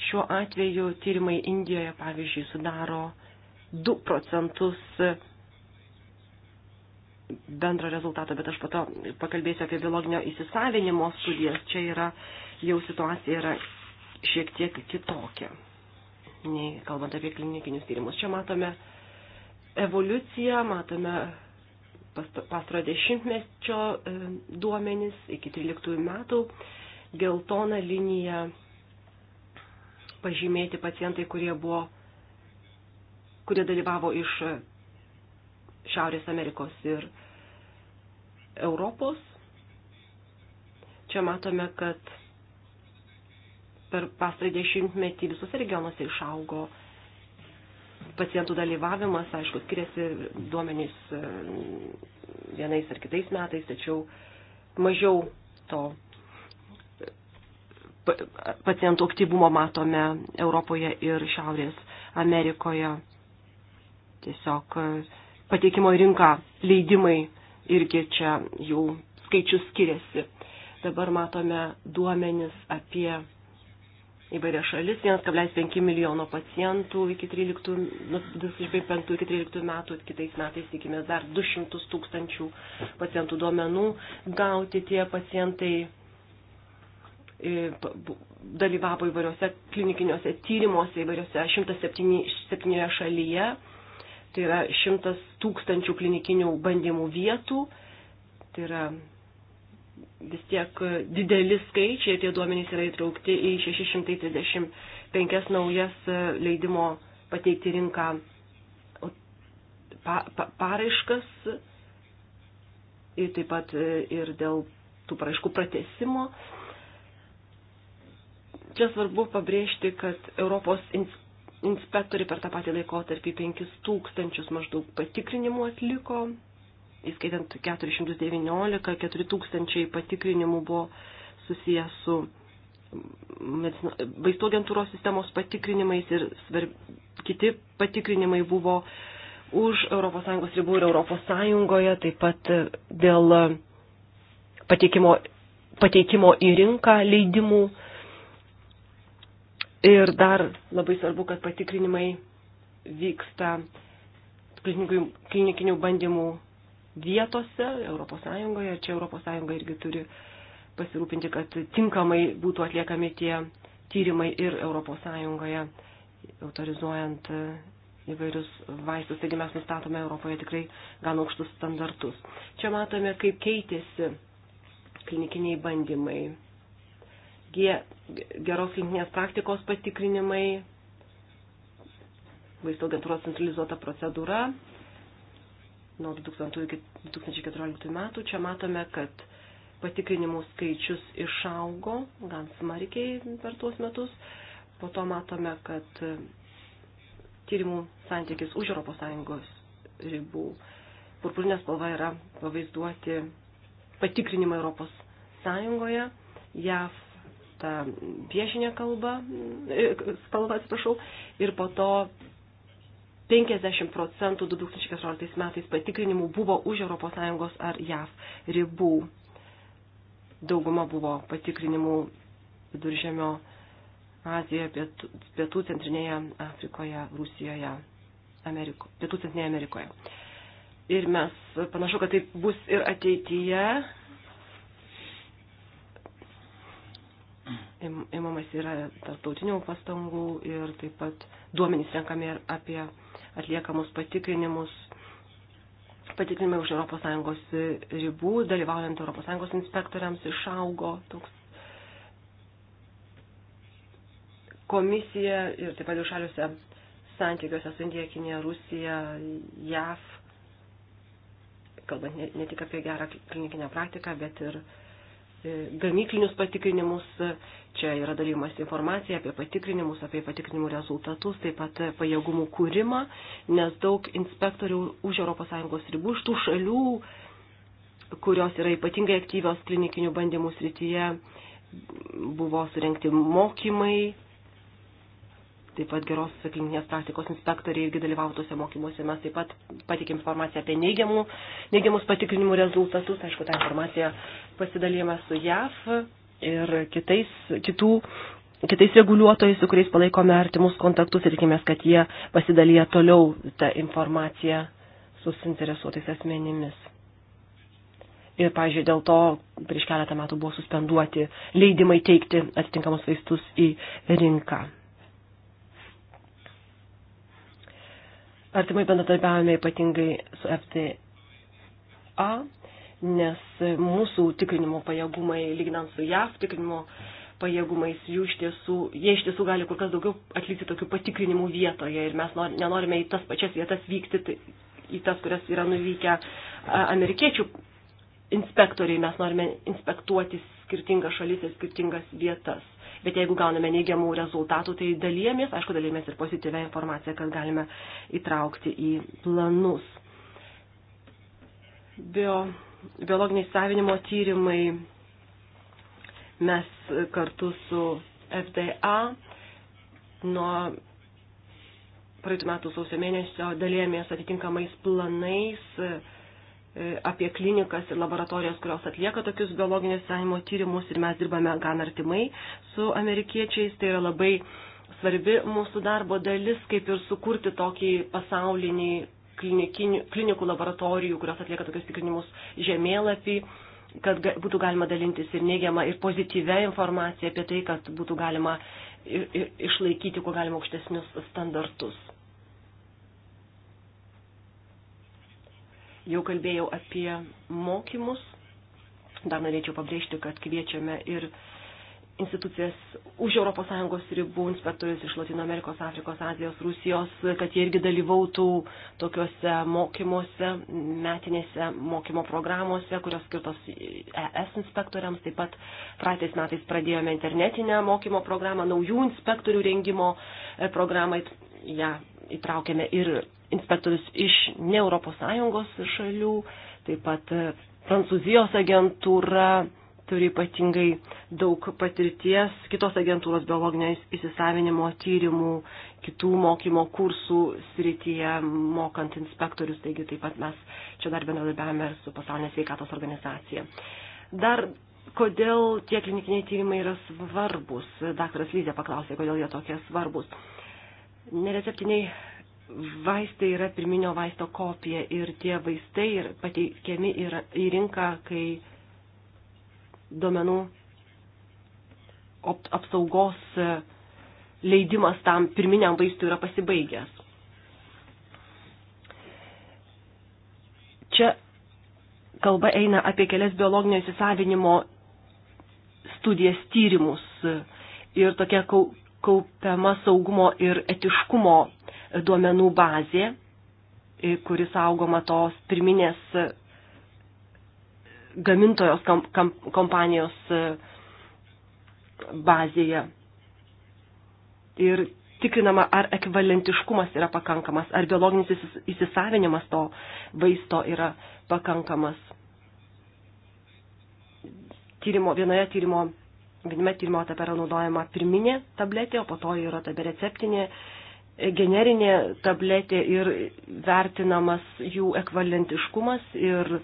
Šiuo atveju tyrimai Indijoje, pavyzdžiui, sudaro 2 procentus bendro rezultato, bet aš po to pakalbėsiu apie biologinio įsisavinimo studijas. Čia yra jau situacija yra šiek tiek kitokia, nei kalbant apie klinikinius tyrimus. Čia matome evoliuciją, matome pastaro dešimtmečio e, duomenis iki 13 metų. Geltona linija pažymėti pacientai, kurie buvo, kurie dalyvavo iš Šiaurės Amerikos ir Europos. Čia matome, kad per pastarį dešimtmetį visose regionuose išaugo pacientų dalyvavimas, aišku, skiriasi duomenys e, vienais ar kitais metais, tačiau mažiau to pacientų aktyvumo matome Europoje ir Šiaurės Amerikoje. Tiesiog e, pateikimo rinka leidimai irgi čia jų skaičius skiriasi. Dabar matome duomenis apie įvairias šalis, 1,5 milijono pacientų iki 13, nuo 2005 iki 13 metų, kitais metais tikimės dar 200 tūkstančių pacientų duomenų gauti tie pacientai e, dalyvavo įvairiose klinikiniuose tyrimuose, įvairiose 107 šalyje, tai yra 100 tūkstančių klinikinių bandymų vietų, tai yra vis tiek dideli skaičiai, tie duomenys yra įtraukti į 635 naujas e, leidimo pateikti rinką pa, pa, paraiškas ir taip pat e, ir dėl tų paraiškų pratesimo. Čia svarbu pabrėžti, kad Europos inspektoriai per tą patį laikotarpį 5 tūkstančius maždaug patikrinimų atliko įskaitant 419, 4000 patikrinimų buvo susijęs su vaistų agentūros sistemos patikrinimais ir svarb, kiti patikrinimai buvo už ES ribų ir ES, taip pat dėl pateikimo, pateikimo į rinką leidimų. Ir dar labai svarbu, kad patikrinimai vyksta klinikinių bandymų vietose, Europos Sąjungoje, čia Europos Sąjunga irgi turi pasirūpinti, kad tinkamai būtų atliekami tie tyrimai ir Europos Sąjungoje, autorizuojant e, įvairius vaistus, taigi mes nustatome Europoje tikrai gan aukštus standartus. Čia matome, kaip keitėsi klinikiniai bandymai, geros klinikinės praktikos patikrinimai, vaisto agentūros centralizuota procedūra, nuo 2014 metų. Čia matome, kad patikrinimų skaičius išaugo gan smarkiai per tuos metus. Po to matome, kad tyrimų santykis už ES ribų. Purpurinė spalva yra pavaizduoti patikrinimą ES. JAV ta viešinė kalba, e, spalva atsiprašau, ir po to 50 procentų 2014 metais patikrinimų buvo už ES ar JAV ribų. Dauguma buvo patikrinimų viduržėmio Azijoje, pietų, pietų centrinėje Afrikoje, Rusijoje, Ameriko, pietų centrinėje Amerikoje. Ir mes panašu, kad taip bus ir ateityje. Imamas yra tarptautinių pastangų ir taip pat duomenys renkami apie atliekamus patikrinimus, patikrinimai už ES ribų, dalyvaujant ES inspektoriams išaugo toks. Komisija ir taip pat jau šaliuose santykiuose su Indija, Kinija, Rusija, JAV, kalbant ne, ne tik apie gerą klinikinę praktiką, bet ir e, gamyklinius patikrinimus Čia yra dalymas informacija apie patikrinimus, apie patikrinimų rezultatus, taip pat pajėgumų kūrimą, nes daug inspektorių už ES ribų iš tų šalių, kurios yra ypatingai aktyvios klinikinių bandymų srityje, buvo surinkti mokymai, taip pat geros klinikinės praktikos inspektoriai irgi dalyvavo tose mokymuose. Mes taip pat patikėm informaciją apie neigiamų, neigiamus patikrinimų rezultatus. Aišku, tą informaciją pasidalėjome su JAF ir kitais, kitų, kitais reguliuotojais, su kuriais palaikome artimus kontaktus ir tikimės, kad jie pasidalyja toliau tą informaciją su suinteresuotais asmenimis. Ir, pažiūrėjau, dėl to prieš keletą metų buvo suspenduoti leidimai teikti atitinkamus vaistus į rinką. Artimai bendradarbiavome ypatingai su FTA nes mūsų tikrinimo pajėgumai, lyginant su JAV tikrinimo pajėgumais, jų iš tiesų, jie iš tiesų gali kur kas daugiau atlikti tokių patikrinimų vietoje ir mes nor, nenorime į tas pačias vietas vykti, tai, į tas, kurias yra nuvykę amerikiečių inspektoriai, mes norime inspektuoti skirtingas šalis ir skirtingas vietas. Bet jeigu gauname neigiamų rezultatų, tai dalyjamės, aišku, dalyjamės ir pozityvę informaciją, kad galime įtraukti į planus. Bio biologiniai savinimo tyrimai mes kartu su FDA nuo praeitų metų sausio mėnesio dalėjomės atitinkamais planais e, apie klinikas ir laboratorijas, kurios atlieka tokius biologinės savinimo tyrimus ir mes dirbame gan artimai su amerikiečiais. Tai yra labai svarbi mūsų darbo dalis, kaip ir sukurti tokį pasaulinį klinikų laboratorijų, kurios atlieka tokius tikrinimus žemėlapį, kad būtų galima dalintis ir neigiamą, ir pozityvę informaciją apie tai, kad būtų galima ir, ir, išlaikyti kuo galima aukštesnius standartus. Jau kalbėjau apie mokymus. Dar norėčiau pabrėžti, kad kviečiame ir uh, institucijas už ES ribų, inspektorius iš Latino Amerikos, Afrikos, Azijos, Rusijos, kad jie irgi dalyvautų tokiuose mokymuose, metinėse mokymo programuose, kurios skirtos ES inspektoriams. Taip pat praeitais metais pradėjome internetinę mokymo programą, naujų inspektorių rengimo e, programą, ją ja, įtraukėme ir inspektorius iš ne ES šalių, taip pat e, Prancūzijos agentūra turi ypatingai daug patirties kitos agentūros biologinio įsisavinimo tyrimų, kitų mokymo kursų srityje, mokant inspektorius, taigi taip pat mes čia dar bendradarbiavame su pasaulinė sveikatos organizacija. Dar kodėl tie klinikiniai tyrimai yra svarbus? Daktaras Lyzė paklausė, kodėl jie tokie svarbus. Nereceptiniai vaistai yra pirminio vaisto kopija ir tie vaistai pateikiami į rinką, kai duomenų apsaugos e, leidimas tam pirminiam vaistui yra pasibaigęs. Čia kalba eina apie kelias biologinio įsisavinimo studijas tyrimus e, ir tokia kaupiama saugumo ir etiškumo e, duomenų bazė, kuri saugoma tos pirminės gamintojos kom, kom, kompanijos e, bazėje. Ir tikrinama, ar ekvivalentiškumas yra pakankamas, ar biologinis įsisavinimas to vaisto yra pakankamas. Tyrimo, vienoje tyrimo, viename tyrimo etape yra naudojama pirminė tabletė, o po to yra ta receptinė e, generinė tabletė ir vertinamas jų ekvivalentiškumas ir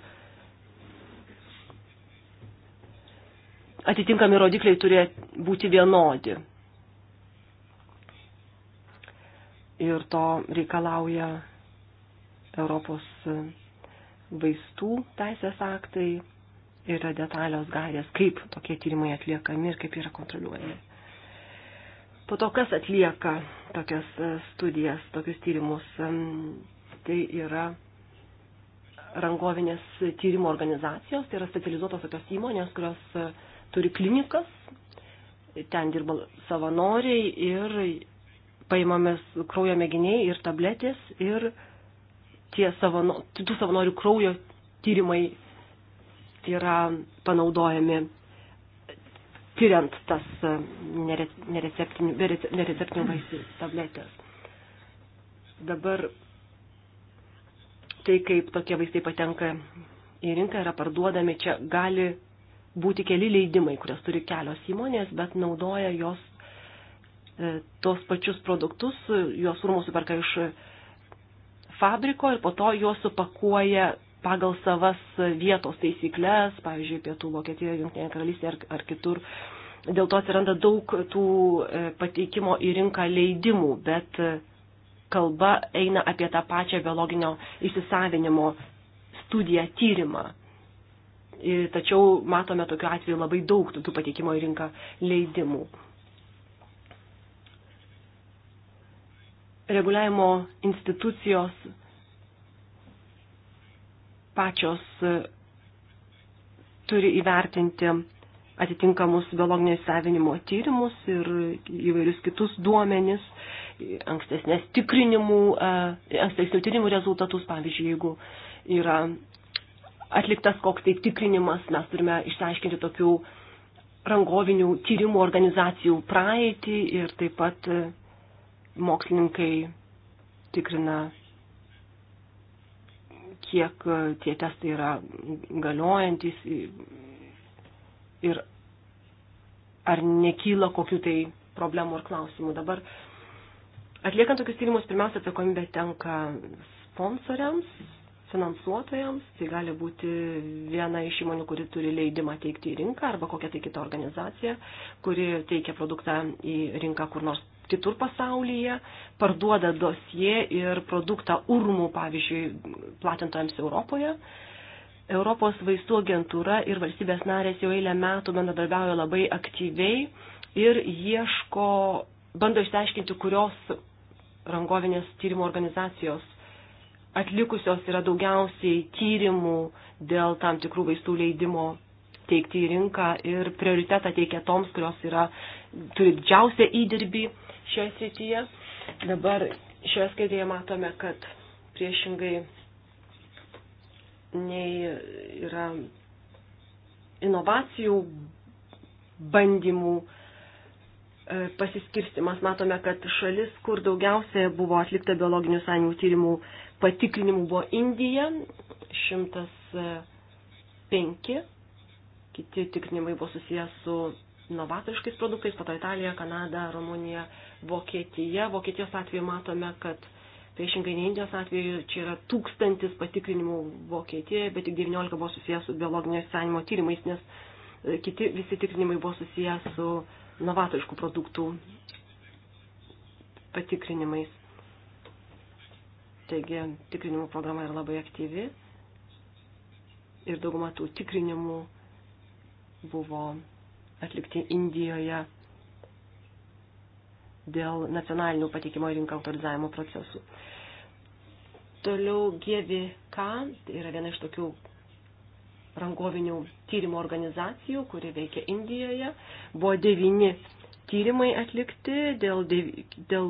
atitinkami rodikliai turi būti vienodi. Ir to reikalauja Europos vaistų teisės aktai, yra detalios gairės, kaip tokie tyrimai atliekami ir kaip yra kontroliuojami. Po to, kas atlieka tokias e, studijas, tokius tyrimus, tai yra rangovinės tyrimo organizacijos, tai yra specializuotos tokios įmonės, kurios e, turi klinikas, ten dirba savanoriai ir paimamės kraujo mėginiai ir tabletės ir tie savano, tų savanorių kraujo tyrimai yra panaudojami tyriant tas e, nereceptinių, nereceptinių vaistų tabletės. Dabar tai, kaip tokie vaistai patenka į rinką, yra parduodami, čia gali būti keli leidimai, kurias turi kelios įmonės, bet naudoja jos e, tos pačius produktus, juos rūmus superka iš fabriko ir po to juos supakuoja pagal savas vietos taisyklės, pavyzdžiui, pietų Vokietijoje, Junktinėje karalystėje ar, ar kitur. Dėl to atsiranda daug tų e, pateikimo į rinką leidimų, bet e, kalba eina apie tą pačią biologinio įsisavinimo studiją, tyrimą tačiau matome tokiu atveju labai daug tokių patikimo į rinką leidimų. Reguliavimo institucijos pačios e, turi įvertinti atitinkamus biologinio įsavinimo tyrimus ir įvairius kitus duomenis, ankstesnės tikrinimų, e, ankstesnių tyrimų rezultatus, pavyzdžiui, jeigu yra atliktas koks tai tikrinimas, mes turime išsiaiškinti tokių rangovinių tyrimų organizacijų praeitį ir taip pat e, mokslininkai tikrina, kiek e, tie testai yra galiojantis ir ar nekyla kokiu tai problemų ir klausimų. Dabar atliekant tokius tyrimus, pirmiausia atsakomybė tenka sponsoriams, finansuotojams, tai gali būti viena iš įmonių, kuri turi leidimą teikti į rinką arba kokia tai kita organizacija, kuri teikia produktą į rinką kur nors kitur pasaulyje, parduoda dosie ir produktą urmų, pavyzdžiui, platintojams Europoje. Europos vaistų agentūra ir valstybės narės jau eilę metų bendradarbiauja labai aktyviai ir ieško, bando išsiaiškinti, kurios rangovinės tyrimo organizacijos atlikusios yra daugiausiai tyrimų dėl tam tikrų vaistų leidimo teikti į rinką ir prioritetą teikia toms, kurios yra, turi didžiausią įdirbį šioje srityje. Dabar šioje skaitėje matome, kad priešingai nei yra inovacijų bandymų e, pasiskirstimas. Matome, kad šalis, kur daugiausia buvo atlikta biologinių sąjungų tyrimų patikrinimų buvo Indija 105, kiti tikrinimai buvo susijęs su novatoriškais produktais, pato Italija, Kanada, Rumunija, Vokietija. Vokietijos atveju matome, kad priešingai nei Indijos atveju čia yra tūkstantis patikrinimų Vokietijoje, bet tik 19 buvo susijęs su biologinio senimo tyrimais, nes e, kiti visi tikrinimai buvo susijęs su novatoriškų produktų patikrinimais. Taigi tikrinimų programa yra labai aktyvi ir dauguma tų tikrinimų buvo atlikti Indijoje dėl nacionalinių patikimo rinką autorizavimo procesų. Toliau GVK tai yra viena iš tokių rangovinių tyrimo organizacijų, kuri veikia Indijoje. Buvo devyni tyrimai atlikti dėl, dėl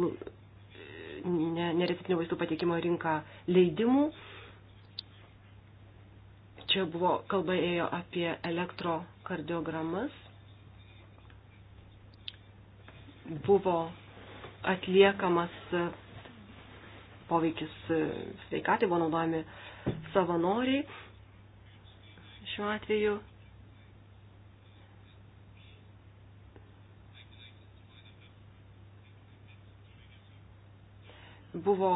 nereceptinių vaistų patikimo rinką leidimų. Čia buvo kalba ėjo apie elektrokardiogramas. Buvo atliekamas poveikis sveikatai, buvo naudojami savanoriai šiuo atveju buvo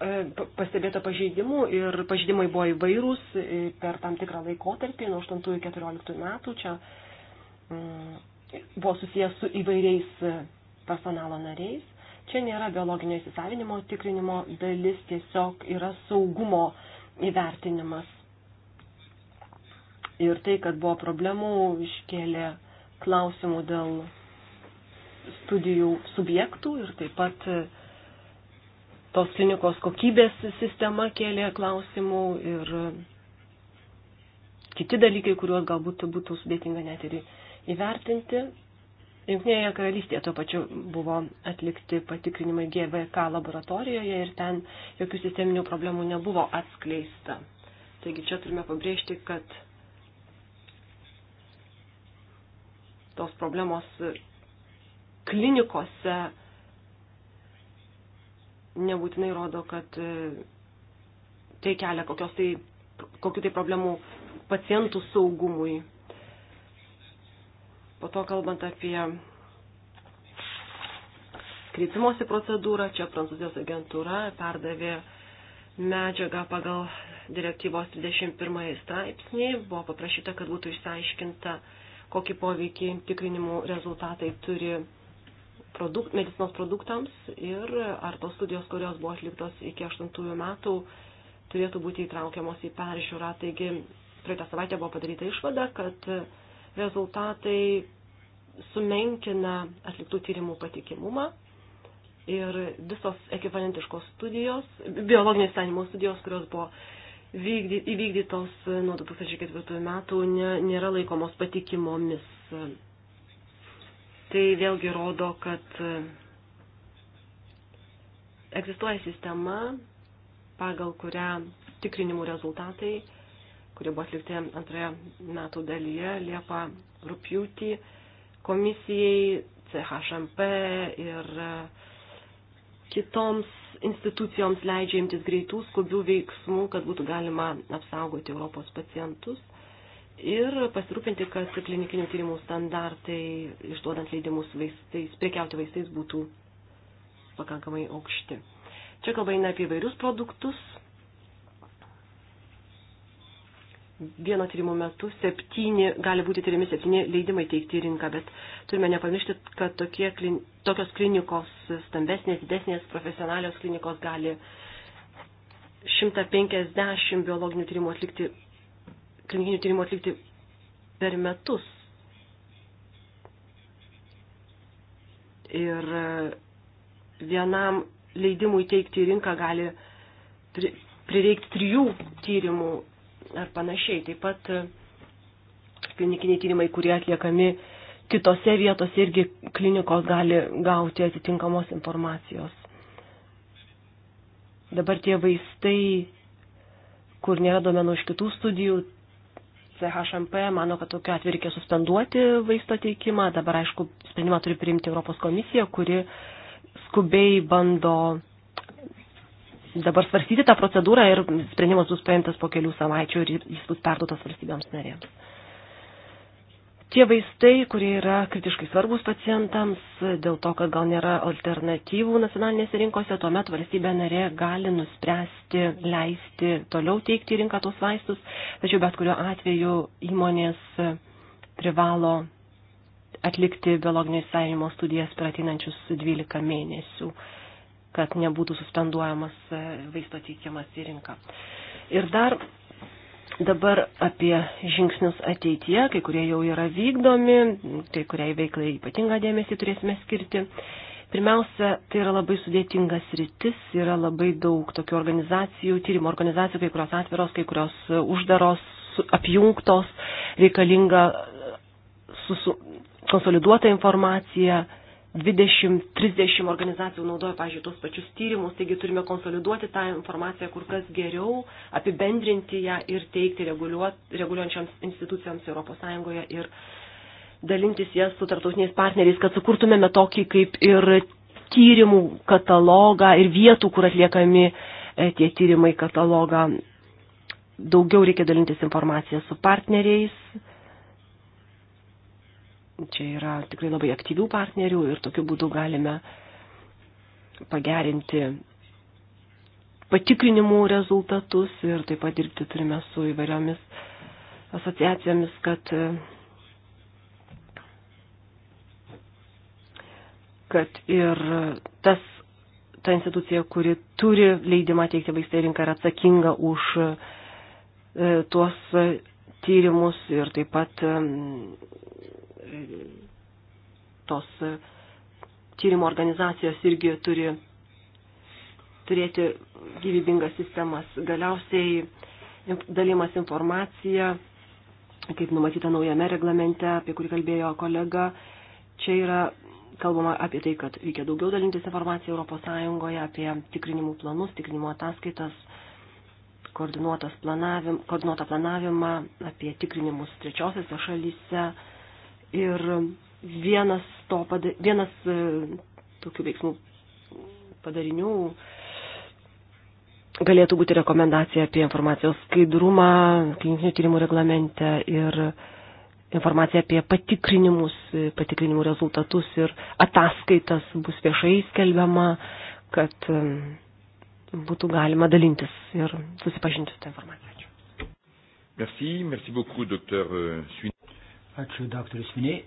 e, pastebėta pažeidimų ir pažeidimai buvo įvairūs e, per tam tikrą laikotarpį nuo 8 iki 14 metų. Čia mm, buvo susijęs su įvairiais e, personalo nariais. Čia nėra biologinio įsisavinimo tikrinimo dalis, tiesiog yra saugumo įvertinimas. Ir tai, kad buvo problemų, iškėlė klausimų dėl studijų subjektų ir taip pat e, tos klinikos kokybės sistema kėlė klausimų ir e, kiti dalykai, kuriuos galbūt būtų sudėtinga net ir įvertinti. Junktinėje karalystėje tuo pačiu buvo atlikti patikrinimai GVK laboratorijoje ir ten jokių sisteminių problemų nebuvo atskleista. Taigi čia turime pabrėžti, kad tos problemos klinikose nebūtinai rodo, kad e, tai kelia kokios tai, kokių tai problemų pacientų saugumui. Po to kalbant apie kreipimosi procedūrą, čia Prancūzijos agentūra perdavė medžiagą pagal direktyvos 21 straipsnį, buvo paprašyta, kad būtų išsiaiškinta, kokį poveikį tikrinimų rezultatai turi produkt, medicinos produktams ir ar tos studijos, kurios buvo atliktos iki 8 metų, turėtų būti įtraukiamos į peržiūrą. Taigi, praeitą savaitę buvo padaryta išvada, kad rezultatai sumenkina atliktų tyrimų patikimumą ir visos ekvivalentiškos studijos, biologinės senimo studijos, kurios buvo vykdy, įvykdytos nuo 2004 metų, nėra laikomos patikimomis Tai vėlgi rodo, kad e, egzistuoja sistema, pagal kurią tikrinimų rezultatai, kurie buvo atlikti antroje metų dalyje, Liepa rūpjūtį, komisijai, CHMP ir e, kitoms institucijoms leidžia imtis greitų skubių veiksmų, kad būtų galima apsaugoti Europos pacientus ir pasirūpinti, kad klinikinių tyrimų standartai, išduodant leidimus vaistais, prekiauti vaistais būtų pakankamai aukšti. Čia kalba eina apie vairius produktus. Vieno tyrimų metu septyni, gali būti tyrimi septyni leidimai teikti į rinką, bet turime nepamiršti, kad tokie, tokios klinikos, stambesnės, didesnės, profesionalios klinikos gali 150 biologinių tyrimų atlikti klinikinių tyrimų atlikti per metus. Ir e, vienam leidimui teikti į rinką gali prireikti trijų tyrimų ar panašiai. Taip pat e, klinikiniai tyrimai, kurie atliekami kitose vietose, irgi klinikos gali gauti atitinkamos informacijos. Dabar tie vaistai, kur nėra domenų iš kitų studijų, CHMP mano, kad tokiu atveju reikia suspenduoti vaisto teikimą. Dabar, aišku, sprendimą turi priimti Europos komisija, kuri skubiai bando dabar svarstyti tą procedūrą ir sprendimas bus paimtas po kelių savaičių ir jis bus perduotas valstybėms narėms tie vaistai, kurie yra kritiškai svarbus pacientams, dėl to, kad gal nėra alternatyvų nacionalinėse rinkose, tuomet valstybė narė gali nuspręsti, leisti toliau teikti rinką tos vaistus, tačiau bet kuriuo atveju įmonės privalo atlikti biologinio įsavinimo studijas per ateinančius 12 mėnesių, kad nebūtų suspenduojamas vaisto teikiamas į rinką. Ir dar Dabar apie žingsnius ateityje, kai kurie jau yra vykdomi, kai kuriai veiklai ypatingą dėmesį turėsime skirti. Pirmiausia, tai yra labai sudėtingas rytis, yra labai daug tokių organizacijų, tyrimo organizacijų, kai kurios atviros, kai kurios uždaros, apjungtos, reikalinga susu, konsoliduota informacija, 20-30 organizacijų naudoja, pažiūrėjau, tos pačius tyrimus, taigi turime konsoliduoti tą informaciją kur kas geriau, apibendrinti ją ir teikti reguliuojančiams institucijoms ES ir dalintis jas su tartautiniais partneriais, kad sukurtumėme tokį kaip ir tyrimų katalogą ir vietų, kur atliekami e, tie tyrimai katalogą. Daugiau reikia dalintis informaciją su partneriais Čia yra tikrai labai aktyvių partnerių ir tokiu būdu galime pagerinti patikrinimų rezultatus ir taip pat dirbti turime su įvairiomis asociacijomis, kad, kad ir tas, ta institucija, kuri turi leidimą teikti vaistai rinką, yra atsakinga už e, tuos tyrimus ir taip pat tos e, tyrimo organizacijos irgi turi turėti gyvybingas sistemas. Galiausiai dalymas informacija, kaip numatyta naujame reglamente, apie kurį kalbėjo kolega, čia yra kalbama apie tai, kad reikia daugiau dalintis informaciją ES apie tikrinimų planus, tikrinimo ataskaitas, koordinuotą planavimą, apie tikrinimus trečiosiose šalyse Ir vienas, to, pada, vienas e, tokių veiksmų padarinių galėtų būti rekomendacija apie informacijos skaidrumą klinikinių tyrimų reglamente ir informacija apie patikrinimus, patikrinimų rezultatus ir ataskaitas bus viešai skelbiama, kad e, būtų galima dalintis
ir susipažinti su tą informaciją. Ačiū.
Merci, merci beaucoup, docteur euh, Suin.
Ačiū, daktaris Miniai.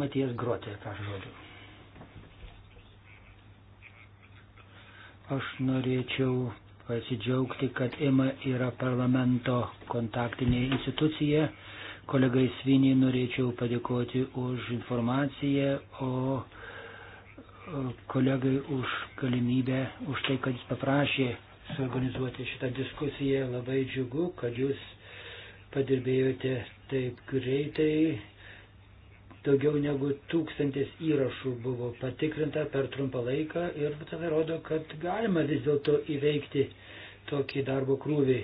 Matijas Grotė, prašau žodžiu. Aš norėčiau pasidžiaugti, kad EMA yra parlamento kontaktinė institucija. Kolegai Sviniai norėčiau padėkoti už informaciją, o kolegai už galimybę, už tai, kad jis paprašė suorganizuoti šitą diskusiją. Labai džiugu, kad jūs padirbėjote taip greitai. Daugiau negu tūkstantis įrašų buvo patikrinta per trumpą laiką ir tai rodo, kad galima vis dėlto įveikti tokį darbo krūvį.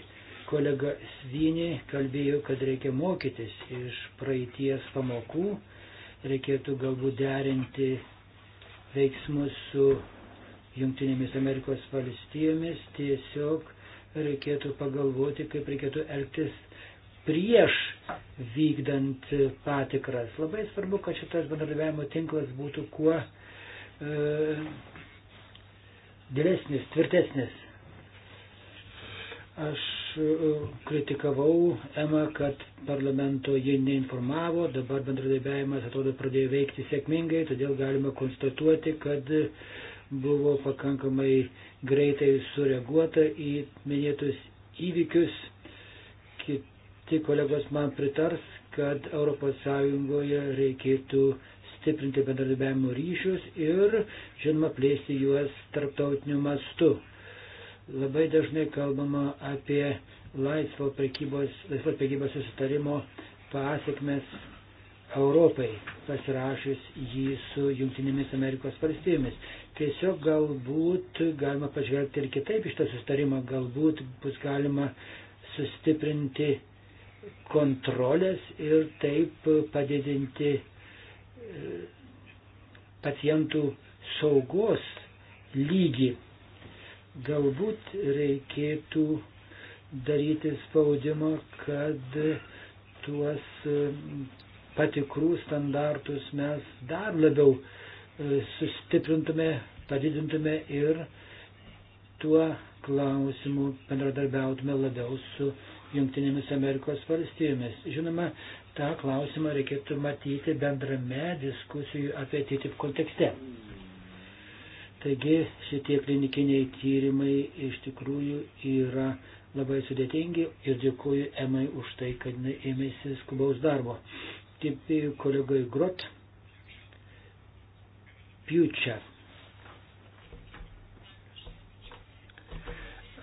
Kolega Svinė kalbėjo, kad reikia mokytis iš praeities pamokų, reikėtų galbūt derinti veiksmus su Junktinėmis Amerikos valstijomis, tiesiog reikėtų pagalvoti, kaip reikėtų elgtis prieš vykdant patikras. Labai svarbu, kad šitas bendradarbiavimo tinklas būtų kuo e, dėlesnis, tvirtesnis. Aš e, kritikavau Emą, kad parlamento ji neinformavo, dabar bendradarbiavimas atrodo pradėjo veikti sėkmingai, todėl galima konstatuoti, kad buvo pakankamai greitai sureaguota į minėtus įvykius Tik kolegos man pritars, kad ES reikėtų stiprinti bendradarbiavimo ryšius ir, žinoma, plėsti juos tarptautiniu mastu. Labai dažnai kalbama apie laisvo prekybos, laisvo prekybos susitarimo pasiekmes Europai, pasirašus jį su Junktinėmis Amerikos valstybėmis. Tiesiog galbūt galima pažvelgti ir kitaip iš tą susitarimą, galbūt bus galima sustiprinti kontrolės ir taip padidinti e, pacientų saugos lygį. Galbūt reikėtų daryti spaudimą, kad tuos e, patikrų standartus mes dar labiau e, sustiprintume, padidintume ir tuo klausimu bendradarbiautume labiau su Junktinėmis Amerikos valstybėmis. Žinoma, tą klausimą reikėtų matyti bendrame diskusijų apie TTIP kontekste. Taigi šitie klinikiniai tyrimai iš tikrųjų yra labai sudėtingi ir dėkuoju Emai už tai, kad jinai ėmėsi skubaus darbo. Taip kolegai Grot, Future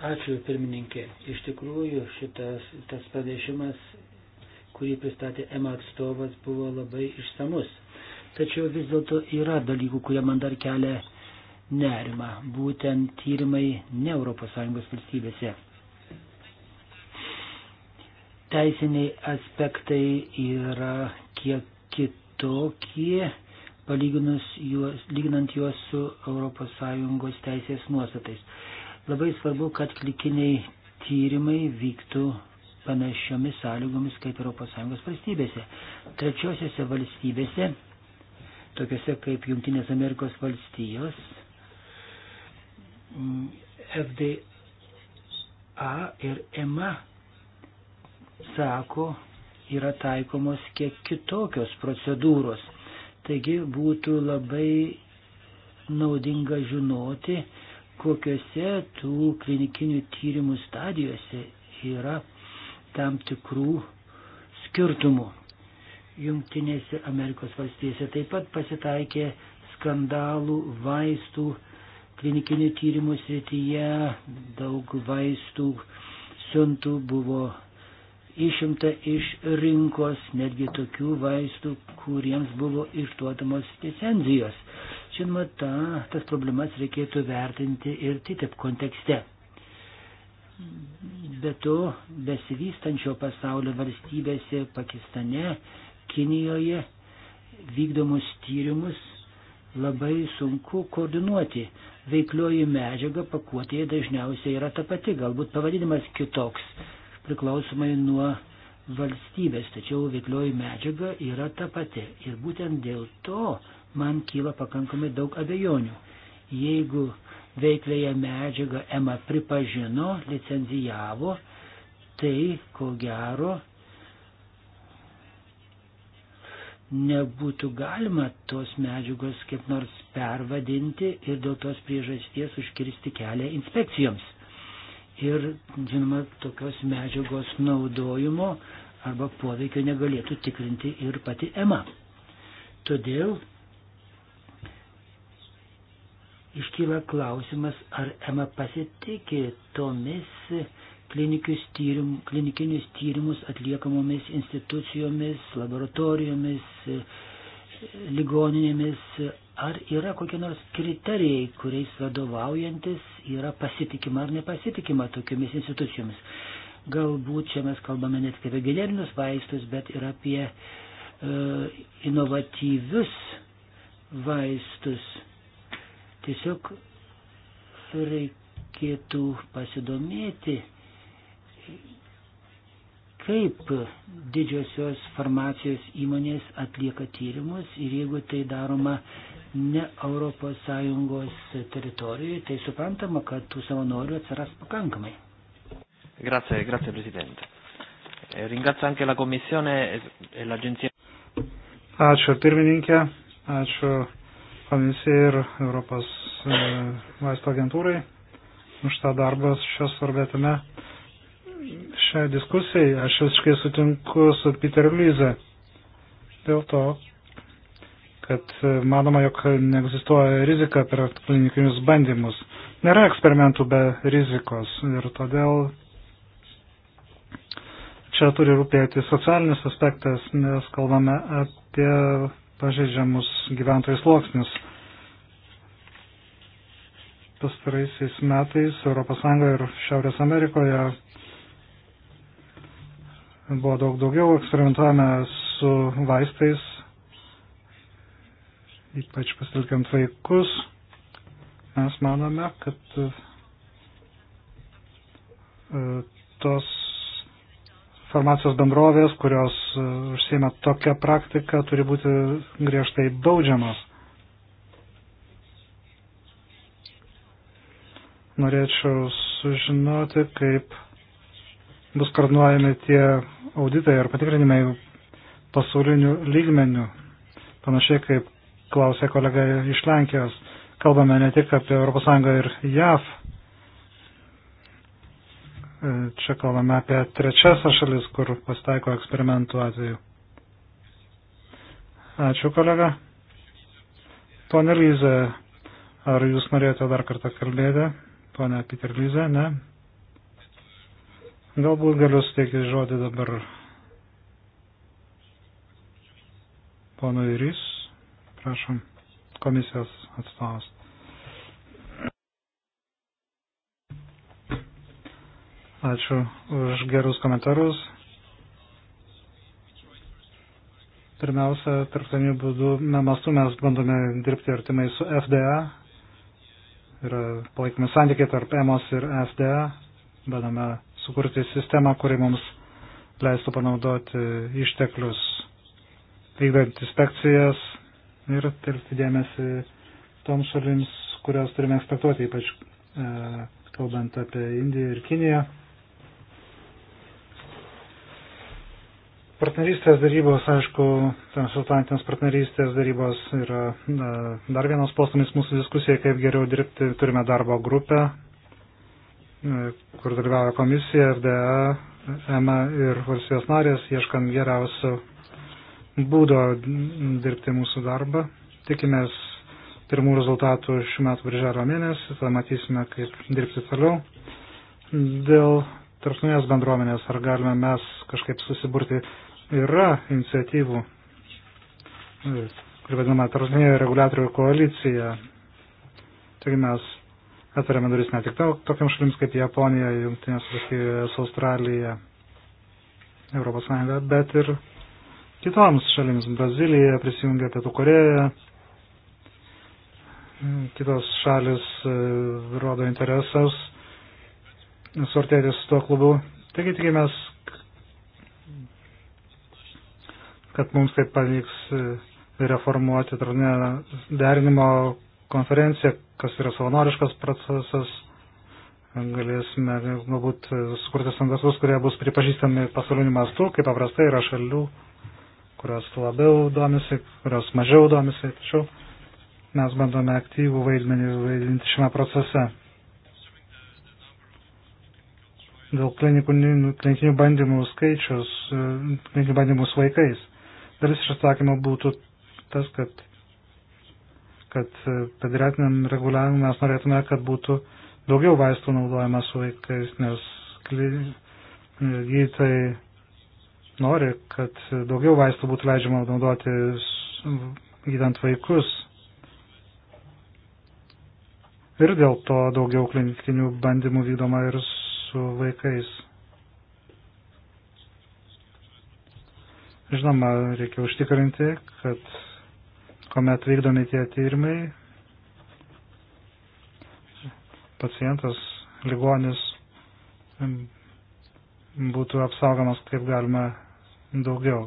Ačiū pirmininkė. Iš tikrųjų, šitas tas pranešimas, kurį pristatė EMA atstovas, buvo labai išsamus. Tačiau vis dėlto yra dalykų, kurie man dar kelia nerimą, būtent tyrimai ne ES valstybėse. Teisiniai aspektai yra kiek kitokie, palyginus juos, lyginant juos su ES teisės nuostatais. Labai svarbu, kad klikiniai tyrimai vyktų panašiomis sąlygomis kaip ES valstybėse. Trečiosiose valstybėse, tokiuose kaip Junktinės Amerikos valstijos, mm, FDA ir EMA sako, yra taikomos kiek kitokios procedūros. Taigi būtų labai naudinga žinoti, kokiuose tų klinikinių tyrimų stadijose yra tam tikrų skirtumų. Junktinėse Amerikos valstijose taip pat pasitaikė skandalų vaistų klinikinių tyrimų srityje, daug vaistų siuntų buvo išimta iš rinkos, netgi tokių vaistų, kuriems buvo išduodamos licenzijos. Žinoma, ta, tas problemas reikėtų vertinti ir TTIP kontekste. Be to, besivystančio pasaulio valstybėse Pakistane, Kinijoje vykdomus tyrimus labai sunku koordinuoti. Veiklioji medžiaga pakuotėje dažniausiai yra ta pati, galbūt pavadinimas kitoks, priklausomai nuo valstybės, tačiau veiklioji medžiaga yra ta pati. Ir būtent dėl to man kyla pakankamai daug abejonių. Jeigu veiklėje medžiagą EMA pripažino, licenzijavo, tai ko gero nebūtų galima tos medžiagos kaip nors pervadinti ir dėl tos priežasties užkirsti kelią inspekcijoms. Ir, žinoma, tokios medžiagos naudojimo arba poveikio negalėtų tikrinti ir pati EMA. Todėl iškyla klausimas, ar EMA pasitikė tomis tyrim, klinikinius tyrimus atliekamomis institucijomis, laboratorijomis, ligoninėmis, ar yra kokie nors kriterijai, kuriais vadovaujantis yra pasitikima ar nepasitikima tokiamis institucijomis. Galbūt čia mes kalbame ne tik apie generinius vaistus, bet ir apie e, inovatyvius vaistus. Tiesiog reikėtų pasidomėti, kaip didžiosios farmacijos įmonės atlieka tyrimus ir jeigu tai daroma ne ES teritorijoje, tai suprantama, kad tų
savanorių atsiras pakankamai. Grazie, grazie Presidente. Eh,
ringrazio anche la Commissione e, e l'Agenzia.
Ačiū pirmininkė, ačiū komisijai ir Europos e, vaisto agentūrai už tą darbą šios svarbėtame šią diskusiją. Aš visiškai sutinku su Peter Lyze dėl to, kad e, manoma, jog neegzistuoja rizika per klinikinius bandymus. Nėra eksperimentų be rizikos ir todėl čia turi rūpėti socialinis aspektas, nes kalbame apie pažeidžiamus gyventojų sluoksnius. Pastaraisiais metais ES ir Šiaurės Amerikoje buvo daug daugiau, eksperimentuojame su vaistais, ypač pasitelkiant vaikus. Mes manome, kad e, tos farmacijos bendrovės, kurios e, užsieima tokią praktiką, turi būti griežtai baudžiamas. Norėčiau sužinoti, kaip bus koordinuojami tie auditai ar patikrinimai pasaulinių lygmenių, panašiai kaip klausė kolega iš Lenkijos. Kalbame ne tik apie ES ir JAV, E, čia kalbame apie trečiasią šalis, kur pasitaiko eksperimentų atveju. Ačiū, kolega. Pone Lyze, ar jūs norėjote dar kartą kalbėti? Pone Peter Lyze, ne? Galbūt galiu suteikti žodį dabar ponui Rys, prašom, komisijos atstovas. Ačiū už gerus komentarus. Pirmiausia, tarptautiniu būdu mastu mes bandome dirbti artimai su FDA. Yra palaikomi santykiai tarp EMOS ir FDA. Bandome sukurti sistemą, kuri mums leistų panaudoti išteklius vykdant inspekcijas ir telkti dėmesį toms šalims, kurios turime ekspektuoti, ypač e, kalbant apie Indiją ir Kiniją. Partnerystės darybos, aišku, transatlantinės partnerystės darybos yra na, dar vienas postumis mūsų diskusijai, kaip geriau dirbti. Turime darbo grupę, e, kur dalyvauja komisija, FDA, EMA ir valstybės narės, ieškant geriausio būdo dirbti mūsų darbą. Tikimės pirmų rezultatų šių metų birželio mėnesį, tada matysime, kaip dirbti toliau. Dėl tarptautinės bendruomenės, ar galime mes kažkaip susiburti yra iniciatyvų, kur vadinama tarptautinė reguliatorių koalicija. Taigi mes atveriame duris ne tik tokiam šalims kaip Japonija, Junktinės valstijos, Australija, Europos Sąjunga, bet ir kitoms šalims. Brazilija prisijungia Pietų Koreja, kitos šalis e, rodo interesas suartėti su tuo klubu. Taigi tikimės, kad mums taip pavyks e, reformuoti derinimo konferenciją, kas yra savanoriškas procesas. Galėsime galbūt sukurti standartus, kurie bus pripažįstami pasauliniu mastu, kaip paprastai yra šalių, kurios labiau domisi, kurios mažiau domisi, tačiau mes bandome aktyvų vaidmenį vaidinti šiame procese. Dėl klinikų, klinikinių bandymų skaičius, e, klinikinių bandymų su vaikais. Dalis iš atsakymo būtų tas, kad, kad pediatriniam e, reguliavimui mes norėtume, kad būtų daugiau vaistų naudojama su vaikais, nes e, gydytojai nori, kad daugiau vaistų būtų leidžiama naudoti gydant vaikus. Ir dėl to daugiau klinikinių bandymų vykdoma ir su vaikais. Žinoma, reikia užtikrinti, kad kuomet vykdomi tie tyrimai, pacientas, ligonis būtų apsaugomas kaip galima daugiau.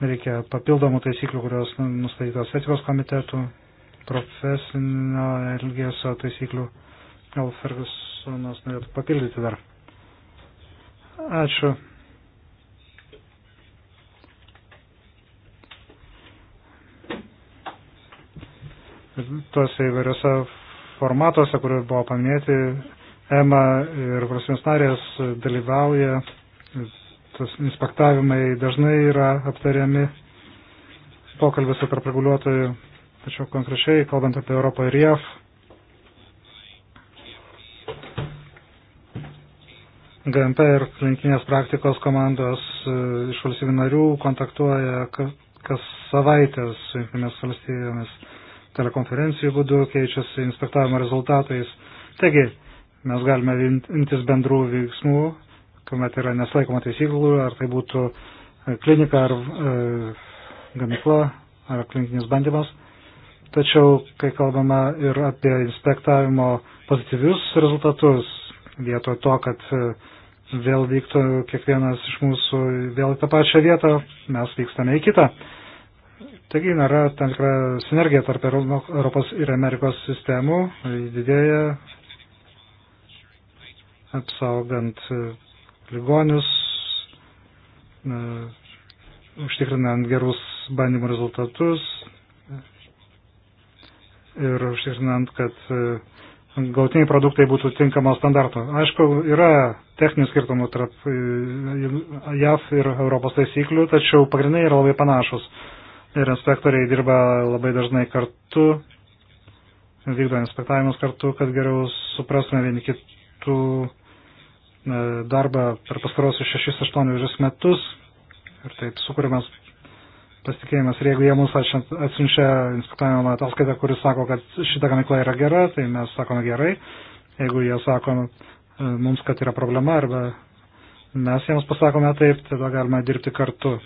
Reikia papildomų taisyklių, kurios nustatytos etikos komitetų, profesinio elgesio taisyklių. Gal Fergusonas norėtų papildyti dar. Ačiū. tuose įvairiose formatuose, kur buvo paminėti, EMA ir valstybės narės dalyvauja, tas inspektavimai dažnai yra aptariami pokalbėse tarp reguliuotojų, tačiau konkrečiai, kalbant apie Europą ir JAV, GMP ir klinikinės praktikos komandos e, iš valstybių narių kontaktuoja kas savaitę su jungtinėmis valstybėmis telekonferencijų būdu keičiasi inspektavimo rezultatais. Taigi, mes galime imtis bendrų veiksmų, kuomet yra neslaikoma taisyklų, ar tai būtų e, klinika ar e, gamykla ar klinikinis bandymas. Tačiau, kai kalbame ir apie inspektavimo pozityvius rezultatus, vietoj to, kad e, vėl vyktų kiekvienas iš mūsų vėl į tą pačią vietą, mes vykstame į kitą. Taigi yra tam tikra sinergija tarp Europos ir Amerikos sistemų, didėja apsaugant e, ligonius, e, užtikrinant gerus bandymų rezultatus ir užtikrinant, kad e, gautiniai produktai būtų tinkamo standarto. Aišku, yra techninių skirtumų tarp JAV ir Europos taisyklių, tačiau pagrindai yra labai panašus ir inspektoriai dirba labai dažnai kartu, vykdo inspektavimus kartu, kad geriau suprastume vieni kitų e, darbą per pastarosius 6-8 metus ir taip sukūrimas pasitikėjimas. Ir jeigu jie mums atsiunčia inspektavimo ataskaitą, kuris sako, kad šita gamykla yra gera, tai mes sakome gerai. Jeigu jie sako e, mums, kad yra problema arba mes jiems pasakome taip, tada galime dirbti kartu.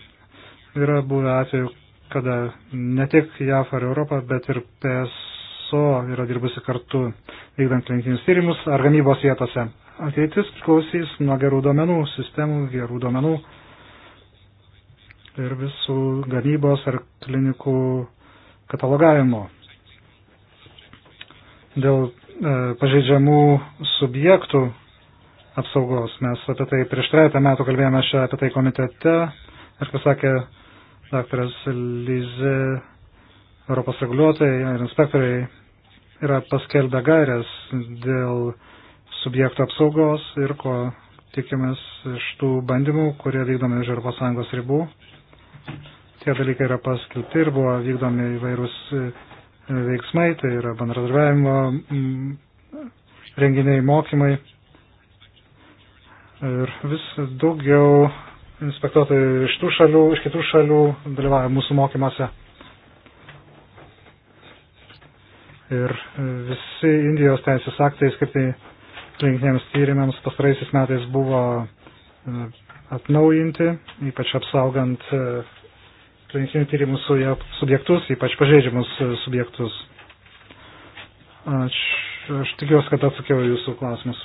Yra buvę atveju, kada ne tik JAF ar Europą, bet ir PSO yra dirbusi kartu vykdant klinikinius tyrimus ar gamybos vietose. Ateitis priklausys nuo gerų duomenų, sistemų, gerų duomenų ir visų gamybos ar klinikų katalogavimo. Dėl e, pažeidžiamų subjektų apsaugos mes apie tai prieš trejata metų kalbėjome šią apie tai komitete ir pasakė Daktaras Lize, Europos reguliuotojai ir inspektoriai yra paskelbę gairias dėl subjektų apsaugos ir ko tikimės iš tų bandymų, kurie vykdomi už Europos Sąjungos ribų. Tie dalykai yra paskelbti ir buvo vykdomi įvairūs e, veiksmai, tai yra bendradarbiavimo renginiai, mokymai. Ir vis daugiau inspektuotojų iš tų šalių, iš kitų šalių dalyvauja mūsų mokymuose. Ir e, visi Indijos teisės aktai skirti klinikiniams tyrimams pastaraisiais metais buvo e, atnaujinti, ypač apsaugant e, klinikinių tyrimų subjektus, ypač pažeidžiamus subjektus. Aš, aš tikiuosi, kad atsakiau jūsų klausimus.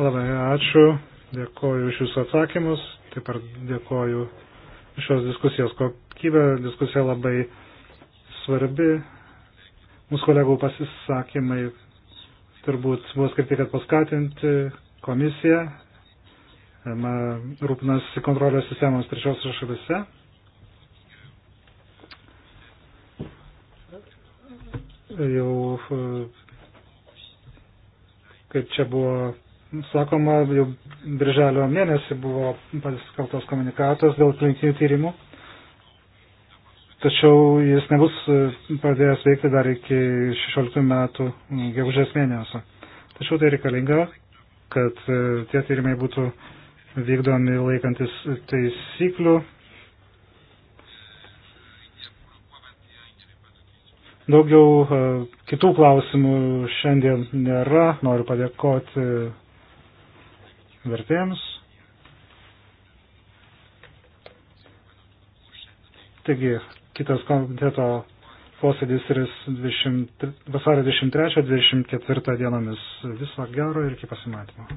Labai ačiū. Dėkoju už Jūsų atsakymus, taip pat dėkoju už šios diskusijos kokybę. Diskusija labai svarbi. Mūsų kolegų pasisakymai turbūt buvo skirti, kad paskatinti komisiją rūpinasi kontrolės sistemos trečiosios šalise. Jau e, kaip čia buvo sakoma, jau birželio mėnesį buvo paskaltas komunikatas dėl klinikinių tyrimų, tačiau jis nebus e, pradėjęs veikti dar iki 16 metų gegužės mėnesio. Tačiau tai reikalinga, kad e, tie tyrimai būtų vykdomi laikantis taisyklių. Daugiau e, kitų klausimų šiandien nėra. Noriu padėkoti vertėjams. Taigi, kitas komiteto posėdis yra vasario 23-24 dienomis. Viso gero ir iki pasimatymo.